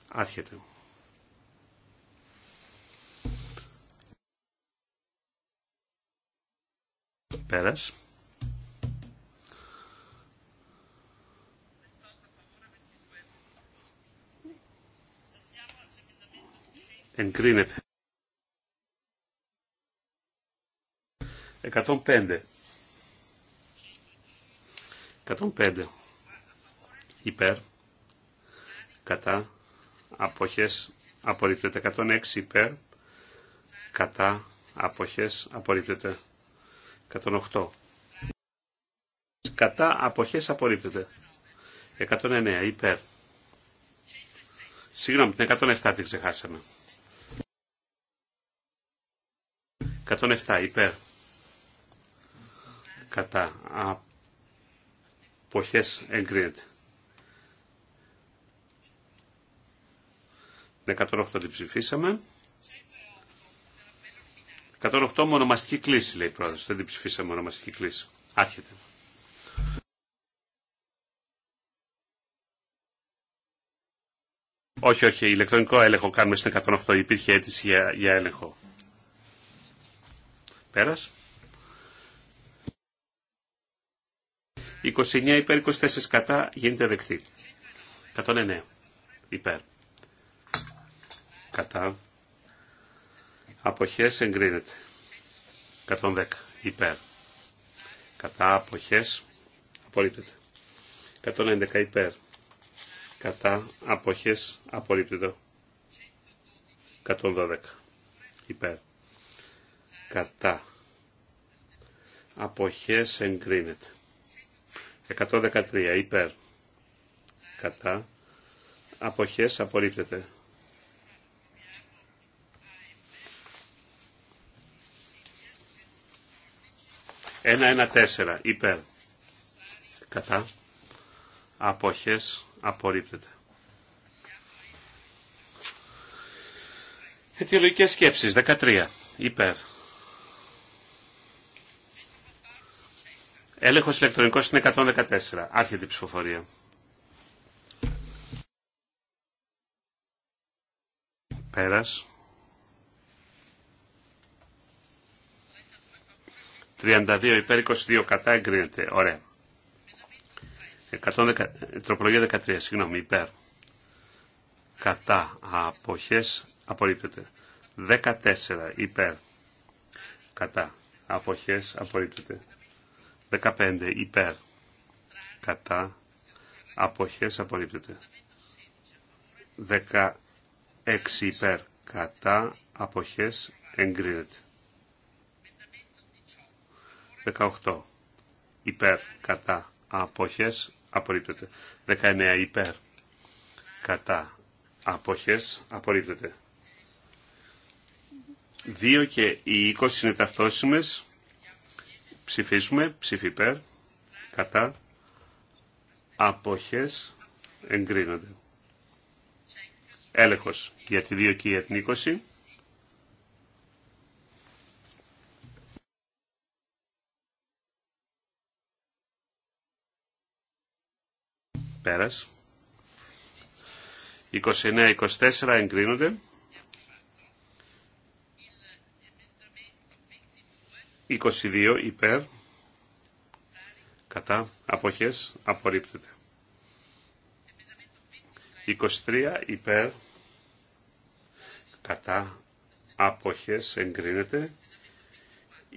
Άρχεται. Πέρας. Εγκρίνεται. 105. 105. Υπέρ. Κατά. Αποχές. Απορρίπτεται. 106 υπέρ. Κατά. Αποχές. Απορρίπτεται. 108. Κατά. Αποχές. Απορρίπτεται. 109 υπέρ. Συγγνώμη, την 107 την ξεχάσαμε. 107 υπέρ κατά αποχές εγκρίνεται. 108 την ψηφίσαμε. 108 ονομαστική κλίση λέει η πρόεδρος. Δεν την ψηφίσαμε ονομαστική κλίση. Άρχεται. Όχι, όχι, ηλεκτρονικό έλεγχο κάνουμε στην 108. Υπήρχε αίτηση για, για έλεγχο. Πέρας. 29 υπέρ 24 κατά γίνεται δεκτή. 109 υπέρ. Κατά. Αποχές εγκρίνεται. 110 υπέρ. Κατά αποχές απορρίπτεται. 111 υπέρ. Κατά αποχές απορρίπτεται. 112 υπέρ. Κατά αποχές εγκρίνεται. 113 υπέρ κατά αποχές απορρίπτεται. Ένα, ένα, τέσσερα, υπέρ, κατά, αποχές, απορρίπτεται. Αιτιολογικές σκέψεις, 13, υπέρ, Έλεγχος ηλεκτρονικός είναι 114. Άρχεται η ψηφοφορία. Πέρας. 32 υπέρ 22 κατά εγκρίνεται. Ωραία. 110, τροπολογία 13, συγγνώμη, υπέρ. Κατά αποχές απορρίπτεται. 14 υπέρ. Κατά αποχές απορρίπτεται. 15 υπέρ κατά αποχές απορρίπτεται. 16 υπέρ κατά αποχές εγκρίνεται. 18 υπέρ κατά αποχές απορρίπτεται. 19 υπέρ κατά αποχές απορρίπτεται. 2 και οι 20 είναι ταυτόσιμες. Ψηφίσουμε. Ψήφι Κατά. Αποχές εγκρίνονται. Έλεγχος για τη δύο και η Πέρας. 29-24 εγκρίνονται. 22 υπέρ κατά αποχές απορρίπτεται. 23 υπέρ κατά αποχές εγκρίνεται. 24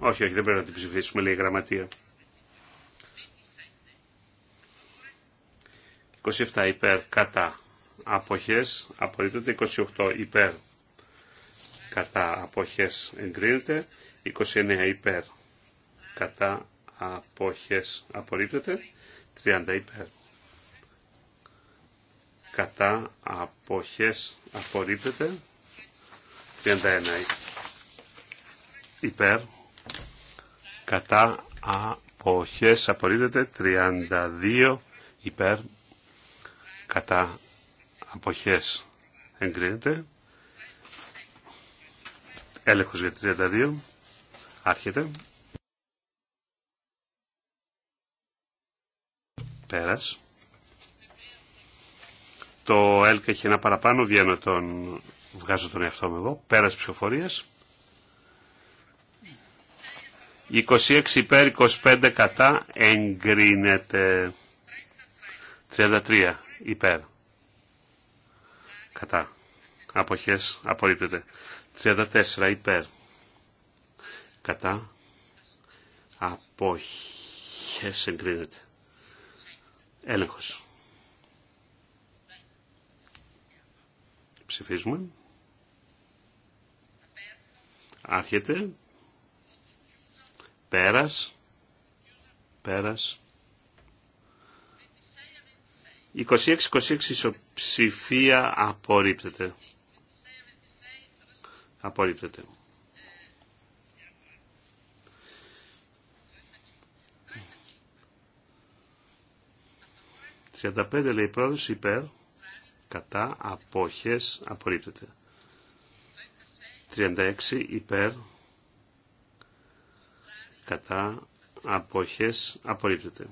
όχι όχι δεν πρέπει να την ψηφίσουμε λέει η γραμματεία. 27 υπέρ κατά αποχές απορρίπτεται. 28 υπέρ κατά αποχές εγκρίνεται, 29 υπέρ κατά αποχές απορρίπτεται, 30 υπέρ κατά αποχές απορρίπτεται, 31 υπέρ κατά αποχές απορρίπτεται, 32 υπέρ κατά αποχές εγκρίνεται, Έλεγχος για 32. Άρχεται. Πέρας. Το ΕΛΚ έχει ένα παραπάνω, βγαίνω τον... βγάζω τον εαυτό μου εγώ. Πέρας ψηφοφορίας. 26 υπέρ, 25 κατά, εγκρίνεται. 33 υπέρ. Κατά. Αποχές απορρίπτεται. 34 υπέρ. Κατά. Αποχές εγκρίνεται. Έλεγχος. Ψηφίζουμε. Άρχεται. Πέρας. Πέρας. 26-26 ισοψηφία απορρίπτεται. Απορρίπτεται. «35» λέει πρόεδρος υπέρ, κατά, απόχες, απορρίπτεται. 36 υπέρ, κατά, απόχες, απορρίπτεται.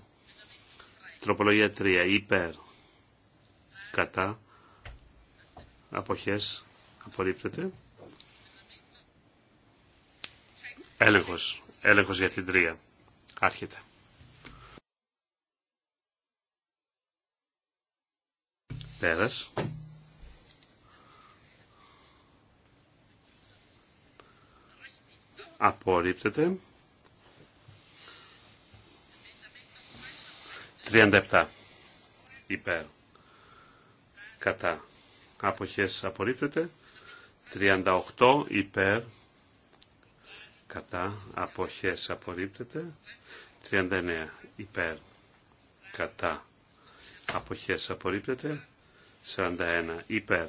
Τροπολογία 3 υπέρ, κατά, απόχες, απορρίπτεται. Έλεγχος. Έλεγχος για την τρία. Άρχεται. Πέρας. Απορρίπτεται. 37. Υπέρ. Κατά. Αποχές απορρίπτεται. 38 υπέρ κατά αποχές απορρίπτεται 39 υπέρ κατά αποχές απορρίπτεται 41 υπέρ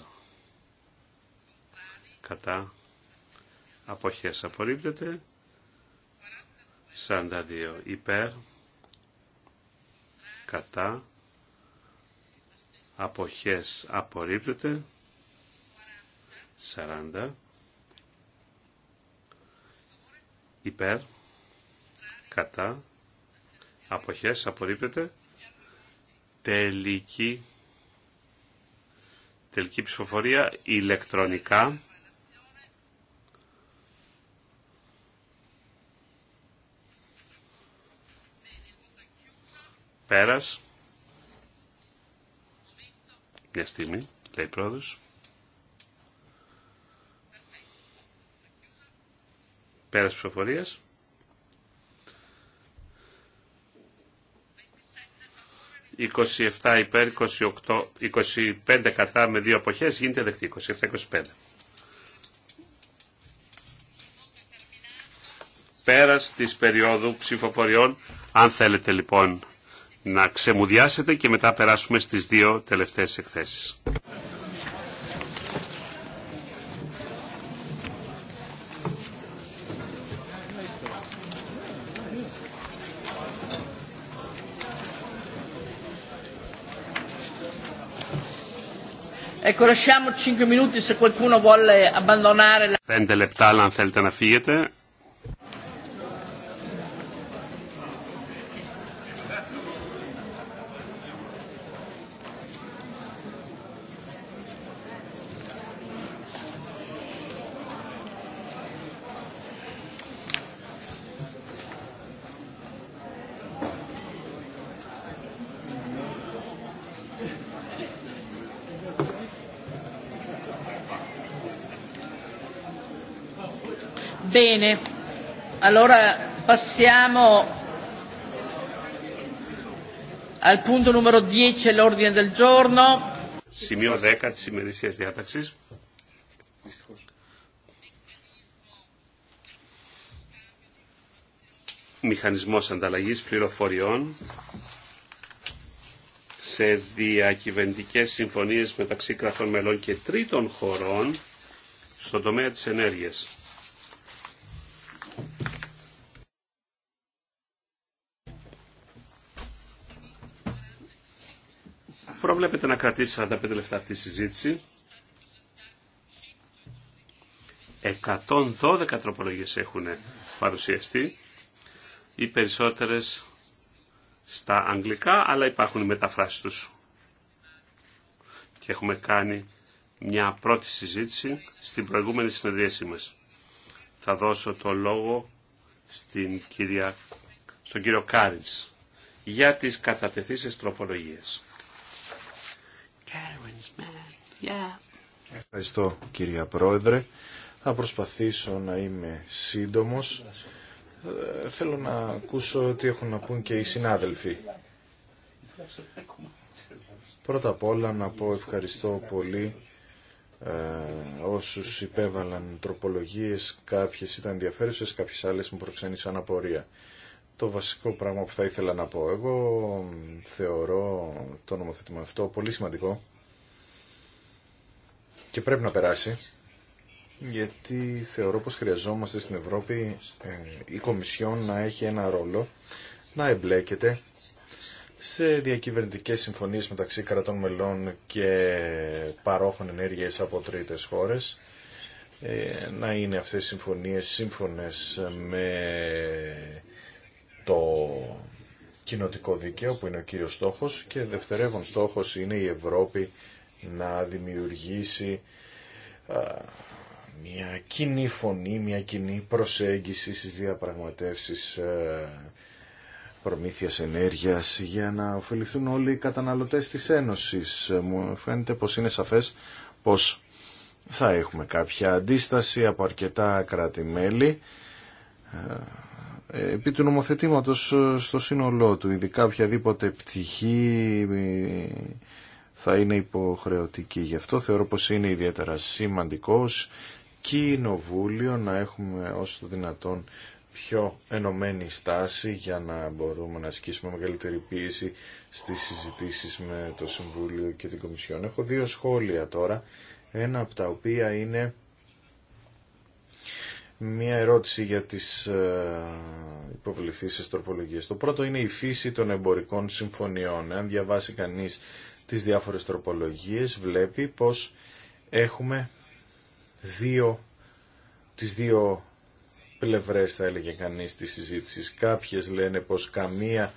κατά αποχές απορρίπτεται 42 υπέρ κατά αποχές απορρίπτεται 40 υπέρ, κατά, αποχές, απορρίπτεται, τελική, τελική ψηφοφορία ηλεκτρονικά. Πέρας. Μια στιγμή, λέει πρόεδρος. Πέρας ψηφοφορία. ...27 υπέρ, 28, 25 κατά με δύο αποχές, γίνεται δεκτή, 27-25. Πέρας της περίοδου ψηφοφοριών, αν θέλετε λοιπόν να ξεμουδιάσετε και μετά περάσουμε στις δύο τελευταίες εκθέσεις. Ecco, lasciamo 5 minuti se qualcuno vuole abbandonare la... 5 λεπτά, αν θέλετε να φύγετε. Bene, allora passiamo al punto numero 10 dell'ordine del giorno. Σημείο 10 της ημερησίας διάταξης. Μηχανισμός ανταλλαγής πληροφοριών σε διακυβερνητικέ συμφωνίες μεταξύ κρατών μελών και τρίτων χωρών στον τομέα της ενέργειας. Βλέπετε να κρατήσει 45 λεπτά αυτή τη συζήτηση. 112 τροπολογίες έχουν παρουσιαστεί. Οι περισσότερες στα αγγλικά, αλλά υπάρχουν οι μεταφράσεις τους. Και έχουμε κάνει μια πρώτη συζήτηση στην προηγούμενη συνεδρίασή μας. Θα δώσω το λόγο στην κυρία, στον κύριο Κάρινς για τις κατατεθήσεις τροπολογίες. Ευχαριστώ κυρία Πρόεδρε. Θα προσπαθήσω να είμαι σύντομος. Ε, θέλω να ακούσω τι έχουν να πούν και οι συνάδελφοι. Πρώτα απ' όλα να πω ευχαριστώ πολύ ε, όσους υπέβαλαν τροπολογίες, κάποιες ήταν ενδιαφέρουσες, κάποιες άλλες μου προξένησαν απορία το βασικό πράγμα που θα ήθελα να πω. Εγώ θεωρώ το νομοθέτημα αυτό πολύ σημαντικό και πρέπει να περάσει γιατί θεωρώ πως χρειαζόμαστε στην Ευρώπη ε, η Κομισιόν να έχει ένα ρόλο να εμπλέκεται σε διακυβερνητικές συμφωνίες μεταξύ κρατών μελών και παρόχων ενέργειας από τρίτες χώρες ε, να είναι αυτές οι συμφωνίες σύμφωνες με το κοινοτικό δίκαιο που είναι ο κύριος στόχος και δευτερεύον στόχος είναι η Ευρώπη να δημιουργήσει μια κοινή φωνή, μια κοινή προσέγγιση στις διαπραγματεύσεις ε, προμήθειας ενέργειας για να ωφεληθούν όλοι οι καταναλωτές της Ένωσης. Μου φαίνεται πως είναι σαφές πως θα έχουμε κάποια αντίσταση από αρκετά κράτη-μέλη ε, επί του νομοθετήματος ε, στο σύνολό του, ειδικά οποιαδήποτε πτυχή ε, θα είναι υποχρεωτική. Γι' αυτό θεωρώ πως είναι ιδιαίτερα σημαντικός κοινοβούλιο να έχουμε όσο το δυνατόν πιο ενωμένη στάση για να μπορούμε να ασκήσουμε μεγαλύτερη πίεση στις συζητήσεις με το Συμβούλιο και την Κομισιόν. Έχω δύο σχόλια τώρα, ένα από τα οποία είναι μία ερώτηση για τις ε, υποβληθήσεις τροπολογίες. Το πρώτο είναι η φύση των εμπορικών συμφωνιών. Αν διαβάσει κανείς τις διάφορες τροπολογίες βλέπει πως έχουμε δύο, τις δύο πλευρές θα έλεγε κανείς της συζήτησης. Κάποιες λένε πως καμία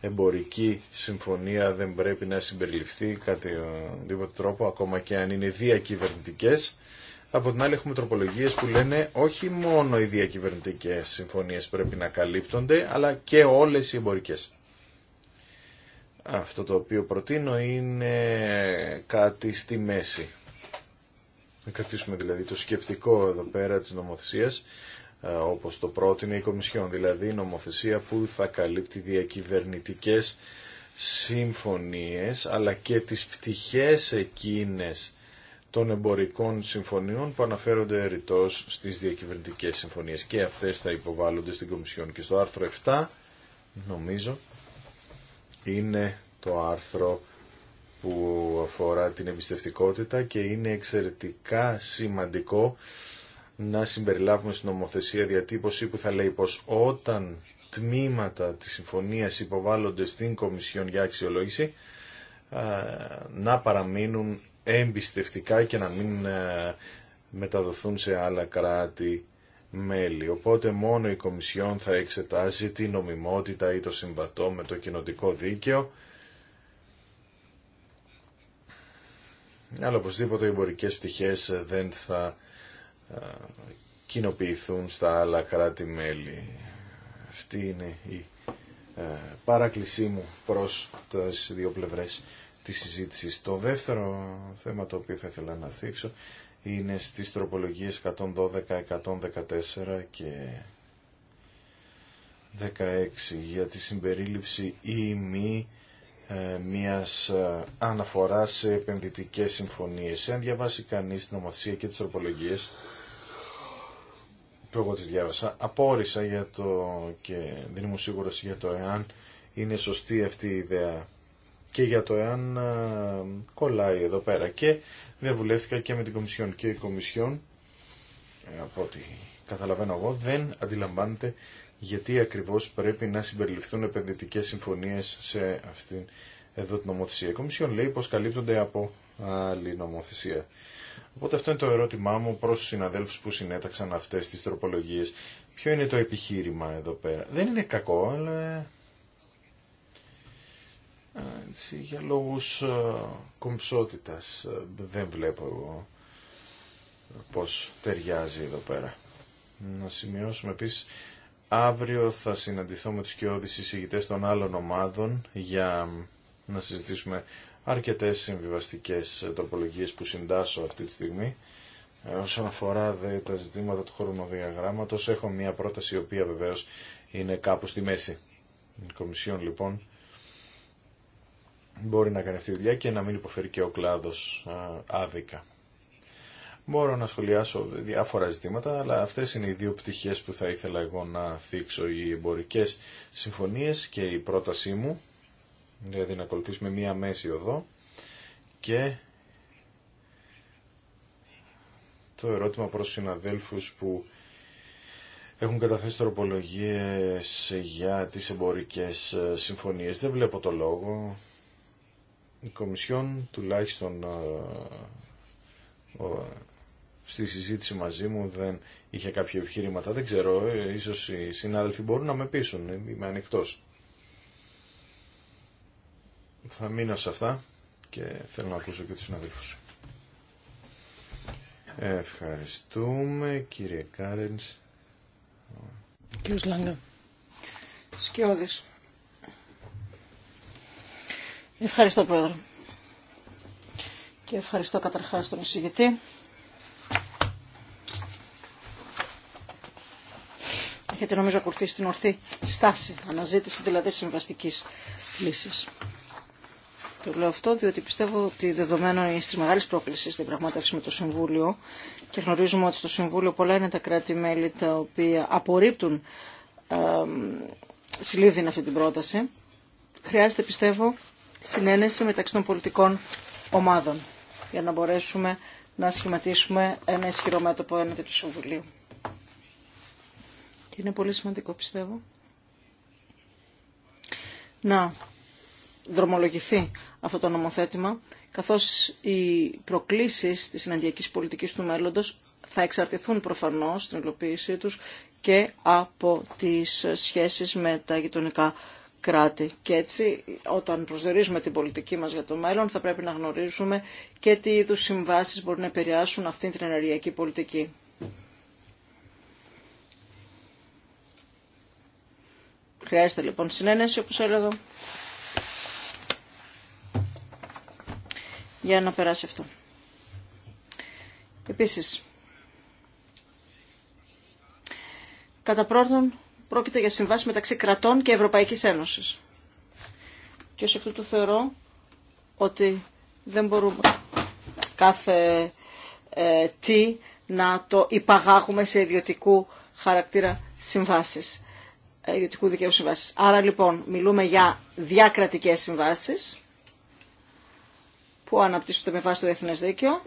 εμπορική συμφωνία δεν πρέπει να συμπεριληφθεί κατά τρόπο ακόμα και αν είναι διακυβερνητικές από την άλλη έχουμε τροπολογίε που λένε όχι μόνο οι διακυβερνητικέ συμφωνίε πρέπει να καλύπτονται, αλλά και όλες οι εμπορικέ. Αυτό το οποίο προτείνω είναι κάτι στη μέση. Να κρατήσουμε δηλαδή το σκεπτικό εδώ πέρα της νομοθεσίας, ε, όπως το πρότεινε η Κομισιόν, δηλαδή η νομοθεσία που θα καλύπτει διακυβερνητικές συμφωνίες, αλλά και τις πτυχές εκείνες των εμπορικών συμφωνιών που αναφέρονται ρητός στις διακυβερνητικές συμφωνίες και αυτές θα υποβάλλονται στην Κομισιόν. Και στο άρθρο 7, νομίζω, είναι το άρθρο που αφορά την εμπιστευτικότητα και είναι εξαιρετικά σημαντικό να συμπεριλάβουμε στην νομοθεσία διατύπωση που θα λέει πως όταν τμήματα της συμφωνίας υποβάλλονται στην Κομισιόν για αξιολόγηση να παραμείνουν εμπιστευτικά και να μην ε, μεταδοθούν σε άλλα κράτη μέλη. Οπότε μόνο η Κομισιόν θα εξετάζει την νομιμότητα ή το συμβατό με το κοινοτικό δίκαιο. Αλλά οπωσδήποτε οι εμπορικές πτυχές δεν θα ε, κοινοποιηθούν στα άλλα κράτη-μέλη. Αυτή είναι η ε, παράκλησή μου προς τις δύο πλευρές. Το δεύτερο θέμα το οποίο θα ήθελα να θίξω είναι στις τροπολογίες 112, 114 και 16 για τη συμπερίληψη ή μη ε, μιας ε, αναφοράς σε επενδυτικές συμφωνίες. Εάν διαβάσει κανείς την ομοθεσία και τις τροπολογίες που εγώ τις διάβασα, απόρρισα για το, και δεν είμαι σίγουρος για το εάν είναι σωστή αυτή η ιδέα και για το εάν κολλάει εδώ πέρα. Και διαβουλεύτηκα και με την Κομισιόν και η Κομισιόν, ε, από ό,τι καταλαβαίνω εγώ, δεν αντιλαμβάνεται γιατί ακριβώς πρέπει να συμπεριληφθούν επενδυτικέ συμφωνίες σε αυτήν εδώ την νομοθεσία. Η Κομισιόν λέει πως καλύπτονται από άλλη νομοθεσία. Οπότε αυτό είναι το ερώτημά μου προς τους συναδέλφους που συνέταξαν αυτές τις τροπολογίες. Ποιο είναι το επιχείρημα εδώ πέρα. Δεν είναι κακό, αλλά έτσι, για λόγους ε, κομψότητας ε, δεν βλέπω εγώ πώς ταιριάζει εδώ πέρα. Να σημειώσουμε επίσης, αύριο θα συναντηθώ με τους κοιόδης εισηγητές των άλλων ομάδων για να συζητήσουμε αρκετές συμβιβαστικές τροπολογίες που συντάσσω αυτή τη στιγμή. Ε, όσον αφορά τα ζητήματα του χρονοδιαγράμματος, έχω μία πρόταση η οποία βεβαίως είναι κάπου στη μέση. Η Κομισιόν λοιπόν μπορεί να κάνει αυτή τη δουλειά και να μην υποφέρει και ο κλάδος άδικα. Μπορώ να σχολιάσω διάφορα ζητήματα, αλλά αυτές είναι οι δύο πτυχές που θα ήθελα εγώ να θίξω, οι εμπορικέ συμφωνίες και η πρότασή μου, δηλαδή να ακολουθήσουμε μία μέση οδό και το ερώτημα προς συναδέλφους που έχουν καταθέσει τροπολογίες για τις εμπορικές ε, συμφωνίες. Δεν βλέπω το λόγο η Κομισιόν τουλάχιστον ε, στη συζήτηση μαζί μου δεν είχε κάποια επιχειρήματα. Δεν ξέρω, ε, ίσως οι συνάδελφοι μπορούν να με πείσουν, ε, είμαι ανοιχτό. Θα μείνω σε αυτά και θέλω να ακούσω και τους συναδέλφους. Ευχαριστούμε κύριε Κάρενς. Κύριος Λάγκα. Σκιώδης. Ευχαριστώ, Πρόεδρε. Και ευχαριστώ καταρχάς τον εισηγητή. Έχετε νομίζω ακολουθήσει στην ορθή στάση, αναζήτηση δηλαδή συμβαστική λύση. Το λέω αυτό διότι πιστεύω ότι είναι στι μεγάλη πρόκληση στην πραγμάτευση με το Συμβούλιο και γνωρίζουμε ότι στο Συμβούλιο πολλά είναι τα κράτη-μέλη τα οποία απορρίπτουν ε, αυτή την πρόταση, χρειάζεται πιστεύω συνένεση μεταξύ των πολιτικών ομάδων για να μπορέσουμε να σχηματίσουμε ένα ισχυρό μέτωπο έναντι του Συμβουλίου. Και είναι πολύ σημαντικό πιστεύω να δρομολογηθεί αυτό το νομοθέτημα, καθώς οι προκλήσεις της συναντιακής πολιτικής του μέλλοντος θα εξαρτηθούν προφανώς στην υλοποίησή τους και από τις σχέσεις με τα γειτονικά κράτη. Και έτσι όταν προσδιορίζουμε την πολιτική μας για το μέλλον θα πρέπει να γνωρίζουμε και τι είδους συμβάσεις μπορούν να επηρεάσουν αυτή την ενεργειακή πολιτική. Χρειάζεται λοιπόν συνένεση όπως έλεγα για να περάσει αυτό. Επίσης, κατά πρώτον πρόκειται για συμβάσει μεταξύ κρατών και Ευρωπαϊκής Ένωσης. Και ω εκ τούτου θεωρώ ότι δεν μπορούμε κάθε ε, τι να το υπαγάγουμε σε ιδιωτικού χαρακτήρα συμβάσεις, ε, ιδιωτικού δικαίου συμβάσεις. Άρα λοιπόν μιλούμε για διακρατικές συμβάσεις που αναπτύσσονται με βάση το διεθνές δίκαιο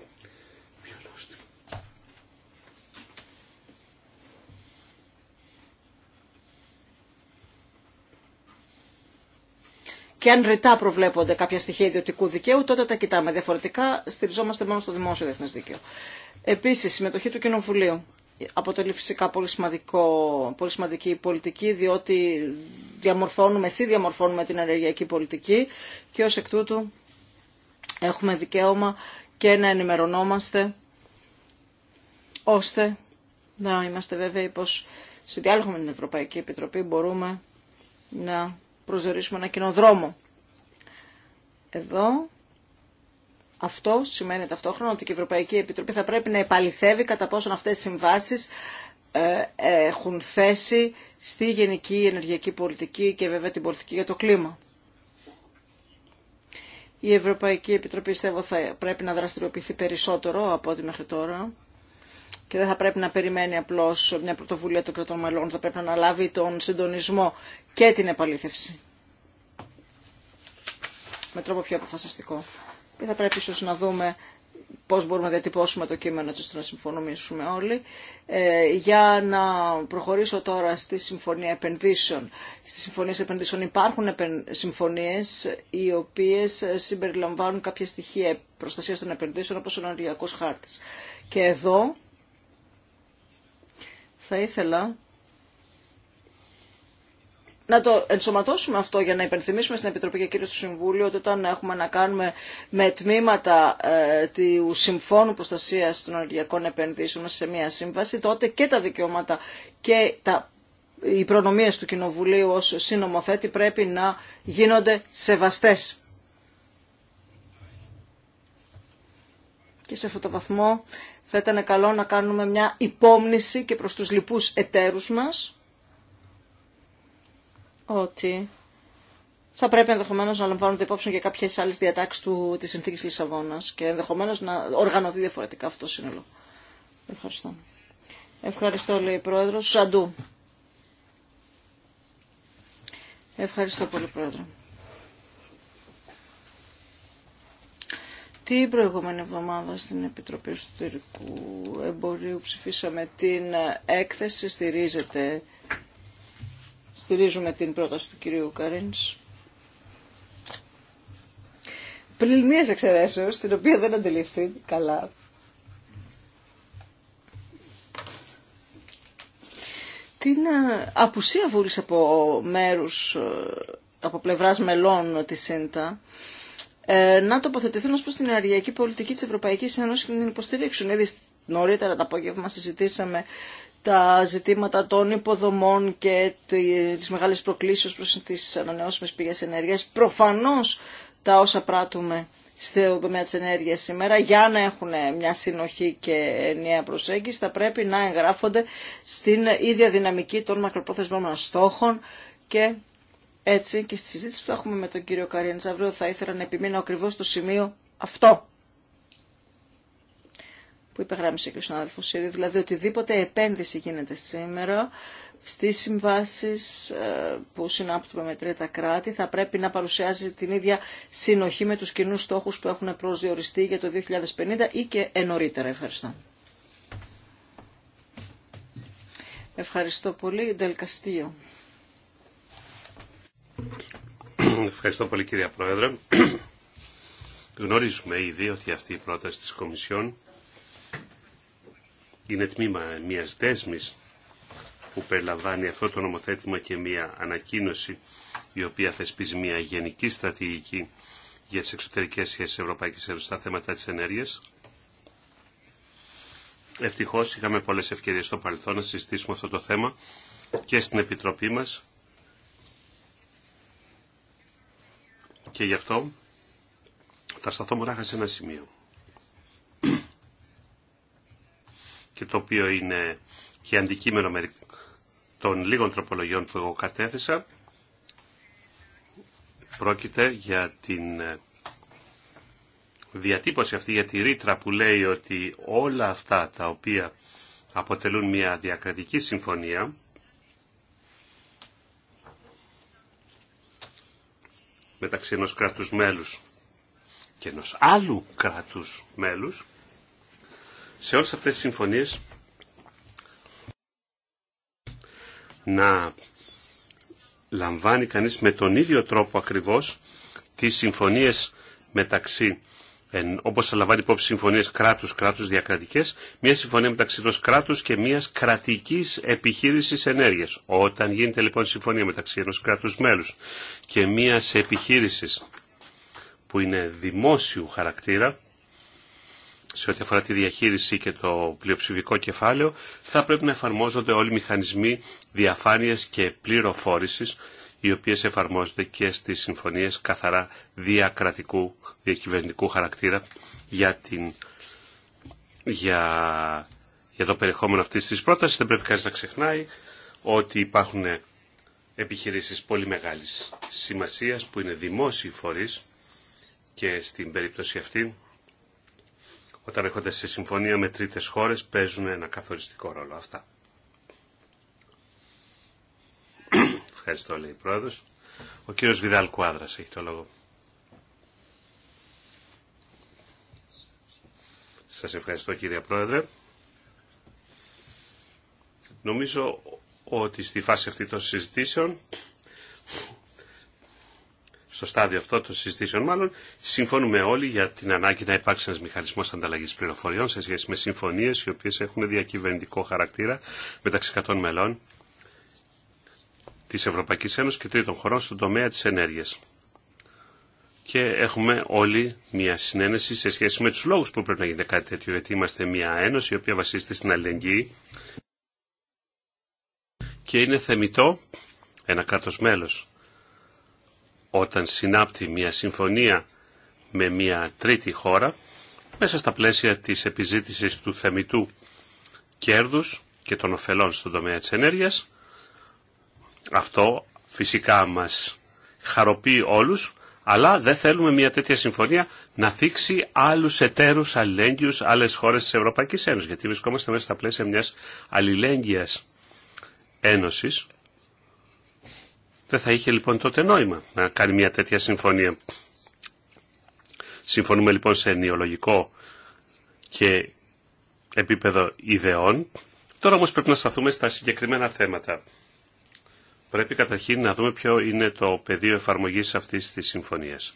και αν ρητά προβλέπονται κάποια στοιχεία ιδιωτικού δικαίου, τότε τα κοιτάμε. Διαφορετικά στηριζόμαστε μόνο στο δημόσιο διεθνέ δίκαιο. Επίσης, συμμετοχή του Κοινοβουλίου αποτελεί φυσικά πολύ, σημαντικό, πολύ σημαντική πολιτική, διότι διαμορφώνουμε, εσύ διαμορφώνουμε την ενεργειακή πολιτική και ως εκ τούτου έχουμε δικαίωμα και να ενημερωνόμαστε ώστε να είμαστε βέβαιοι πως σε διάλογο με την Ευρωπαϊκή Επιτροπή μπορούμε να προσδιορίσουμε ένα κοινό δρόμο. Εδώ αυτό σημαίνει ταυτόχρονα ότι η Ευρωπαϊκή Επιτροπή θα πρέπει να επαληθεύει κατά πόσον αυτές οι συμβάσεις ε, έχουν θέση στη γενική ενεργειακή πολιτική και βέβαια την πολιτική για το κλίμα. Η Ευρωπαϊκή Επιτροπή πιστεύω θα πρέπει να δραστηριοποιηθεί περισσότερο από ό,τι μέχρι τώρα και δεν θα πρέπει να περιμένει απλώς μια πρωτοβουλία των κρατών μελών, θα πρέπει να αναλάβει τον συντονισμό και την επαλήθευση. Με τρόπο πιο αποφασιστικό. Και θα πρέπει ίσως να δούμε πώς μπορούμε να διατυπώσουμε το κείμενο έτσι να συμφωνήσουμε όλοι. Ε, για να προχωρήσω τώρα στη Συμφωνία Επενδύσεων. Στις Συμφωνίες Επενδύσεων υπάρχουν συμφωνίες οι οποίες συμπεριλαμβάνουν κάποια στοιχεία προστασίας των επενδύσεων όπως ο ενεργειακός χάρτης. Και εδώ θα ήθελα να το ενσωματώσουμε αυτό για να υπενθυμίσουμε στην Επιτροπή και Κύριο στο Συμβούλιο ότι όταν έχουμε να κάνουμε με τμήματα ε, του Συμφώνου Προστασία των Ενεργειακών Επενδύσεων σε μια σύμβαση, τότε και τα δικαιώματα και τα οι προνομίες του Κοινοβουλίου ως συνομοθέτη πρέπει να γίνονται σεβαστές. Και σε αυτό το βαθμό θα ήταν καλό να κάνουμε μια υπόμνηση και προς τους λοιπούς εταίρους μας ότι θα πρέπει ενδεχομένω να λαμβάνονται υπόψη και κάποιε άλλε διατάξει τη συνθήκη Λισαβόνα και ενδεχομένω να οργανωθεί διαφορετικά αυτό το σύνολο. Ευχαριστώ. Ευχαριστώ, λέει η Πρόεδρο. Σαντού. Ευχαριστώ πολύ, Πρόεδρε. Την προηγούμενη εβδομάδα στην Επιτροπή Εσωτερικού Εμπορίου ψηφίσαμε την ε, έκθεση, στηρίζεται, στηρίζουμε την πρόταση του κυρίου Καρίνς. Πριν μια εξαιρέσεω, την οποία δεν αντιληφθεί καλά. Την ε, απουσία βούλης από μέρους, ε, από πλευράς μελών της ΣΥΝΤΑ, ε, να τοποθετηθούν ω προ την ενεργειακή πολιτική τη Ευρωπαϊκή Ένωση και να την υποστηρίξουν. Ήδη νωρίτερα το απόγευμα συζητήσαμε τα ζητήματα των υποδομών και τις μεγάλες προκλήσεις προς τις ανανεώσιμες πηγές ενέργειας. Προφανώς τα όσα πράττουμε στο τομέα της ενέργειας σήμερα για να έχουν μια συνοχή και ενιαία προσέγγιση θα πρέπει να εγγράφονται στην ίδια δυναμική των μακροπρόθεσμων στόχων και έτσι και στη συζήτηση που θα έχουμε με τον κύριο Καρίνης αύριο θα ήθελα να επιμείνω ακριβώς στο σημείο αυτό που υπεγράμμισε και ο συνάδελφο ήδη, δηλαδή οτιδήποτε επένδυση γίνεται σήμερα στις συμβάσεις ε, που συνάπτουμε με τρίτα κράτη θα πρέπει να παρουσιάζει την ίδια συνοχή με τους κοινούς στόχους που έχουν προσδιοριστεί για το 2050 ή και ενωρίτερα. Ευχαριστώ. Ευχαριστώ πολύ. Ντελκαστείο. Ευχαριστώ πολύ κύριε Πρόεδρε. Γνωρίζουμε ήδη ότι αυτή η πρόταση της Κομισιόν είναι τμήμα μιας δέσμης που περιλαμβάνει αυτό το νομοθέτημα και μια ανακοίνωση η οποία θεσπίζει μια γενική στρατηγική για τις εξωτερικές σχέσεις Ευρωπαϊκής Ένωσης στα θέματα της ενέργειας. Ευτυχώς είχαμε πολλές ευκαιρίες στο παρελθόν να συζητήσουμε αυτό το θέμα και στην Επιτροπή μας Και γι' αυτό θα σταθώ μονάχα σε ένα σημείο. και το οποίο είναι και αντικείμενο των λίγων τροπολογιών που εγώ κατέθεσα. Πρόκειται για την ε, διατύπωση αυτή, για τη ρήτρα που λέει ότι όλα αυτά τα οποία αποτελούν μια διακρατική συμφωνία μεταξύ ενός κράτους μέλους και ενός άλλου κράτους μέλους, σε όλες αυτές τις συμφωνίες να λαμβάνει κανείς με τον ίδιο τρόπο ακριβώς τις συμφωνίες μεταξύ εν, όπως λαμβάνει υπόψη συμφωνίες κράτους-κράτους διακρατικές, μια συμφωνία μεταξύ ενός κράτους και μιας κρατικής επιχείρησης ενέργειας. Όταν γίνεται λοιπόν συμφωνία μεταξύ ενός κράτους μέλους και μιας επιχείρησης που είναι δημόσιου χαρακτήρα, σε ό,τι αφορά τη διαχείριση και το πλειοψηφικό κεφάλαιο, θα πρέπει να εφαρμόζονται όλοι οι μηχανισμοί διαφάνειας και πληροφόρησης, οι οποίες εφαρμόζονται και στις συμφωνίες καθαρά διακρατικού, διακυβερνητικού χαρακτήρα για, την, για, το περιεχόμενο αυτής της πρότασης. Δεν πρέπει κανείς να ξεχνάει ότι υπάρχουν επιχειρήσεις πολύ μεγάλης σημασίας που είναι δημόσιοι φορείς και στην περίπτωση αυτή όταν έρχονται σε συμφωνία με τρίτες χώρες παίζουν ένα καθοριστικό ρόλο αυτά. Ευχαριστώ, λέει η Ο κύριος Βιδάλ Κουάδρα έχει το λόγο. Σας ευχαριστώ κύριε Πρόεδρε. Νομίζω ότι στη φάση αυτή των συζητήσεων, στο στάδιο αυτό των συζητήσεων μάλλον, συμφωνούμε όλοι για την ανάγκη να υπάρξει ένας μηχανισμός ανταλλαγής πληροφοριών σε σχέση με συμφωνίες οι οποίες έχουν διακυβερνητικό χαρακτήρα μεταξύ 100 μελών της Ευρωπαϊκής Ένωσης και τρίτων χωρών στον τομέα της ενέργειας. Και έχουμε όλοι μια συνένεση σε σχέση με τους λόγους που πρέπει να γίνεται κάτι τέτοιο, γιατί είμαστε μια ένωση η οποία βασίζεται στην αλληλεγγύη και είναι θεμητό ένα κράτος μέλος όταν συνάπτει μια συμφωνία με μια τρίτη χώρα μέσα στα πλαίσια της επιζήτησης του θεμητού κέρδους και των ωφελών στον τομέα της ενέργειας αυτό φυσικά μας χαροποιεί όλους, αλλά δεν θέλουμε μια τέτοια συμφωνία να θίξει άλλους εταίρους αλληλέγγυους άλλες χώρες της Ευρωπαϊκής Ένωσης, γιατί βρισκόμαστε μέσα στα πλαίσια μιας αλληλέγγυας ένωσης. Δεν θα είχε λοιπόν τότε νόημα να κάνει μια τέτοια συμφωνία. Συμφωνούμε λοιπόν σε νεολογικό και επίπεδο ιδεών. Τώρα όμως πρέπει να σταθούμε στα συγκεκριμένα θέματα. Πρέπει καταρχήν να δούμε ποιο είναι το πεδίο εφαρμογής αυτής της συμφωνίας.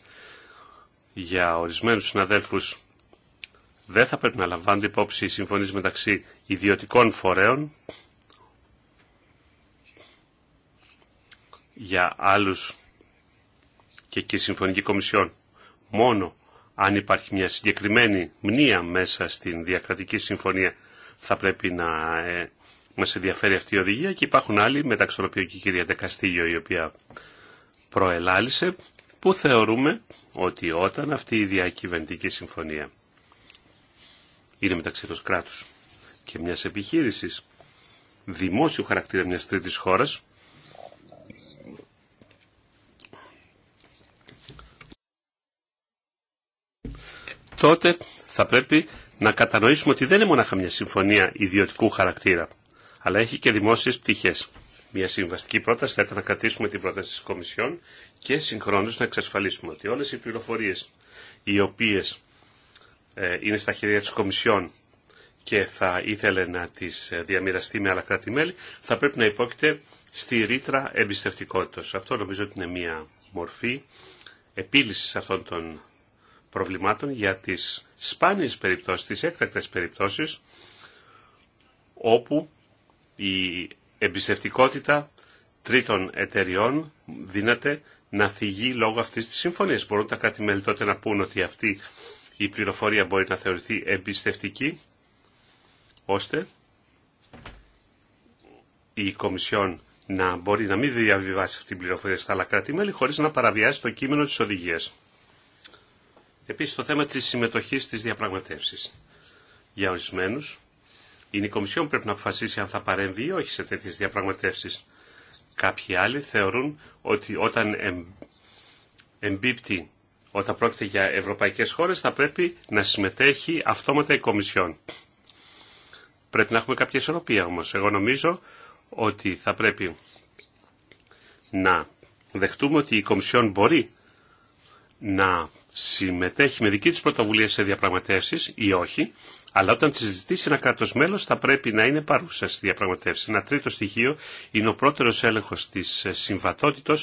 Για ορισμένους συναδέλφους δεν θα πρέπει να λαμβάνονται υπόψη οι συμφωνίες μεταξύ ιδιωτικών φορέων. Για άλλους και εκεί Συμφωνική Κομισιόν μόνο αν υπάρχει μια συγκεκριμένη μνήα μέσα στην διακρατική συμφωνία θα πρέπει να ε, μα ενδιαφέρει αυτή η οδηγία και υπάρχουν άλλοι, μεταξύ των οποίων και η κυρία Δεκαστήλιο, η οποία προελάλησε, που θεωρούμε ότι όταν αυτή η διακυβερνητική συμφωνία είναι μεταξύ του κράτου και μια επιχείρηση δημόσιου χαρακτήρα μια τρίτη χώρα. τότε θα πρέπει να κατανοήσουμε ότι δεν είναι μονάχα μια συμφωνία ιδιωτικού χαρακτήρα αλλά έχει και δημόσιες πτυχές. Μια συμβαστική πρόταση θα ήταν να κρατήσουμε την πρόταση της Κομισιόν και συγχρόνως να εξασφαλίσουμε ότι όλες οι πληροφορίες οι οποίες ε, είναι στα χέρια της Κομισιόν και θα ήθελε να τις ε, διαμοιραστεί με άλλα κράτη-μέλη, θα πρέπει να υπόκειται στη ρήτρα εμπιστευτικότητας. Αυτό νομίζω ότι είναι μια μορφή επίλυσης αυτών των προβλημάτων για τις σπάνιες περιπτώσεις, τις έκτακτες περιπτώσεις, όπου η εμπιστευτικότητα τρίτων εταιριών δύναται να θυγεί λόγω αυτής της συμφωνία. Μπορούν τα κράτη-μέλη τότε να πούν ότι αυτή η πληροφορία μπορεί να θεωρηθεί εμπιστευτική, ώστε η Κομισιόν να μπορεί να μην διαβιβάσει αυτή την πληροφορία στα άλλα κράτη-μέλη χωρίς να παραβιάσει το κείμενο τη οδηγία. Επίση, το θέμα τη συμμετοχή στις διαπραγματεύσεις. Για ορισμένου. Είναι η Κομισιόν πρέπει να αποφασίσει αν θα παρέμβει ή όχι σε τέτοιες διαπραγματεύσεις. Κάποιοι άλλοι θεωρούν ότι όταν εμ, εμπίπτει, όταν πρόκειται για ευρωπαϊκές χώρες, θα πρέπει να συμμετέχει αυτόματα η Κομισιόν. Πρέπει να έχουμε κάποια οταν όμως. Εγώ νομίζω ότι θα πρέπει να δεχτούμε ότι η Κομισιόν μπορεί να συμμετέχει με δική της πρωτοβουλία σε διαπραγματεύσεις ή όχι, αλλά όταν τη ζητήσει ένα κράτο μέλο θα πρέπει να είναι παρούσα στη διαπραγματεύση. Ένα τρίτο στοιχείο είναι ο πρώτερο έλεγχο τη συμβατότητα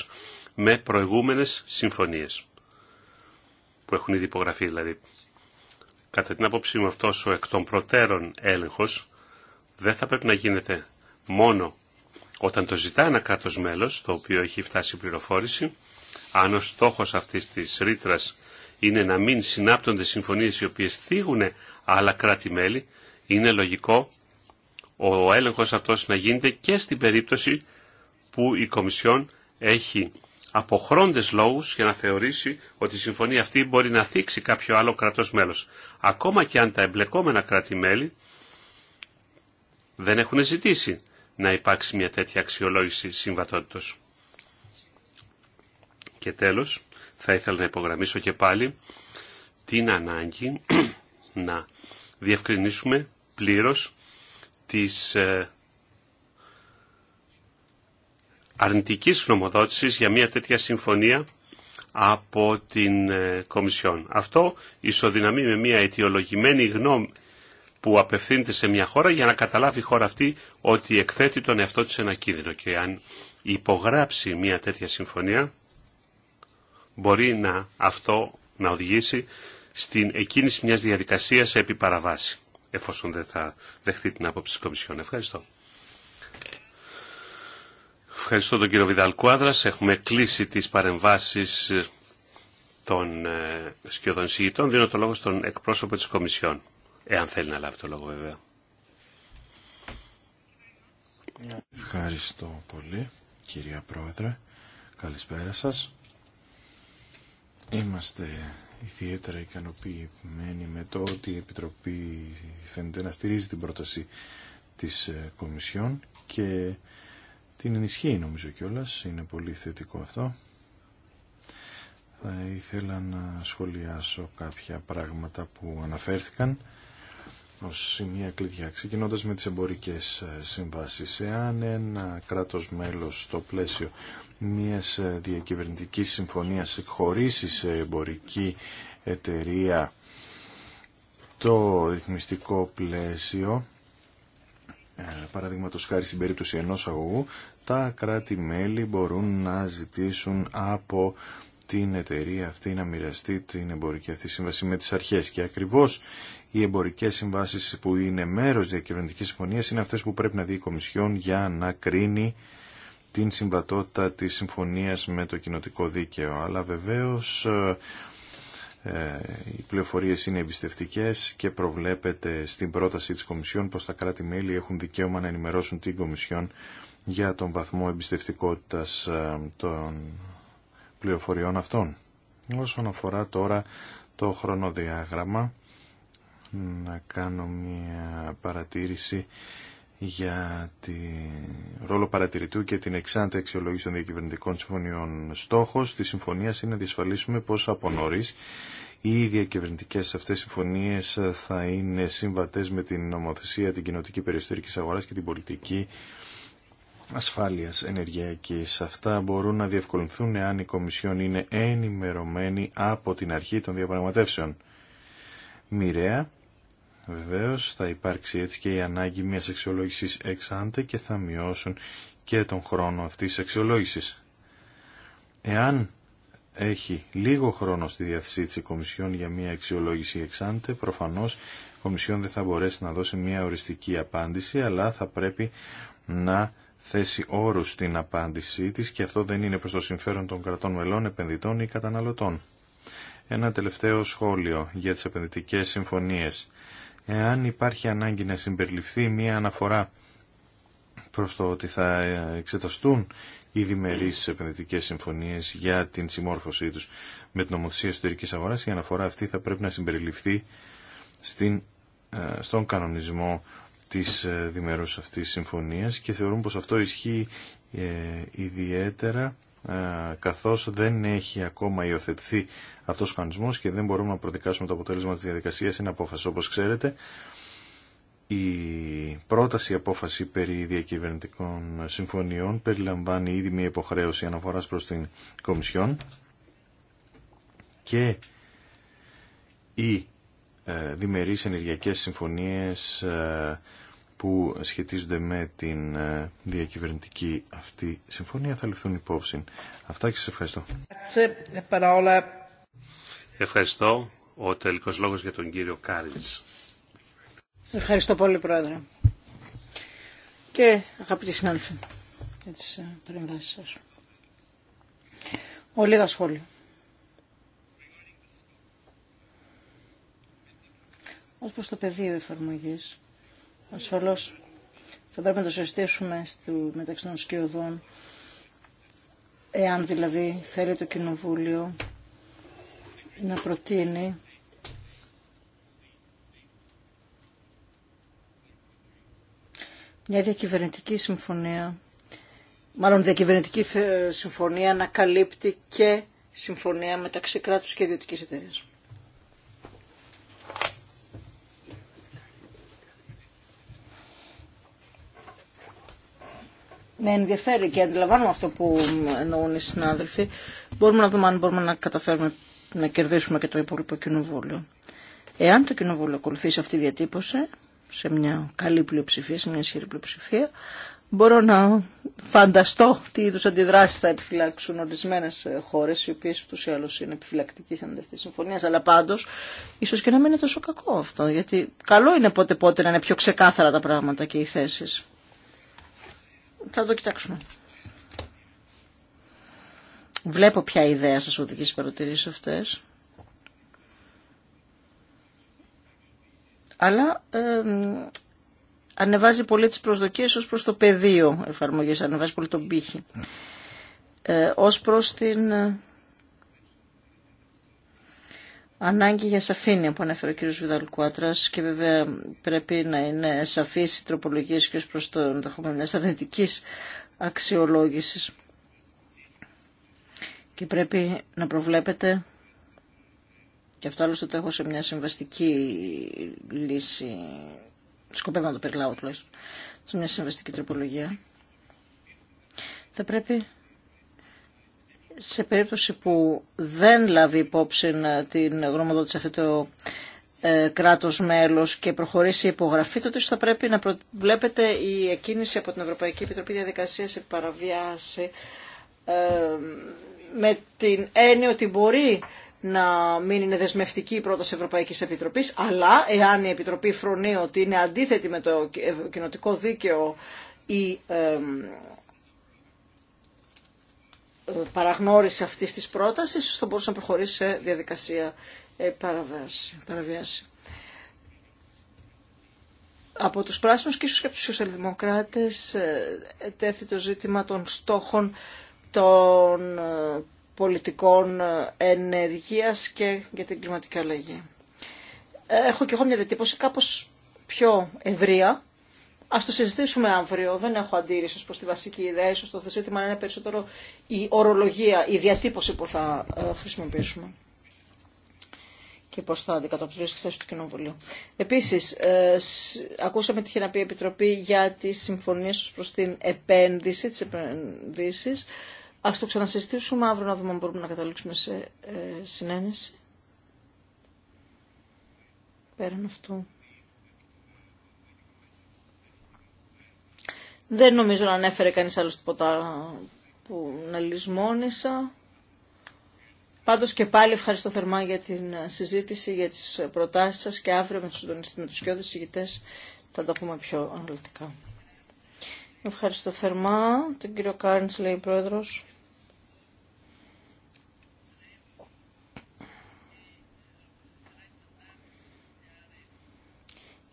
με προηγούμενε συμφωνίε. Που έχουν ήδη υπογραφεί δηλαδή. Κατά την άποψή μου αυτό ο εκ των προτέρων έλεγχο δεν θα πρέπει να γίνεται μόνο όταν το ζητά ένα κράτο μέλο, το οποίο έχει φτάσει πληροφόρηση, αν ο στόχος αυτής της ρήτρα είναι να μην συνάπτονται συμφωνίες οι οποίες θίγουν άλλα κράτη-μέλη, είναι λογικό ο έλεγχος αυτός να γίνεται και στην περίπτωση που η Κομισιόν έχει αποχρόντες λόγους για να θεωρήσει ότι η συμφωνία αυτή μπορεί να θίξει κάποιο άλλο κρατός μέλος. Ακόμα και αν τα εμπλεκόμενα κράτη-μέλη δεν έχουν ζητήσει να υπάρξει μια τέτοια αξιολόγηση συμβατότητος. Και τέλος, θα ήθελα να υπογραμμίσω και πάλι την ανάγκη να διευκρινίσουμε πλήρως τις ε, αρνητικής νομοδότησης για μια τέτοια συμφωνία από την ε, Κομισιόν. Αυτό ισοδυναμεί με μια αιτιολογημένη γνώμη που απευθύνεται σε μια χώρα για να καταλάβει η χώρα αυτή ότι εκθέτει τον εαυτό της ένα κίνδυνο και αν υπογράψει μια τέτοια συμφωνία μπορεί να, αυτό να οδηγήσει στην εκκίνηση μιας διαδικασίας επί παραβάση, εφόσον δεν θα δεχτεί την άποψη της Κομισιόν. Ευχαριστώ. Ευχαριστώ τον κύριο Βιδάλ Κουάδρας. Έχουμε κλείσει τις παρεμβάσεις των ε, σκιωδών συγητών. Δίνω το λόγο στον εκπρόσωπο της Κομισιόν, εάν θέλει να λάβει το λόγο βέβαια. Ευχαριστώ πολύ, κυρία Πρόεδρε. Καλησπέρα σας. Είμαστε ιδιαίτερα ικανοποιημένοι με το ότι η Επιτροπή φαίνεται να στηρίζει την πρόταση της ε, Κομισιόν και την ενισχύει νομίζω κιόλας, είναι πολύ θετικό αυτό. Θα ήθελα να σχολιάσω κάποια πράγματα που αναφέρθηκαν ως σημεία κλειδιά, ξεκινώντα με τι εμπορικέ ε, συμβάσει. Εάν ένα κράτος μέλος στο πλαίσιο μια ε, διακυβερνητική συμφωνίας εκχωρήσει σε εμπορική εταιρεία το ρυθμιστικό πλαίσιο, ε, παραδείγματο χάρη στην περίπτωση ενός αγωγού, τα κράτη-μέλη μπορούν να ζητήσουν από την εταιρεία αυτή να μοιραστεί την εμπορική αυτή σύμβαση με τις αρχές. Και ακριβώς οι εμπορικές συμβάσεις που είναι μέρος διακυβερνητικής συμφωνίας είναι αυτές που πρέπει να δει η Κομισιόν για να κρίνει την συμβατότητα της συμφωνίας με το κοινοτικό δίκαιο. Αλλά βεβαίως ε, ε, οι πληροφορίες είναι εμπιστευτικέ και προβλέπεται στην πρόταση της Κομισιόν πως τα κράτη-μέλη έχουν δικαίωμα να ενημερώσουν την Κομισιόν για τον βαθμό εμπιστευτικότητας ε, των πληροφοριών αυτών. Όσον αφορά τώρα το χρονοδιάγραμμα, να κάνω μια παρατήρηση για τη ρόλο παρατηρητού και την εξάντα αξιολόγηση των διακυβερνητικών συμφωνιών. Στόχος της συμφωνίας είναι να διασφαλίσουμε πως από νωρίς οι διακυβερνητικέ αυτέ συμφωνίε θα είναι συμβατέ με την νομοθεσία, την κοινοτική περιοριστική αγορά και την πολιτική ασφάλεια ενεργειακή. Αυτά μπορούν να διευκολυνθούν εάν η Κομισιόν είναι ενημερωμένη από την αρχή των διαπραγματεύσεων. Μοιραία, Βεβαίω, θα υπάρξει έτσι και η ανάγκη μιας αξιολόγησης εξάντε και θα μειώσουν και τον χρόνο αυτή τη αξιολόγηση. Εάν έχει λίγο χρόνο στη διάθεσή της η Κομισιόν για μια αξιολόγηση εξάντε, προφανώς η Κομισιόν δεν θα μπορέσει να δώσει μια οριστική απάντηση, αλλά θα πρέπει να θέσει όρους στην απάντησή της και αυτό δεν είναι προς το συμφέρον των κρατών μελών, επενδυτών ή καταναλωτών. Ένα τελευταίο σχόλιο για τις επενδυτικές συμφωνίες. Εάν υπάρχει ανάγκη να συμπεριληφθεί μία αναφορά προς το ότι θα εξεταστούν οι διμερείς επενδυτικές συμφωνίες για την συμμόρφωσή τους με την νομοθεσία εσωτερικής αγοράς, η αναφορά αυτή θα πρέπει να συμπεριληφθεί στην, ε, στον κανονισμό της ε, διμερούς αυτής συμφωνίας και θεωρούν πως αυτό ισχύει ε, ιδιαίτερα ε, καθώς δεν έχει ακόμα υιοθετηθεί αυτός ο κανονισμός και δεν μπορούμε να προδικάσουμε το αποτέλεσμα της διαδικασίας είναι απόφαση. Όπως ξέρετε, η πρόταση απόφαση περί διακυβερνητικών συμφωνιών περιλαμβάνει ήδη μια υποχρέωση αναφοράς προς την Κομισιόν και οι ε, διμερείς ενεργειακές συμφωνίες ε, που σχετίζονται με την ε, διακυβερνητική αυτή συμφωνία θα ληφθούν υπόψη. Αυτά και σας ευχαριστώ. Ευχαριστώ. Ο τελικός λόγος για τον κύριο Κάριντς. Ευχαριστώ πολύ Πρόεδρε. Και αγαπητοί συνάδελφοι για τις ε, παρεμβάσεις σας. Ο λίγα σχόλια. Ως προς το πεδίο εφαρμογής Ασφαλώς θα πρέπει να το συζητήσουμε μεταξύ των σκιωδών, εάν δηλαδή θέλει το Κοινοβούλιο να προτείνει μια διακυβερνητική συμφωνία, μάλλον διακυβερνητική συμφωνία να καλύπτει και συμφωνία μεταξύ κράτους και ιδιωτικής εταιρείας. με ενδιαφέρει και αντιλαμβάνομαι αυτό που εννοούν οι συνάδελφοι. Μπορούμε να δούμε αν μπορούμε να καταφέρουμε να κερδίσουμε και το υπόλοιπο κοινοβούλιο. Εάν το κοινοβούλιο ακολουθήσει αυτή τη διατύπωση, σε μια καλή πλειοψηφία, σε μια ισχυρή πλειοψηφία, μπορώ να φανταστώ τι είδου αντιδράσει θα επιφυλάξουν ορισμένε χώρε, οι οποίε του ή είναι επιφυλακτικοί αντί αυτή συμφωνία. αλλά πάντω, ίσω και να μην είναι τόσο κακό αυτό, γιατί καλό είναι πότε πότε να είναι πιο ξεκάθαρα τα πράγματα και οι θέσει. Θα το κοιτάξουμε. Βλέπω ποια ιδέα σας οδηγεί στις παρατηρήσεις αυτές. Αλλά ανεβάζει πολύ τις προσδοκίες ως προς το πεδίο εφαρμογής, ανεβάζει πολύ τον πύχη. Ε, ως προς την Ανάγκη για σαφήνεια που ανέφερε ο κ. Βιδάλ και βέβαια πρέπει να είναι σαφής η τροπολογία και προς το ενδεχόμενο μιας αρνητικής αξιολόγησης. Και πρέπει να προβλέπετε, και αυτό άλλωστε το έχω σε μια συμβαστική λύση, σκοπεύω να το περιλάω τουλάχιστον, σε μια συμβαστική τροπολογία, θα πρέπει σε περίπτωση που δεν λάβει υπόψη ε, την γνωμοδότηση αυτό το ε, κράτος μέλος και προχωρήσει η υπογραφή, τότε θα πρέπει να βλέπετε η εκκίνηση από την Ευρωπαϊκή Επιτροπή Διαδικασία σε παραβιάση ε, με την έννοια ότι μπορεί να μην είναι δεσμευτική η πρόταση Ευρωπαϊκή Επιτροπή, αλλά εάν η Επιτροπή φρονεί ότι είναι αντίθετη με το κοινοτικό δίκαιο η παραγνώριση αυτή της πρόταση ίσω θα μπορούσε να προχωρήσει σε διαδικασία ε, παραβιάση. Από τους πράσινους και ίσως και από τους σοσιαλδημοκράτες ε, τέθη το ζήτημα των στόχων των ε, πολιτικών ενεργείας και για την κλιματική αλλαγή. Έχω και εγώ μια διατύπωση κάπως πιο ευρεία, Α το συζητήσουμε αύριο. Δεν έχω αντίρρηση προ τη βασική ιδέα. Ίσως το θεσίτημα είναι περισσότερο η ορολογία, η διατύπωση που θα ε, χρησιμοποιήσουμε και πώ θα αντικατοπτρίσει τη θέση του Κοινοβουλίου. Επίση, ε, ακούσαμε πει η Επιτροπή για τι συμφωνίε ω προ την επένδυση, τι επενδύσει. Α το ξανασυστήσουμε αύριο να δούμε αν μπορούμε να καταλήξουμε σε ε, συνένεση. Πέραν αυτού. Δεν νομίζω να ανέφερε κανείς άλλος τίποτα που να λησμόνησα. Πάντως και πάλι ευχαριστώ θερμά για την συζήτηση, για τις προτάσεις σας και αύριο με τους, με τους κοιόδες ηγητές θα τα πούμε πιο αναλυτικά. Ευχαριστώ θερμά τον κύριο Κάρνς, λέει η Πρόεδρος.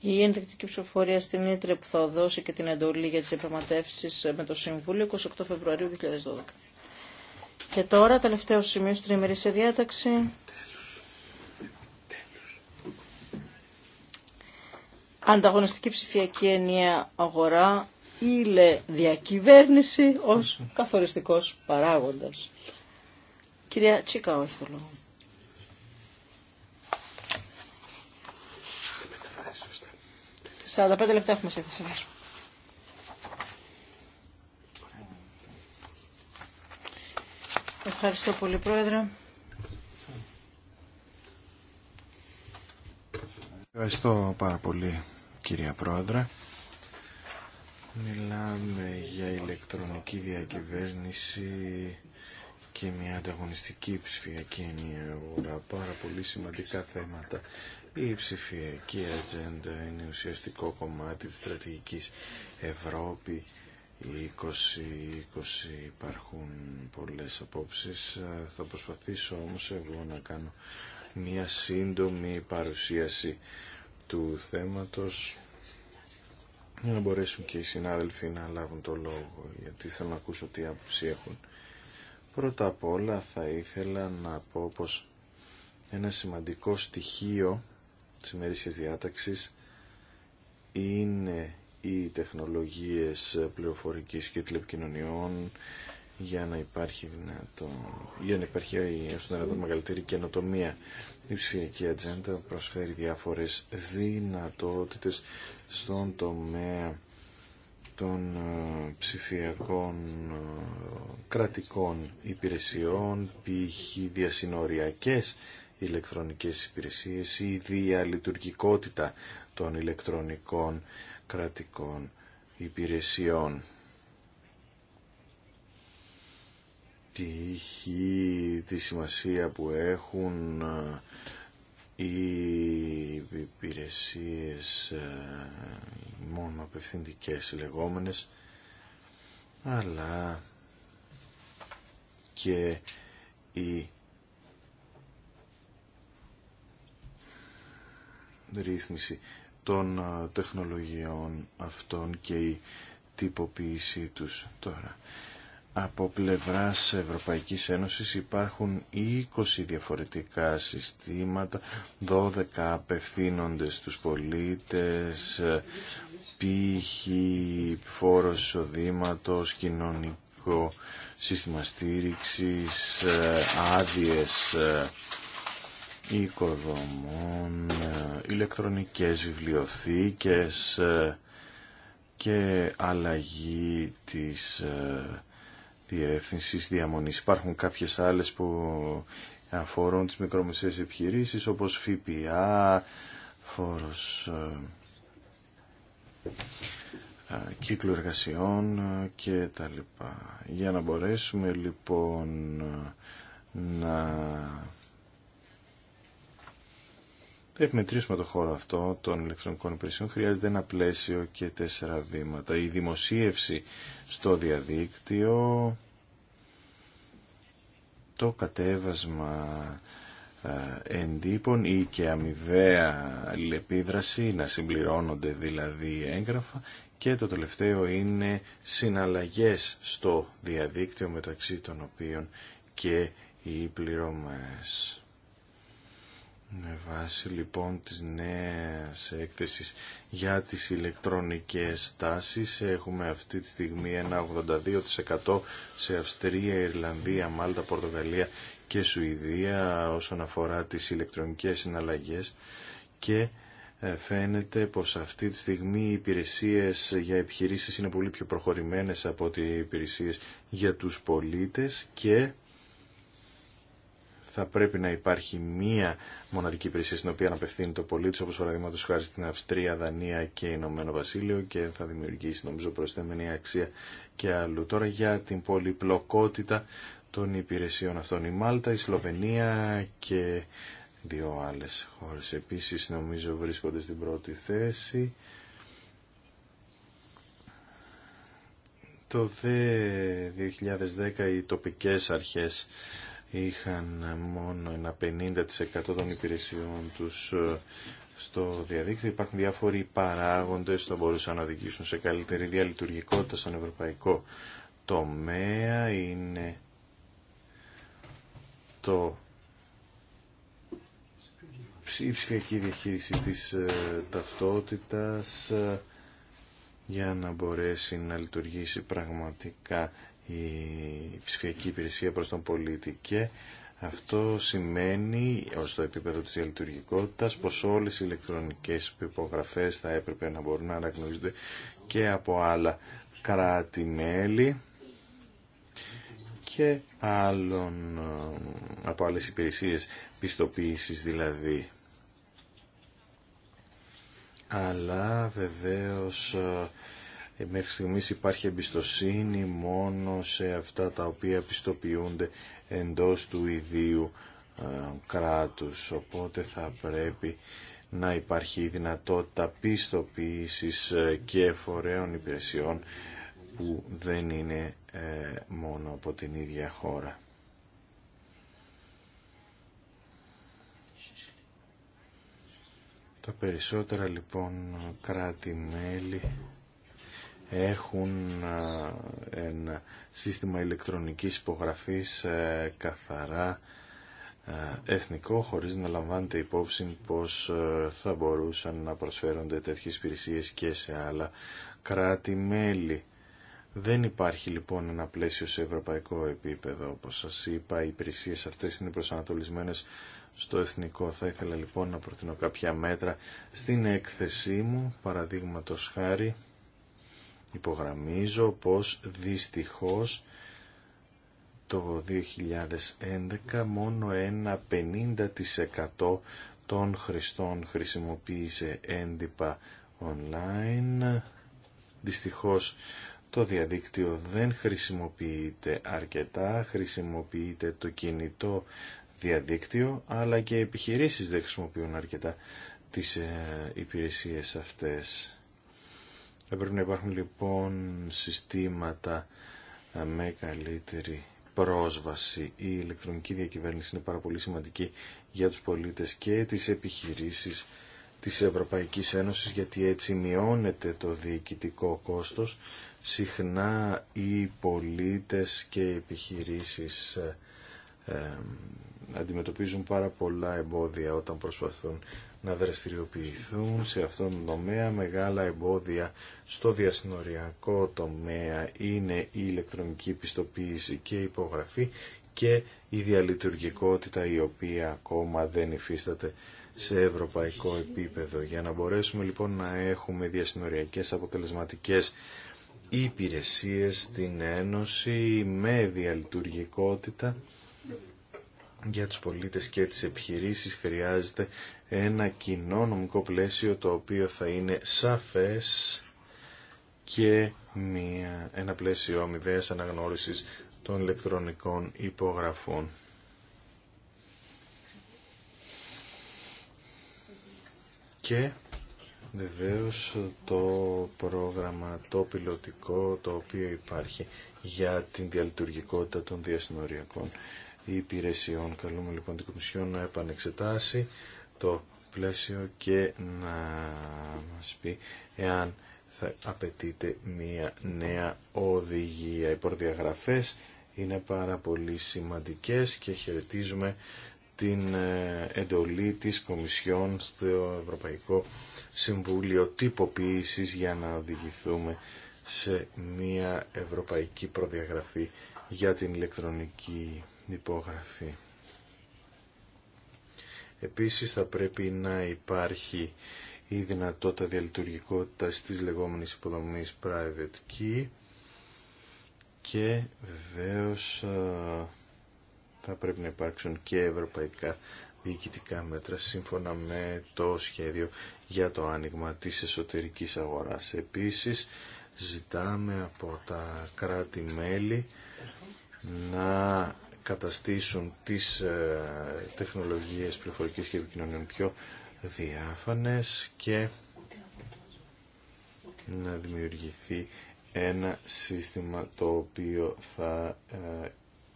Η ενδεικτική ψηφοφορία στην Ήτρε που θα δώσει και την εντολή για τις διαπραγματεύσεις με το Συμβούλιο 28 Φεβρουαρίου 2012. Και τώρα, τελευταίο σημείο στην ημερήσια διάταξη. Ανταγωνιστική ψηφιακή ενία αγορά, ήλε διακυβέρνηση ως καθοριστικός παράγοντας. Κυρία Τσίκα, όχι το λόγο. 45 λεπτά έχουμε στη μας. Ευχαριστώ πολύ, Πρόεδρε. Ευχαριστώ πάρα πολύ, κυρία Πρόεδρε. Μιλάμε για ηλεκτρονική διακυβέρνηση και μια ανταγωνιστική ψηφιακή ενιαία αγορά. Πάρα πολύ σημαντικά θέματα. Η ψηφιακή ατζέντα είναι ουσιαστικό κομμάτι της στρατηγικής Ευρώπη. Οι 20, 20 υπάρχουν πολλές απόψεις. Θα προσπαθήσω όμως εγώ να κάνω μια σύντομη παρουσίαση του θέματος για να μπορέσουν και οι συνάδελφοι να λάβουν το λόγο γιατί θέλω να ακούσω τι άποψη έχουν. Πρώτα απ' όλα θα ήθελα να πω πως ένα σημαντικό στοιχείο της ημερήσιας διάταξης είναι οι τεχνολογίες πληροφορικής και τηλεπικοινωνιών για να υπάρχει, δυνατό, για να υπάρχει στον μεγαλύτερη καινοτομία. Η ψηφιακή ατζέντα προσφέρει διάφορες δυνατότητες στον τομέα των ε, ψηφιακών ε, κρατικών υπηρεσιών, π.χ. διασυνοριακές ηλεκτρονικές υπηρεσίες, η διαλειτουργικότητα των ηλεκτρονικών κρατικών υπηρεσιών. έχει τη σημασία που έχουν ε, οι υπηρεσίες ε, μόνο απευθυντικές λεγόμενες, αλλά και οι ρύθμιση των ε, τεχνολογιών αυτών και η τυποποίησή τους τώρα. Από πλευράς Ευρωπαϊκής Ένωσης υπάρχουν 20 διαφορετικά συστήματα, 12 απευθύνονται στους πολίτες, ε, πύχη, φόρος εισοδήματος, κοινωνικό σύστημα στήριξης, ε, άδειες οικοδομών, ε, ηλεκτρονικές βιβλιοθήκες ε, και αλλαγή της ε, διεύθυνση διαμονής. Υπάρχουν κάποιες άλλες που αφορούν τις μικρομεσαίες επιχειρήσεις όπως ΦΠΑ, φόρος κύκλου εργασιών και τα λοιπά. Για να μπορέσουμε λοιπόν να Πρέπει να το χώρο αυτό των ηλεκτρονικών υπηρεσιών. Χρειάζεται ένα πλαίσιο και τέσσερα βήματα. Η δημοσίευση στο διαδίκτυο, το κατέβασμα ε, εντύπων ή και αμοιβαία λεπίδραση να συμπληρώνονται δηλαδή έγγραφα και το τελευταίο είναι συναλλαγές στο διαδίκτυο μεταξύ των οποίων και οι πληρώμες. Με βάση λοιπόν της νέας έκθεσης για τις ηλεκτρονικές τάσεις έχουμε αυτή τη στιγμή ένα 82% σε Αυστρία, Ιρλανδία, Μάλτα, Πορτογαλία και Σουηδία όσον αφορά τις ηλεκτρονικές συναλλαγές και ε, φαίνεται πως αυτή τη στιγμή οι υπηρεσίες για επιχειρήσεις είναι πολύ πιο προχωρημένες από ότι οι υπηρεσίες για τους πολίτες και θα πρέπει να υπάρχει μία μοναδική υπηρεσία στην οποία να απευθύνει το πολίτη, όπω παραδείγματο χάρη στην Αυστρία, Δανία και Ηνωμένο Βασίλειο και θα δημιουργήσει νομίζω προσθέμενη αξία και αλλού. Τώρα για την πολυπλοκότητα των υπηρεσιών αυτών. Η Μάλτα, η Σλοβενία και δύο άλλες χώρε επίση νομίζω βρίσκονται στην πρώτη θέση. Το 2010 οι τοπικές αρχές είχαν μόνο ένα 50% των υπηρεσιών τους ε, στο διαδίκτυο. Υπάρχουν διάφοροι παράγοντες που θα μπορούσαν να οδηγήσουν σε καλύτερη διαλειτουργικότητα στον ευρωπαϊκό τομέα. Είναι το η ψηφιακή διαχείριση της ε, ταυτότητας ε, για να μπορέσει να λειτουργήσει πραγματικά η ψηφιακή υπηρεσία προς τον πολίτη και αυτό σημαίνει ως το επίπεδο της λειτουργικότητας πως όλες οι ηλεκτρονικές υπογραφές θα έπρεπε να μπορούν να αναγνωρίζονται και από άλλα κράτη-μέλη και άλλων, από άλλες υπηρεσίες πιστοποίησης δηλαδή. Αλλά βεβαίως ε, μέχρι στιγμής υπάρχει εμπιστοσύνη μόνο σε αυτά τα οποία πιστοποιούνται εντός του ιδίου ε, κράτους. Οπότε θα πρέπει να υπάρχει η δυνατότητα πιστοποίησης ε, και φορέων υπηρεσιών που δεν είναι μόνο από την ίδια χώρα. Τα περισσότερα λοιπόν κράτη-μέλη έχουν ένα σύστημα ηλεκτρονικής υπογραφής ε, καθαρά εθνικό χωρίς να λαμβάνεται υπόψη πως ε, θα μπορούσαν να προσφέρονται τέτοιες υπηρεσίε και σε άλλα κράτη-μέλη. Δεν υπάρχει λοιπόν ένα πλαίσιο σε ευρωπαϊκό επίπεδο. Όπως σας είπα, οι υπηρεσίε αυτές είναι προσανατολισμένες στο εθνικό. Θα ήθελα λοιπόν να προτείνω κάποια μέτρα στην έκθεσή μου, παραδείγματος χάρη Υπογραμμίζω πως δυστυχώς το 2011 μόνο ένα 50% των χρηστών χρησιμοποίησε έντυπα online. Δυστυχώς το διαδίκτυο δεν χρησιμοποιείται αρκετά, χρησιμοποιείται το κινητό διαδίκτυο, αλλά και οι επιχειρήσεις δεν χρησιμοποιούν αρκετά τις ε, υπηρεσίες αυτές. Θα πρέπει να υπάρχουν λοιπόν συστήματα ε, με καλύτερη πρόσβαση. Η ηλεκτρονική διακυβέρνηση είναι πάρα πολύ σημαντική για τους πολίτες και τις επιχειρήσεις της Ευρωπαϊκής Ένωσης γιατί έτσι μειώνεται το διοικητικό κόστος. Συχνά οι πολίτες και οι επιχειρήσεις ε, ε, αντιμετωπίζουν πάρα πολλά εμπόδια όταν προσπαθούν να δραστηριοποιηθούν σε αυτόν τον τομέα. Μεγάλα εμπόδια στο διασυνοριακό τομέα είναι η ηλεκτρονική πιστοποίηση και υπογραφή και η διαλειτουργικότητα η οποία ακόμα δεν υφίσταται σε ευρωπαϊκό επίπεδο. Για να μπορέσουμε λοιπόν να έχουμε διασυνοριακές αποτελεσματικές υπηρεσίες στην Ένωση με διαλειτουργικότητα για τους πολίτες και τις επιχειρήσεις χρειάζεται ένα κοινό νομικό πλαίσιο το οποίο θα είναι σαφές και μια, ένα πλαίσιο αμοιβαίας αναγνώρισης των ηλεκτρονικών υπογραφών. Και βεβαίως το πρόγραμμα το πιλωτικό το οποίο υπάρχει για την διαλειτουργικότητα των διασυνοριακών υπηρεσιών. Καλούμε λοιπόν την Κομισιόν να επανεξετάσει το πλαίσιο και να μας πει εάν θα απαιτείται μία νέα οδηγία. Οι προδιαγραφές είναι πάρα πολύ σημαντικές και χαιρετίζουμε την ε, εντολή της Κομισιόν στο Ευρωπαϊκό Συμβούλιο Τυποποίησης για να οδηγηθούμε σε μία ευρωπαϊκή προδιαγραφή για την ηλεκτρονική υπόγραφη. Επίσης θα πρέπει να υπάρχει η δυνατότητα διαλειτουργικότητας της λεγόμενης υποδομής private key και βεβαίως θα πρέπει να υπάρξουν και ευρωπαϊκά διοικητικά μέτρα σύμφωνα με το σχέδιο για το άνοιγμα της εσωτερικής αγοράς. Επίσης ζητάμε από τα κράτη-μέλη να καταστήσουν τις ε, τεχνολογίες πληροφορικής και επικοινωνιών πιο διάφανες και να δημιουργηθεί ένα σύστημα το οποίο θα ε,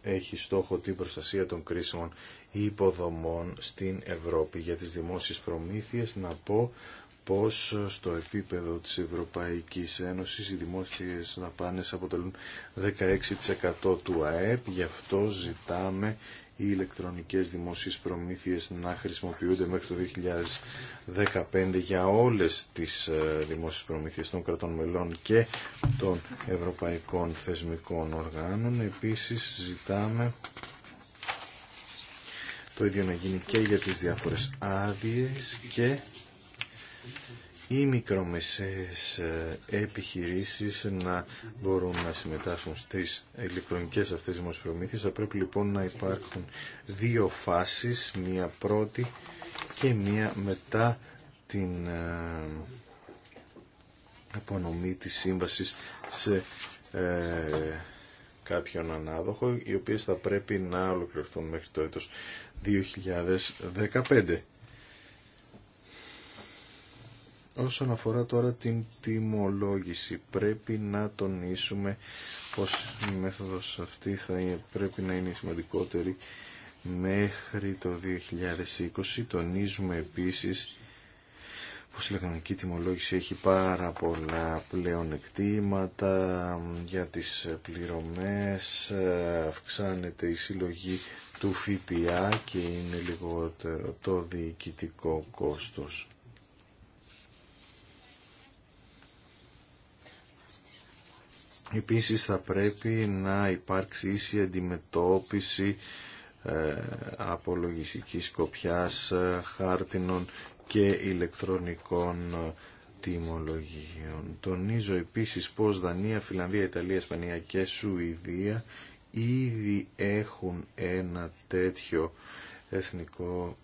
έχει στόχο την προστασία των κρίσιμων υποδομών στην Ευρώπη. Για τις δημόσιες προμήθειες να πω πως στο επίπεδο της Ευρωπαϊκής Ένωσης οι δημόσιες δαπάνε αποτελούν 16% του ΑΕΠ, γι' αυτό ζητάμε οι ηλεκτρονικές δημόσιες προμήθειες να χρησιμοποιούνται μέχρι το 2015 για όλες τις ε, δημόσιες προμήθειες των κρατών μελών και των ευρωπαϊκών θεσμικών οργάνων. Επίσης ζητάμε το ίδιο να γίνει και για τις διάφορες άδειες και οι μικρομεσαίες ε, επιχειρήσεις να μπορούν να συμμετάσχουν στις ηλεκτρονικές αυτές δημοσιοπρομήθειες. Θα πρέπει λοιπόν να υπάρχουν δύο φάσεις, μία πρώτη και μία μετά την ε, απονομή της σύμβασης σε ε, κάποιον ανάδοχο, οι οποίες θα πρέπει να ολοκληρωθούν μέχρι το έτος 2015. Όσον αφορά τώρα την τιμολόγηση, πρέπει να τονίσουμε πως η μέθοδος αυτή θα πρέπει να είναι σημαντικότερη μέχρι το 2020. Τονίζουμε επίσης πως η ηλεκτρονική τιμολόγηση έχει πάρα πολλά πλέον για τις πληρωμές, αυξάνεται η συλλογή του ΦΠΑ και είναι λιγότερο το διοικητικό κόστος. Επίσης θα πρέπει να υπάρξει ίση αντιμετώπιση ε, από λογιστική σκοπιάς ε, χάρτινων και ηλεκτρονικών ε, τιμολογίων. Τονίζω επίσης πως Δανία, Φιλανδία, Ιταλία, Ισπανία και Σουηδία ήδη έχουν ένα τέτοιο εθνικό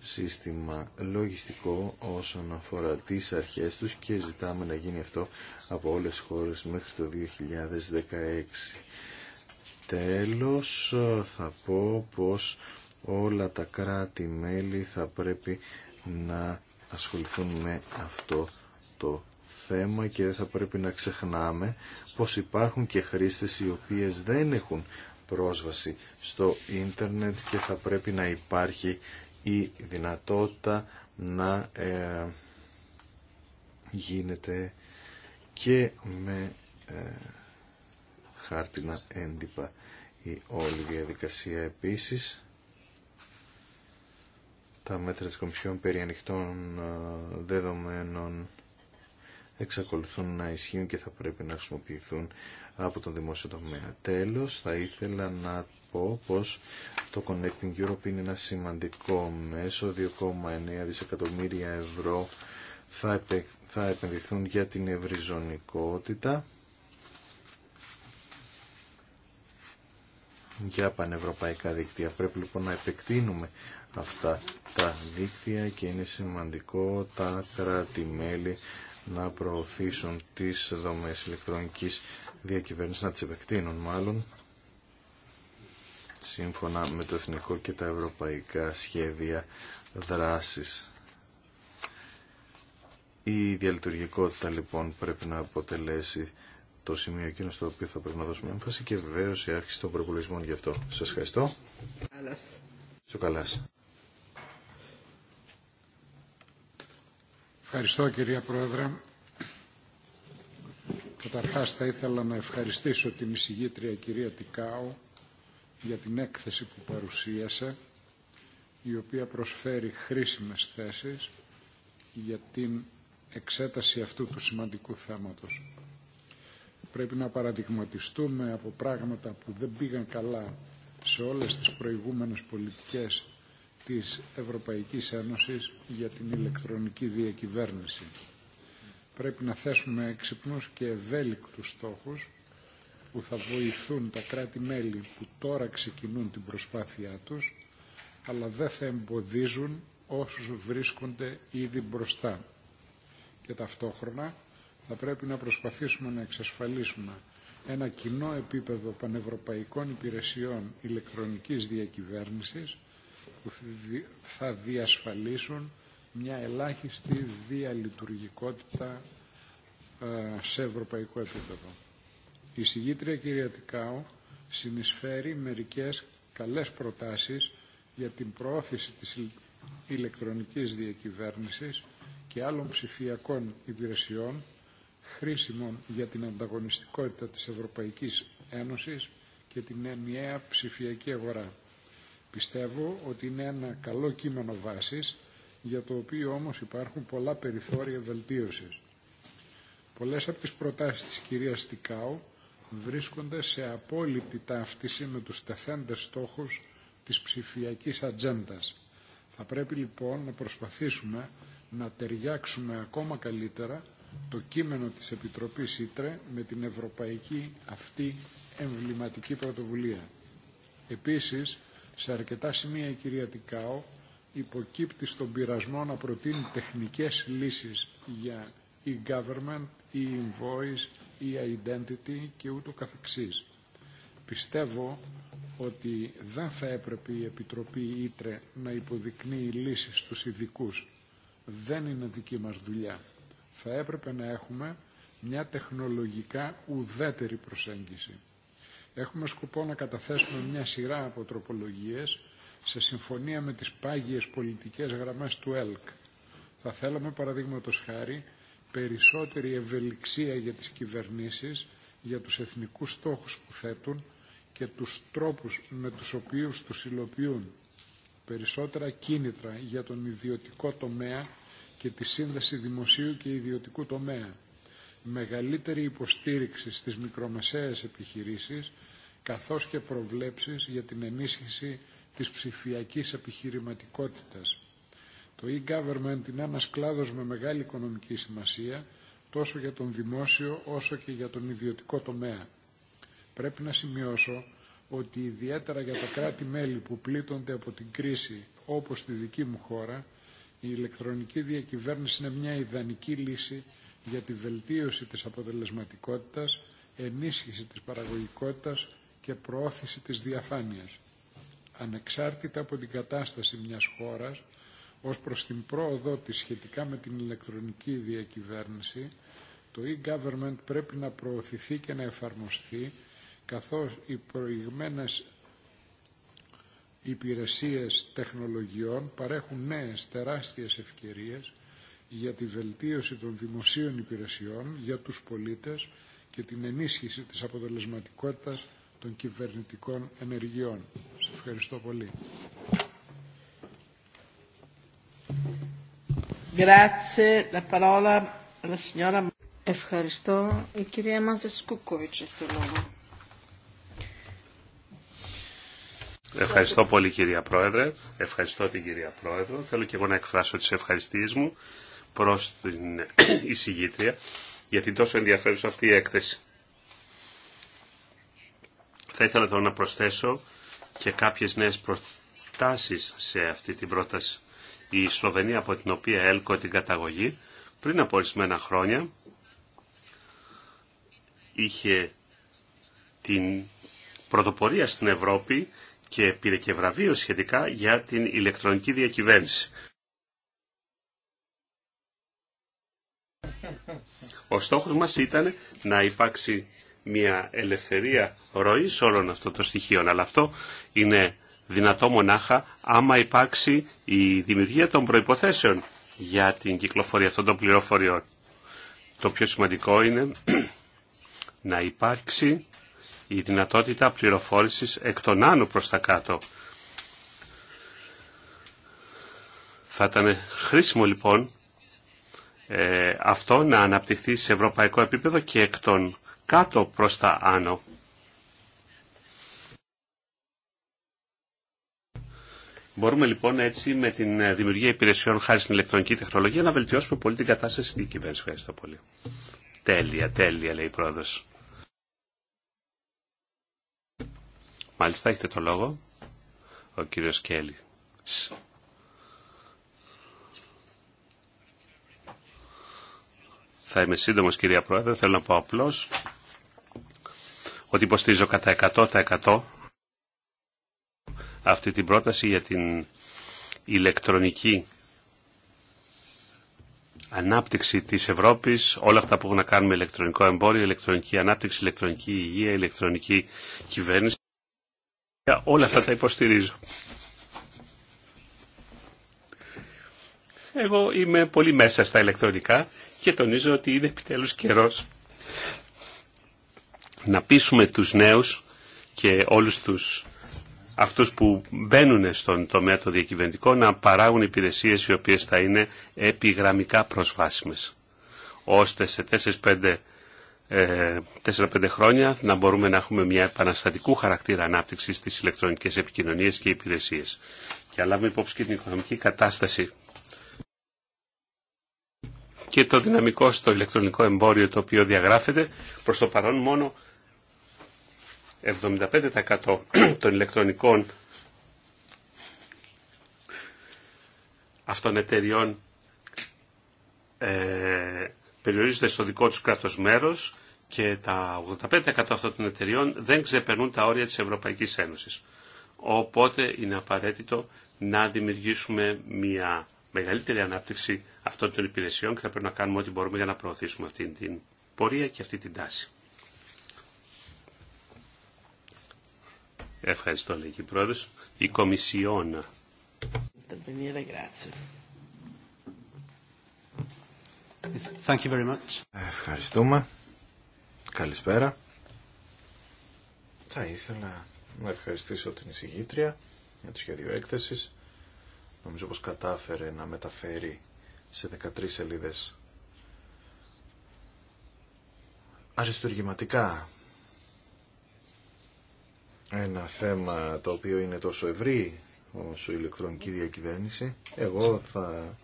σύστημα λογιστικό όσον αφορά τις αρχές τους και ζητάμε να γίνει αυτό από όλες τις χώρες μέχρι το 2016. Τέλος θα πω πως όλα τα κράτη-μέλη θα πρέπει να ασχοληθούν με αυτό το θέμα και δεν θα πρέπει να ξεχνάμε πως υπάρχουν και χρήστες οι οποίες δεν έχουν πρόσβαση στο ίντερνετ και θα πρέπει να υπάρχει η δυνατότητα να ε, γίνεται και με ε, χάρτινα έντυπα η όλη διαδικασία επίσης. Τα μέτρα της Κομισιόν περί ανοιχτών ε, δεδομένων εξακολουθούν να ισχύουν και θα πρέπει να χρησιμοποιηθούν από τον δημόσιο τομέα. Τέλος, θα ήθελα να πω πως το Connecting Europe είναι ένα σημαντικό μέσο, 2,9 δισεκατομμύρια ευρώ θα, θα επενδυθούν για την ευρυζωνικότητα. για πανευρωπαϊκά δίκτυα. Πρέπει λοιπόν να επεκτείνουμε αυτά τα δίκτυα και είναι σημαντικό τα κράτη-μέλη να προωθήσουν τις δομές ηλεκτρονικής διακυβέρνησης, να τις επεκτείνουν μάλλον σύμφωνα με το εθνικό και τα ευρωπαϊκά σχέδια δράσης. Η διαλειτουργικότητα λοιπόν πρέπει να αποτελέσει το σημείο εκείνο στο οποίο θα πρέπει να δώσουμε έμφαση και βεβαίω η άρχιση των προπολογισμών γι' αυτό. Σα ευχαριστώ. καλά. Ευχαριστώ κυρία Πρόεδρε. Καταρχάς θα ήθελα να ευχαριστήσω την εισηγήτρια κυρία Τικάου για την έκθεση που παρουσίασε, η οποία προσφέρει χρήσιμες θέσεις για την εξέταση αυτού του σημαντικού θέματος. Πρέπει να παραδειγματιστούμε από πράγματα που δεν πήγαν καλά σε όλες τις προηγούμενες πολιτικές της Ευρωπαϊκής Ένωσης για την ηλεκτρονική διακυβέρνηση. Πρέπει να θέσουμε έξυπνους και ευέλικτους στόχους που θα βοηθούν τα κράτη-μέλη που τώρα ξεκινούν την προσπάθειά τους, αλλά δεν θα εμποδίζουν όσους βρίσκονται ήδη μπροστά. Και ταυτόχρονα θα πρέπει να προσπαθήσουμε να εξασφαλίσουμε ένα κοινό επίπεδο πανευρωπαϊκών υπηρεσιών ηλεκτρονικής διακυβέρνησης που θα διασφαλίσουν μια ελάχιστη διαλειτουργικότητα ε, σε ευρωπαϊκό επίπεδο. Η συγγήτρια κυρία Τικάου συνεισφέρει μερικές καλές προτάσεις για την προώθηση της ηλεκτρονικής διακυβέρνησης και άλλων ψηφιακών υπηρεσιών χρήσιμων για την ανταγωνιστικότητα της Ευρωπαϊκής Ένωσης και την ενιαία ψηφιακή αγορά. Πιστεύω ότι είναι ένα καλό κείμενο βάσης, για το οποίο όμως υπάρχουν πολλά περιθώρια βελτίωσης. Πολλές από τις προτάσεις της κυρίας Τικάου βρίσκονται σε απόλυτη ταύτιση με τους τεθέντες στόχους της ψηφιακής ατζέντα. Θα πρέπει λοιπόν να προσπαθήσουμε να ταιριάξουμε ακόμα καλύτερα το κείμενο της Επιτροπής Ήτρε με την ευρωπαϊκή αυτή εμβληματική πρωτοβουλία. Επίσης, σε αρκετά σημεία η κυρία Τικάο υποκύπτει στον πειρασμό να προτείνει τεχνικές λύσεις για e-government, e-invoice, η identity και ούτω καθεξής. Πιστεύω ότι δεν θα έπρεπε η Επιτροπή Ήτρε να υποδεικνύει λύσεις στους ειδικού. Δεν είναι δική μας δουλειά. Θα έπρεπε να έχουμε μια τεχνολογικά ουδέτερη προσέγγιση. Έχουμε σκοπό να καταθέσουμε μια σειρά από τροπολογίε σε συμφωνία με τις πάγιες πολιτικές γραμμές του ΕΛΚ. Θα θέλαμε, παραδείγματο χάρη, περισσότερη ευελιξία για τις κυβερνήσεις, για τους εθνικούς στόχους που θέτουν και τους τρόπους με τους οποίους τους υλοποιούν. Περισσότερα κίνητρα για τον ιδιωτικό τομέα και τη σύνδεση δημοσίου και ιδιωτικού τομέα. Μεγαλύτερη υποστήριξη στις μικρομεσαίες επιχειρήσεις, καθώς και προβλέψεις για την ενίσχυση της ψηφιακής επιχειρηματικότητας το e-government είναι ένας κλάδος με μεγάλη οικονομική σημασία τόσο για τον δημόσιο όσο και για τον ιδιωτικό τομέα. Πρέπει να σημειώσω ότι ιδιαίτερα για τα κράτη-μέλη που πλήττονται από την κρίση όπως στη δική μου χώρα η ηλεκτρονική διακυβέρνηση είναι μια ιδανική λύση για τη βελτίωση της αποτελεσματικότητας, ενίσχυση της παραγωγικότητας και προώθηση της διαφάνειας. Ανεξάρτητα από την κατάσταση μιας χώρας, ως προς την πρόοδο της σχετικά με την ηλεκτρονική διακυβέρνηση, το e-government πρέπει να προωθηθεί και να εφαρμοστεί, καθώς οι προηγμένες υπηρεσίες τεχνολογιών παρέχουν νέες τεράστιες ευκαιρίες για τη βελτίωση των δημοσίων υπηρεσιών για τους πολίτες και την ενίσχυση της αποτελεσματικότητας των κυβερνητικών ενεργειών. Σας ευχαριστώ πολύ. Ευχαριστώ. Η κυρία Ευχαριστώ πολύ κυρία Πρόεδρε. Ευχαριστώ την κυρία Πρόεδρο. Θέλω και εγώ να εκφράσω τις ευχαριστίες μου προς την εισηγήτρια για την τόσο ενδιαφέρουσα αυτή η έκθεση. Θα ήθελα τώρα να προσθέσω και κάποιες νέες προτάσεις σε αυτή την πρόταση η Σλοβενία από την οποία έλκω την καταγωγή, πριν από ορισμένα χρόνια είχε την πρωτοπορία στην Ευρώπη και πήρε και βραβείο σχετικά για την ηλεκτρονική διακυβέρνηση. Ο στόχος μας ήταν να υπάρξει μια ελευθερία ροής όλων αυτών των στοιχείων, αλλά αυτό είναι δυνατό μονάχα άμα υπάρξει η δημιουργία των προϋποθέσεων για την κυκλοφορία αυτών των πληροφοριών. Το πιο σημαντικό είναι να υπάρξει η δυνατότητα πληροφόρησης εκ των άνω προς τα κάτω. Θα ήταν χρήσιμο λοιπόν ε, αυτό να αναπτυχθεί σε ευρωπαϊκό επίπεδο και εκ των κάτω προς τα άνω. Μπορούμε λοιπόν έτσι με την ε, δημιουργία υπηρεσιών χάρη στην ηλεκτρονική τεχνολογία να βελτιώσουμε πολύ την κατάσταση στην κυβέρνηση. Ευχαριστώ πολύ. Τέλεια, τέλεια λέει η πρόεδρο. Μάλιστα έχετε το λόγο. Ο κύριο Κέλλη. Θα είμαι σύντομος κυρία Πρόεδρε, θέλω να πω απλώς ότι υποστηρίζω κατά 100% αυτή την πρόταση για την ηλεκτρονική ανάπτυξη της Ευρώπης, όλα αυτά που έχουν να κάνουν με ηλεκτρονικό εμπόριο, ηλεκτρονική ανάπτυξη, ηλεκτρονική υγεία, ηλεκτρονική κυβέρνηση. Όλα αυτά τα υποστηρίζω. Εγώ είμαι πολύ μέσα στα ηλεκτρονικά και τονίζω ότι είναι επιτέλους καιρός να πείσουμε τους νέους και όλους τους αυτούς που μπαίνουν στον τομέα το διακυβερνητικό να παράγουν υπηρεσίες οι οποίες θα είναι επιγραμμικά προσβάσιμες ώστε σε 4-5 ε, χρόνια να μπορούμε να έχουμε μια επαναστατικού χαρακτήρα ανάπτυξη στις ηλεκτρονικές επικοινωνίες και υπηρεσίες. Και λάβουμε υπόψη και την οικονομική κατάσταση και το δυναμικό στο ηλεκτρονικό εμπόριο το οποίο διαγράφεται προς το παρόν μόνο 75% των ηλεκτρονικών αυτών εταιριών ε, περιορίζονται στο δικό τους κράτος μέρος και τα 85% αυτών των εταιριών δεν ξεπερνούν τα όρια της Ευρωπαϊκής Ένωσης. Οπότε είναι απαραίτητο να δημιουργήσουμε μια μεγαλύτερη ανάπτυξη αυτών των υπηρεσιών και θα πρέπει να κάνουμε ό,τι μπορούμε για να προωθήσουμε αυτή την πορεία και αυτή την τάση. Ευχαριστώ, λέει η Η Κομισιόν. Ευχαριστούμε. Καλησπέρα. Θα ήθελα να ευχαριστήσω την εισηγήτρια για το σχέδιο έκθεση. Νομίζω πως κατάφερε να μεταφέρει σε 13 σελίδες αριστουργηματικά ένα θέμα το οποίο είναι τόσο ευρύ όσο η ηλεκτρονική διακυβέρνηση. Εγώ θα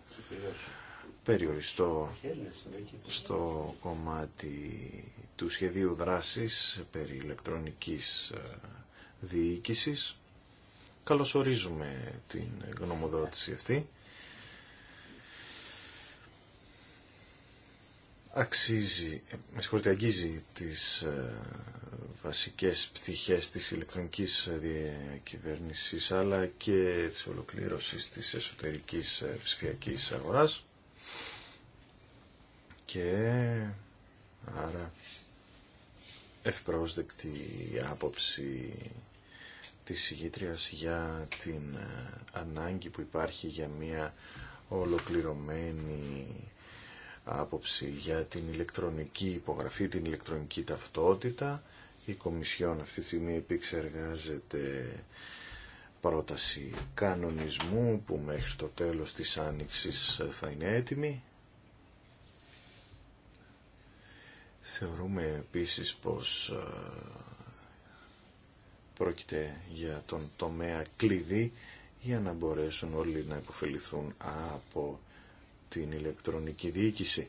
περιοριστώ στο κομμάτι του σχεδίου δράσης περί ηλεκτρονικής ε, διοίκησης. Καλωσορίζουμε την γνωμοδότηση αυτή αξίζει, με συγχωρείτε, αγγίζει τις ε, βασικές πτυχές της ηλεκτρονικής διακυβέρνησης αλλά και της ολοκλήρωσης της εσωτερικής ψηφιακής αγοράς και άρα ευπρόσδεκτη άποψη της ηγήτριας για την ε, ανάγκη που υπάρχει για μια ολοκληρωμένη άποψη για την ηλεκτρονική υπογραφή, την ηλεκτρονική ταυτότητα. Η Κομισιόν αυτή τη στιγμή επεξεργάζεται πρόταση κανονισμού που μέχρι το τέλος της άνοιξης θα είναι έτοιμη. Θεωρούμε επίσης πως ε, πρόκειται για τον τομέα κλειδί για να μπορέσουν όλοι να υποφεληθούν από την ηλεκτρονική διοίκηση.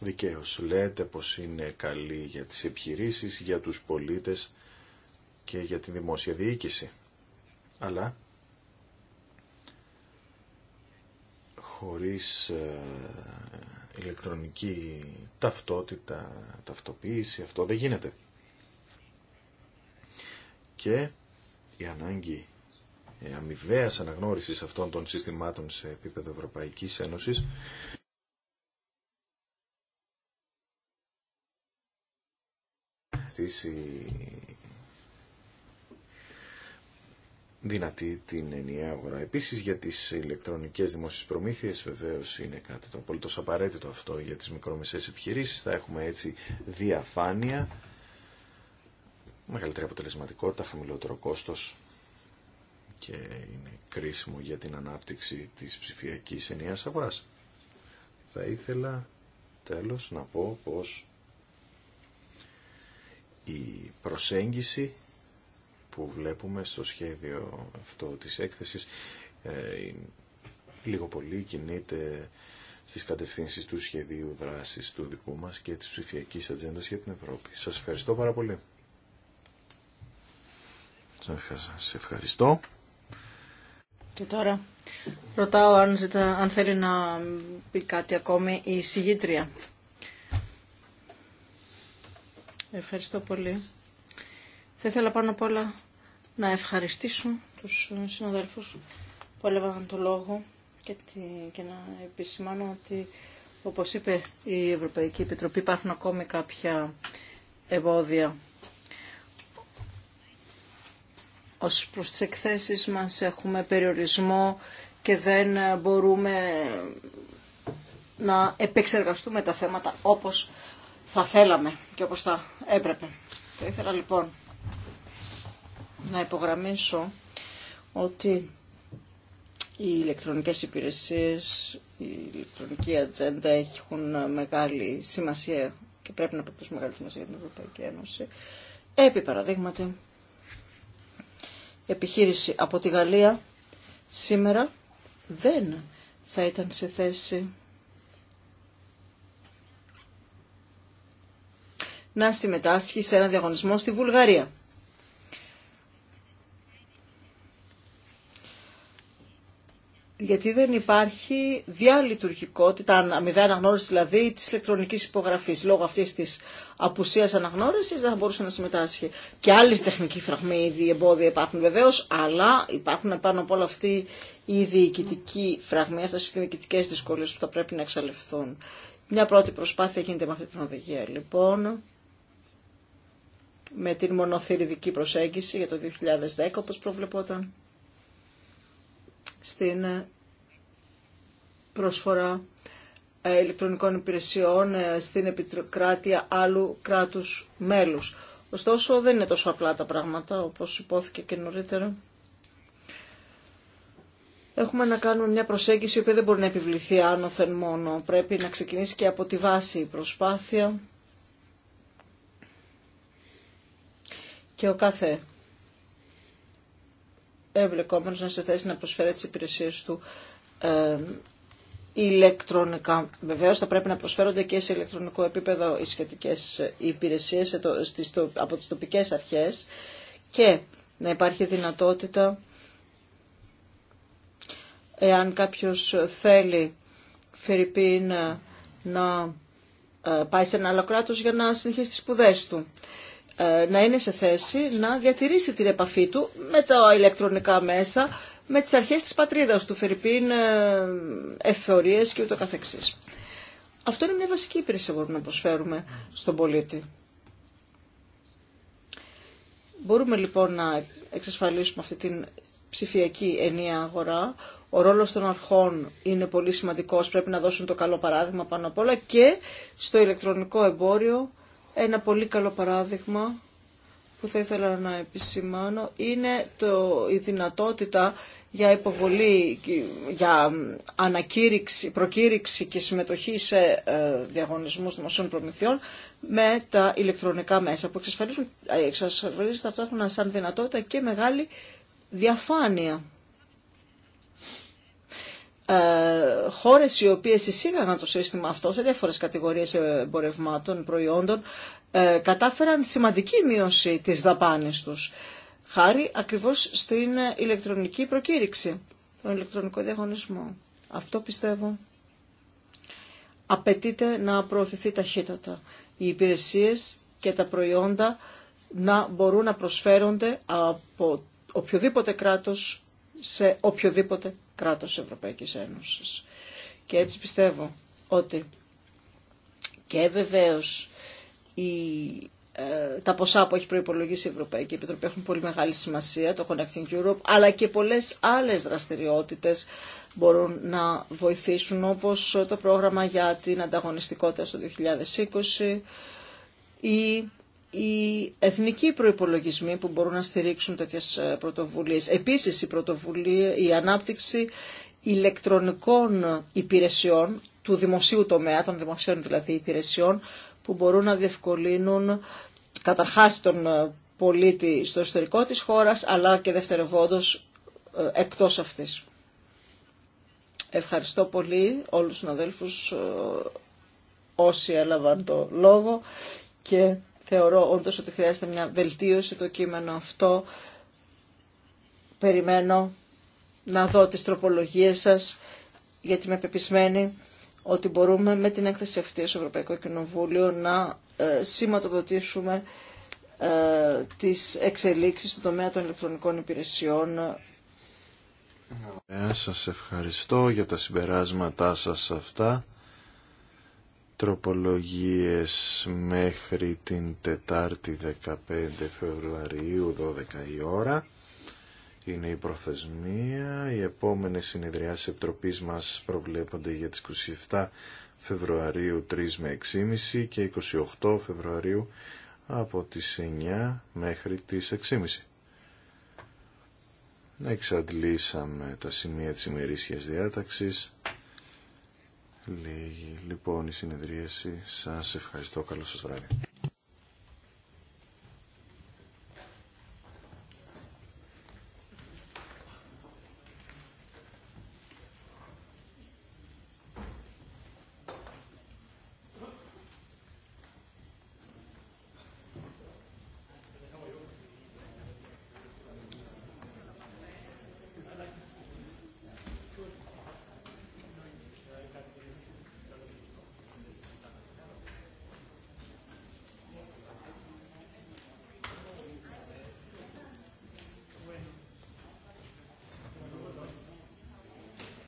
Δικαίως λέτε πως είναι καλή για τις επιχειρήσεις, για τους πολίτες και για τη δημόσια διοίκηση. Αλλά χωρίς ε, ηλεκτρονική ταυτότητα, ταυτοποίηση, αυτό δεν γίνεται. Και η ανάγκη ε, αμοιβαία αναγνώριση αυτών των συστημάτων σε επίπεδο Ευρωπαϊκής Ένωση. Ε, δυνατή την ενιαία αγορά. Επίσης για τις ηλεκτρονικές δημόσιες προμήθειες βεβαίως είναι κάτι το απολύτω απαραίτητο αυτό για τις μικρομεσαίες επιχειρήσεις. Θα έχουμε έτσι διαφάνεια, μεγαλύτερη αποτελεσματικότητα, χαμηλότερο κόστος και είναι κρίσιμο για την ανάπτυξη της ψηφιακής ενιαίας αγοράς. Θα ήθελα τέλος να πω πως η προσέγγιση που βλέπουμε στο σχέδιο αυτό της έκθεσης ε, λίγο πολύ κινείται στις κατευθύνσεις του σχεδίου δράσης του δικού μας και της ψηφιακής ατζέντα για την Ευρώπη. Σας ευχαριστώ πάρα πολύ. Σας ευχαριστώ. Και τώρα ρωτάω αν, ζητά, θέλει να πει κάτι ακόμη η συγγήτρια. Ευχαριστώ πολύ. Θα ήθελα πάνω απ' όλα να ευχαριστήσω τους συναδέλφους που έλεγαν το λόγο και, και να επισημάνω ότι όπως είπε η Ευρωπαϊκή Επιτροπή υπάρχουν ακόμη κάποια εμπόδια ως προς τις εκθέσεις μας έχουμε περιορισμό και δεν μπορούμε να επεξεργαστούμε τα θέματα όπως θα θέλαμε και όπως θα έπρεπε. Θα ήθελα λοιπόν να υπογραμμίσω ότι οι ηλεκτρονικές υπηρεσίες, η ηλεκτρονική ατζέντα έχουν μεγάλη σημασία και πρέπει να αποκτήσουν μεγάλη σημασία για την Ευρωπαϊκή Ένωση. Επί παραδείγματι, επιχείρηση από τη Γαλλία σήμερα δεν θα ήταν σε θέση να συμμετάσχει σε ένα διαγωνισμό στη Βουλγαρία. γιατί δεν υπάρχει διαλειτουργικότητα, αμοιβαία αναγνώριση δηλαδή τη ηλεκτρονική υπογραφή, Λόγω αυτή τη απουσίας αναγνώριση, δεν θα μπορούσε να συμμετάσχει. Και άλλε τεχνικοί φραγμοί ήδη εμπόδια υπάρχουν βεβαίω, αλλά υπάρχουν πάνω από όλα αυτή οι διοικητική φραγμή, αυτέ οι διοικητικέ δυσκολίε που θα πρέπει να εξαλειφθούν. Μια πρώτη προσπάθεια γίνεται με αυτή την οδηγία λοιπόν με την μονοθυριδική προσέγγιση για το 2010 όπως προβλεπόταν στην προσφορά ε, ηλεκτρονικών υπηρεσιών ε, στην επικράτεια άλλου κράτους μέλους. Ωστόσο δεν είναι τόσο απλά τα πράγματα όπως υπόθηκε και νωρίτερα. Έχουμε να κάνουμε μια προσέγγιση που δεν μπορεί να επιβληθεί άνωθεν μόνο. Πρέπει να ξεκινήσει και από τη βάση η προσπάθεια και ο κάθε εμπλεκόμενος να σε θέσει να προσφέρει τις υπηρεσίες του ηλεκτρονικά. Βεβαίως θα πρέπει να προσφέρονται και σε ηλεκτρονικό επίπεδο οι σχετικές υπηρεσίες από τις τοπικές αρχές και να υπάρχει δυνατότητα εάν κάποιος θέλει Φερρυπίν ε, να ε, πάει σε ένα άλλο κράτος για να συνεχίσει τις σπουδές του. Ε, να είναι σε θέση να διατηρήσει την επαφή του με τα ηλεκτρονικά μέσα, με τις αρχές της πατρίδας του, Φερρυπίν, ε, εφορίες και ούτω καθεξής. Αυτό είναι μια βασική υπηρεσία που μπορούμε να προσφέρουμε στον πολίτη. Μπορούμε λοιπόν να εξασφαλίσουμε αυτή την ψηφιακή ενιαία αγορά. Ο ρόλος των αρχών είναι πολύ σημαντικός, πρέπει να δώσουν το καλό παράδειγμα πάνω απ' όλα και στο ηλεκτρονικό εμπόριο ένα πολύ καλό παράδειγμα που θα ήθελα να επισημάνω είναι το, η δυνατότητα για υποβολή, για ανακήρυξη, προκήρυξη και συμμετοχή σε ε, διαγωνισμούς δημοσίων προμηθειών με τα ηλεκτρονικά μέσα που εξασφαλίζουν, ε, ταυτόχρονα σαν δυνατότητα και μεγάλη διαφάνεια. Ε, χώρες οι οποίες εισήγαγαν το σύστημα αυτό σε διάφορες κατηγορίες εμπορευμάτων, προϊόντων, ε, κατάφεραν σημαντική μείωση της δαπάνης τους, χάρη ακριβώς στην ηλεκτρονική προκήρυξη, τον ηλεκτρονικό διαγωνισμό. Αυτό πιστεύω απαιτείται να προωθηθεί ταχύτατα. Οι υπηρεσίες και τα προϊόντα να μπορούν να προσφέρονται από οποιοδήποτε κράτος σε οποιοδήποτε κράτος Ευρωπαϊκής Ένωσης. Και έτσι πιστεύω ότι και βεβαίως η ε, τα ποσά που έχει προπολογίσει η Ευρωπαϊκή Επιτροπή έχουν πολύ μεγάλη σημασία, το Connecting Europe, αλλά και πολλές άλλες δραστηριότητες μπορούν να βοηθήσουν, όπως το πρόγραμμα για την ανταγωνιστικότητα στο 2020 ή οι εθνικοί προϋπολογισμοί που μπορούν να στηρίξουν τέτοιες ε, πρωτοβουλίες. Επίσης η, πρωτοβουλία, η ανάπτυξη ηλεκτρονικών υπηρεσιών του δημοσίου τομέα, των δημοσίων δηλαδή υπηρεσιών, που μπορούν να διευκολύνουν καταρχάς τον ε, πολίτη στο ιστορικό της χώρας, αλλά και δευτερευόντως ε, εκτός αυτής. Ευχαριστώ πολύ όλους τους αδέλφους όσοι έλαβαν το λόγο και θεωρώ όντω ότι χρειάζεται μια βελτίωση το κείμενο αυτό. Περιμένω να δω τις τροπολογίες σας, γιατί είμαι πεπισμένη ότι μπορούμε με την έκθεση αυτή στο Ευρωπαϊκό Κοινοβούλιο να ε, σηματοδοτήσουμε ε, τις εξελίξεις στον τομέα των ηλεκτρονικών υπηρεσιών. Ε, σας ευχαριστώ για τα συμπεράσματά σας αυτά τροπολογίες μέχρι την Τετάρτη 15 Φεβρουαρίου 12 η ώρα. Είναι η προθεσμία. Οι επόμενες συνεδριάσεις επιτροπής μας προβλέπονται για τις 27 Φεβρουαρίου 3 με 6.30 και 28 Φεβρουαρίου από τις 9 μέχρι τις 6.30. Εξαντλήσαμε τα σημεία της ημερήσιας διάταξης. Λίγη λοιπόν η συνεδρίαση. Σας ευχαριστώ. Καλό σας βράδυ.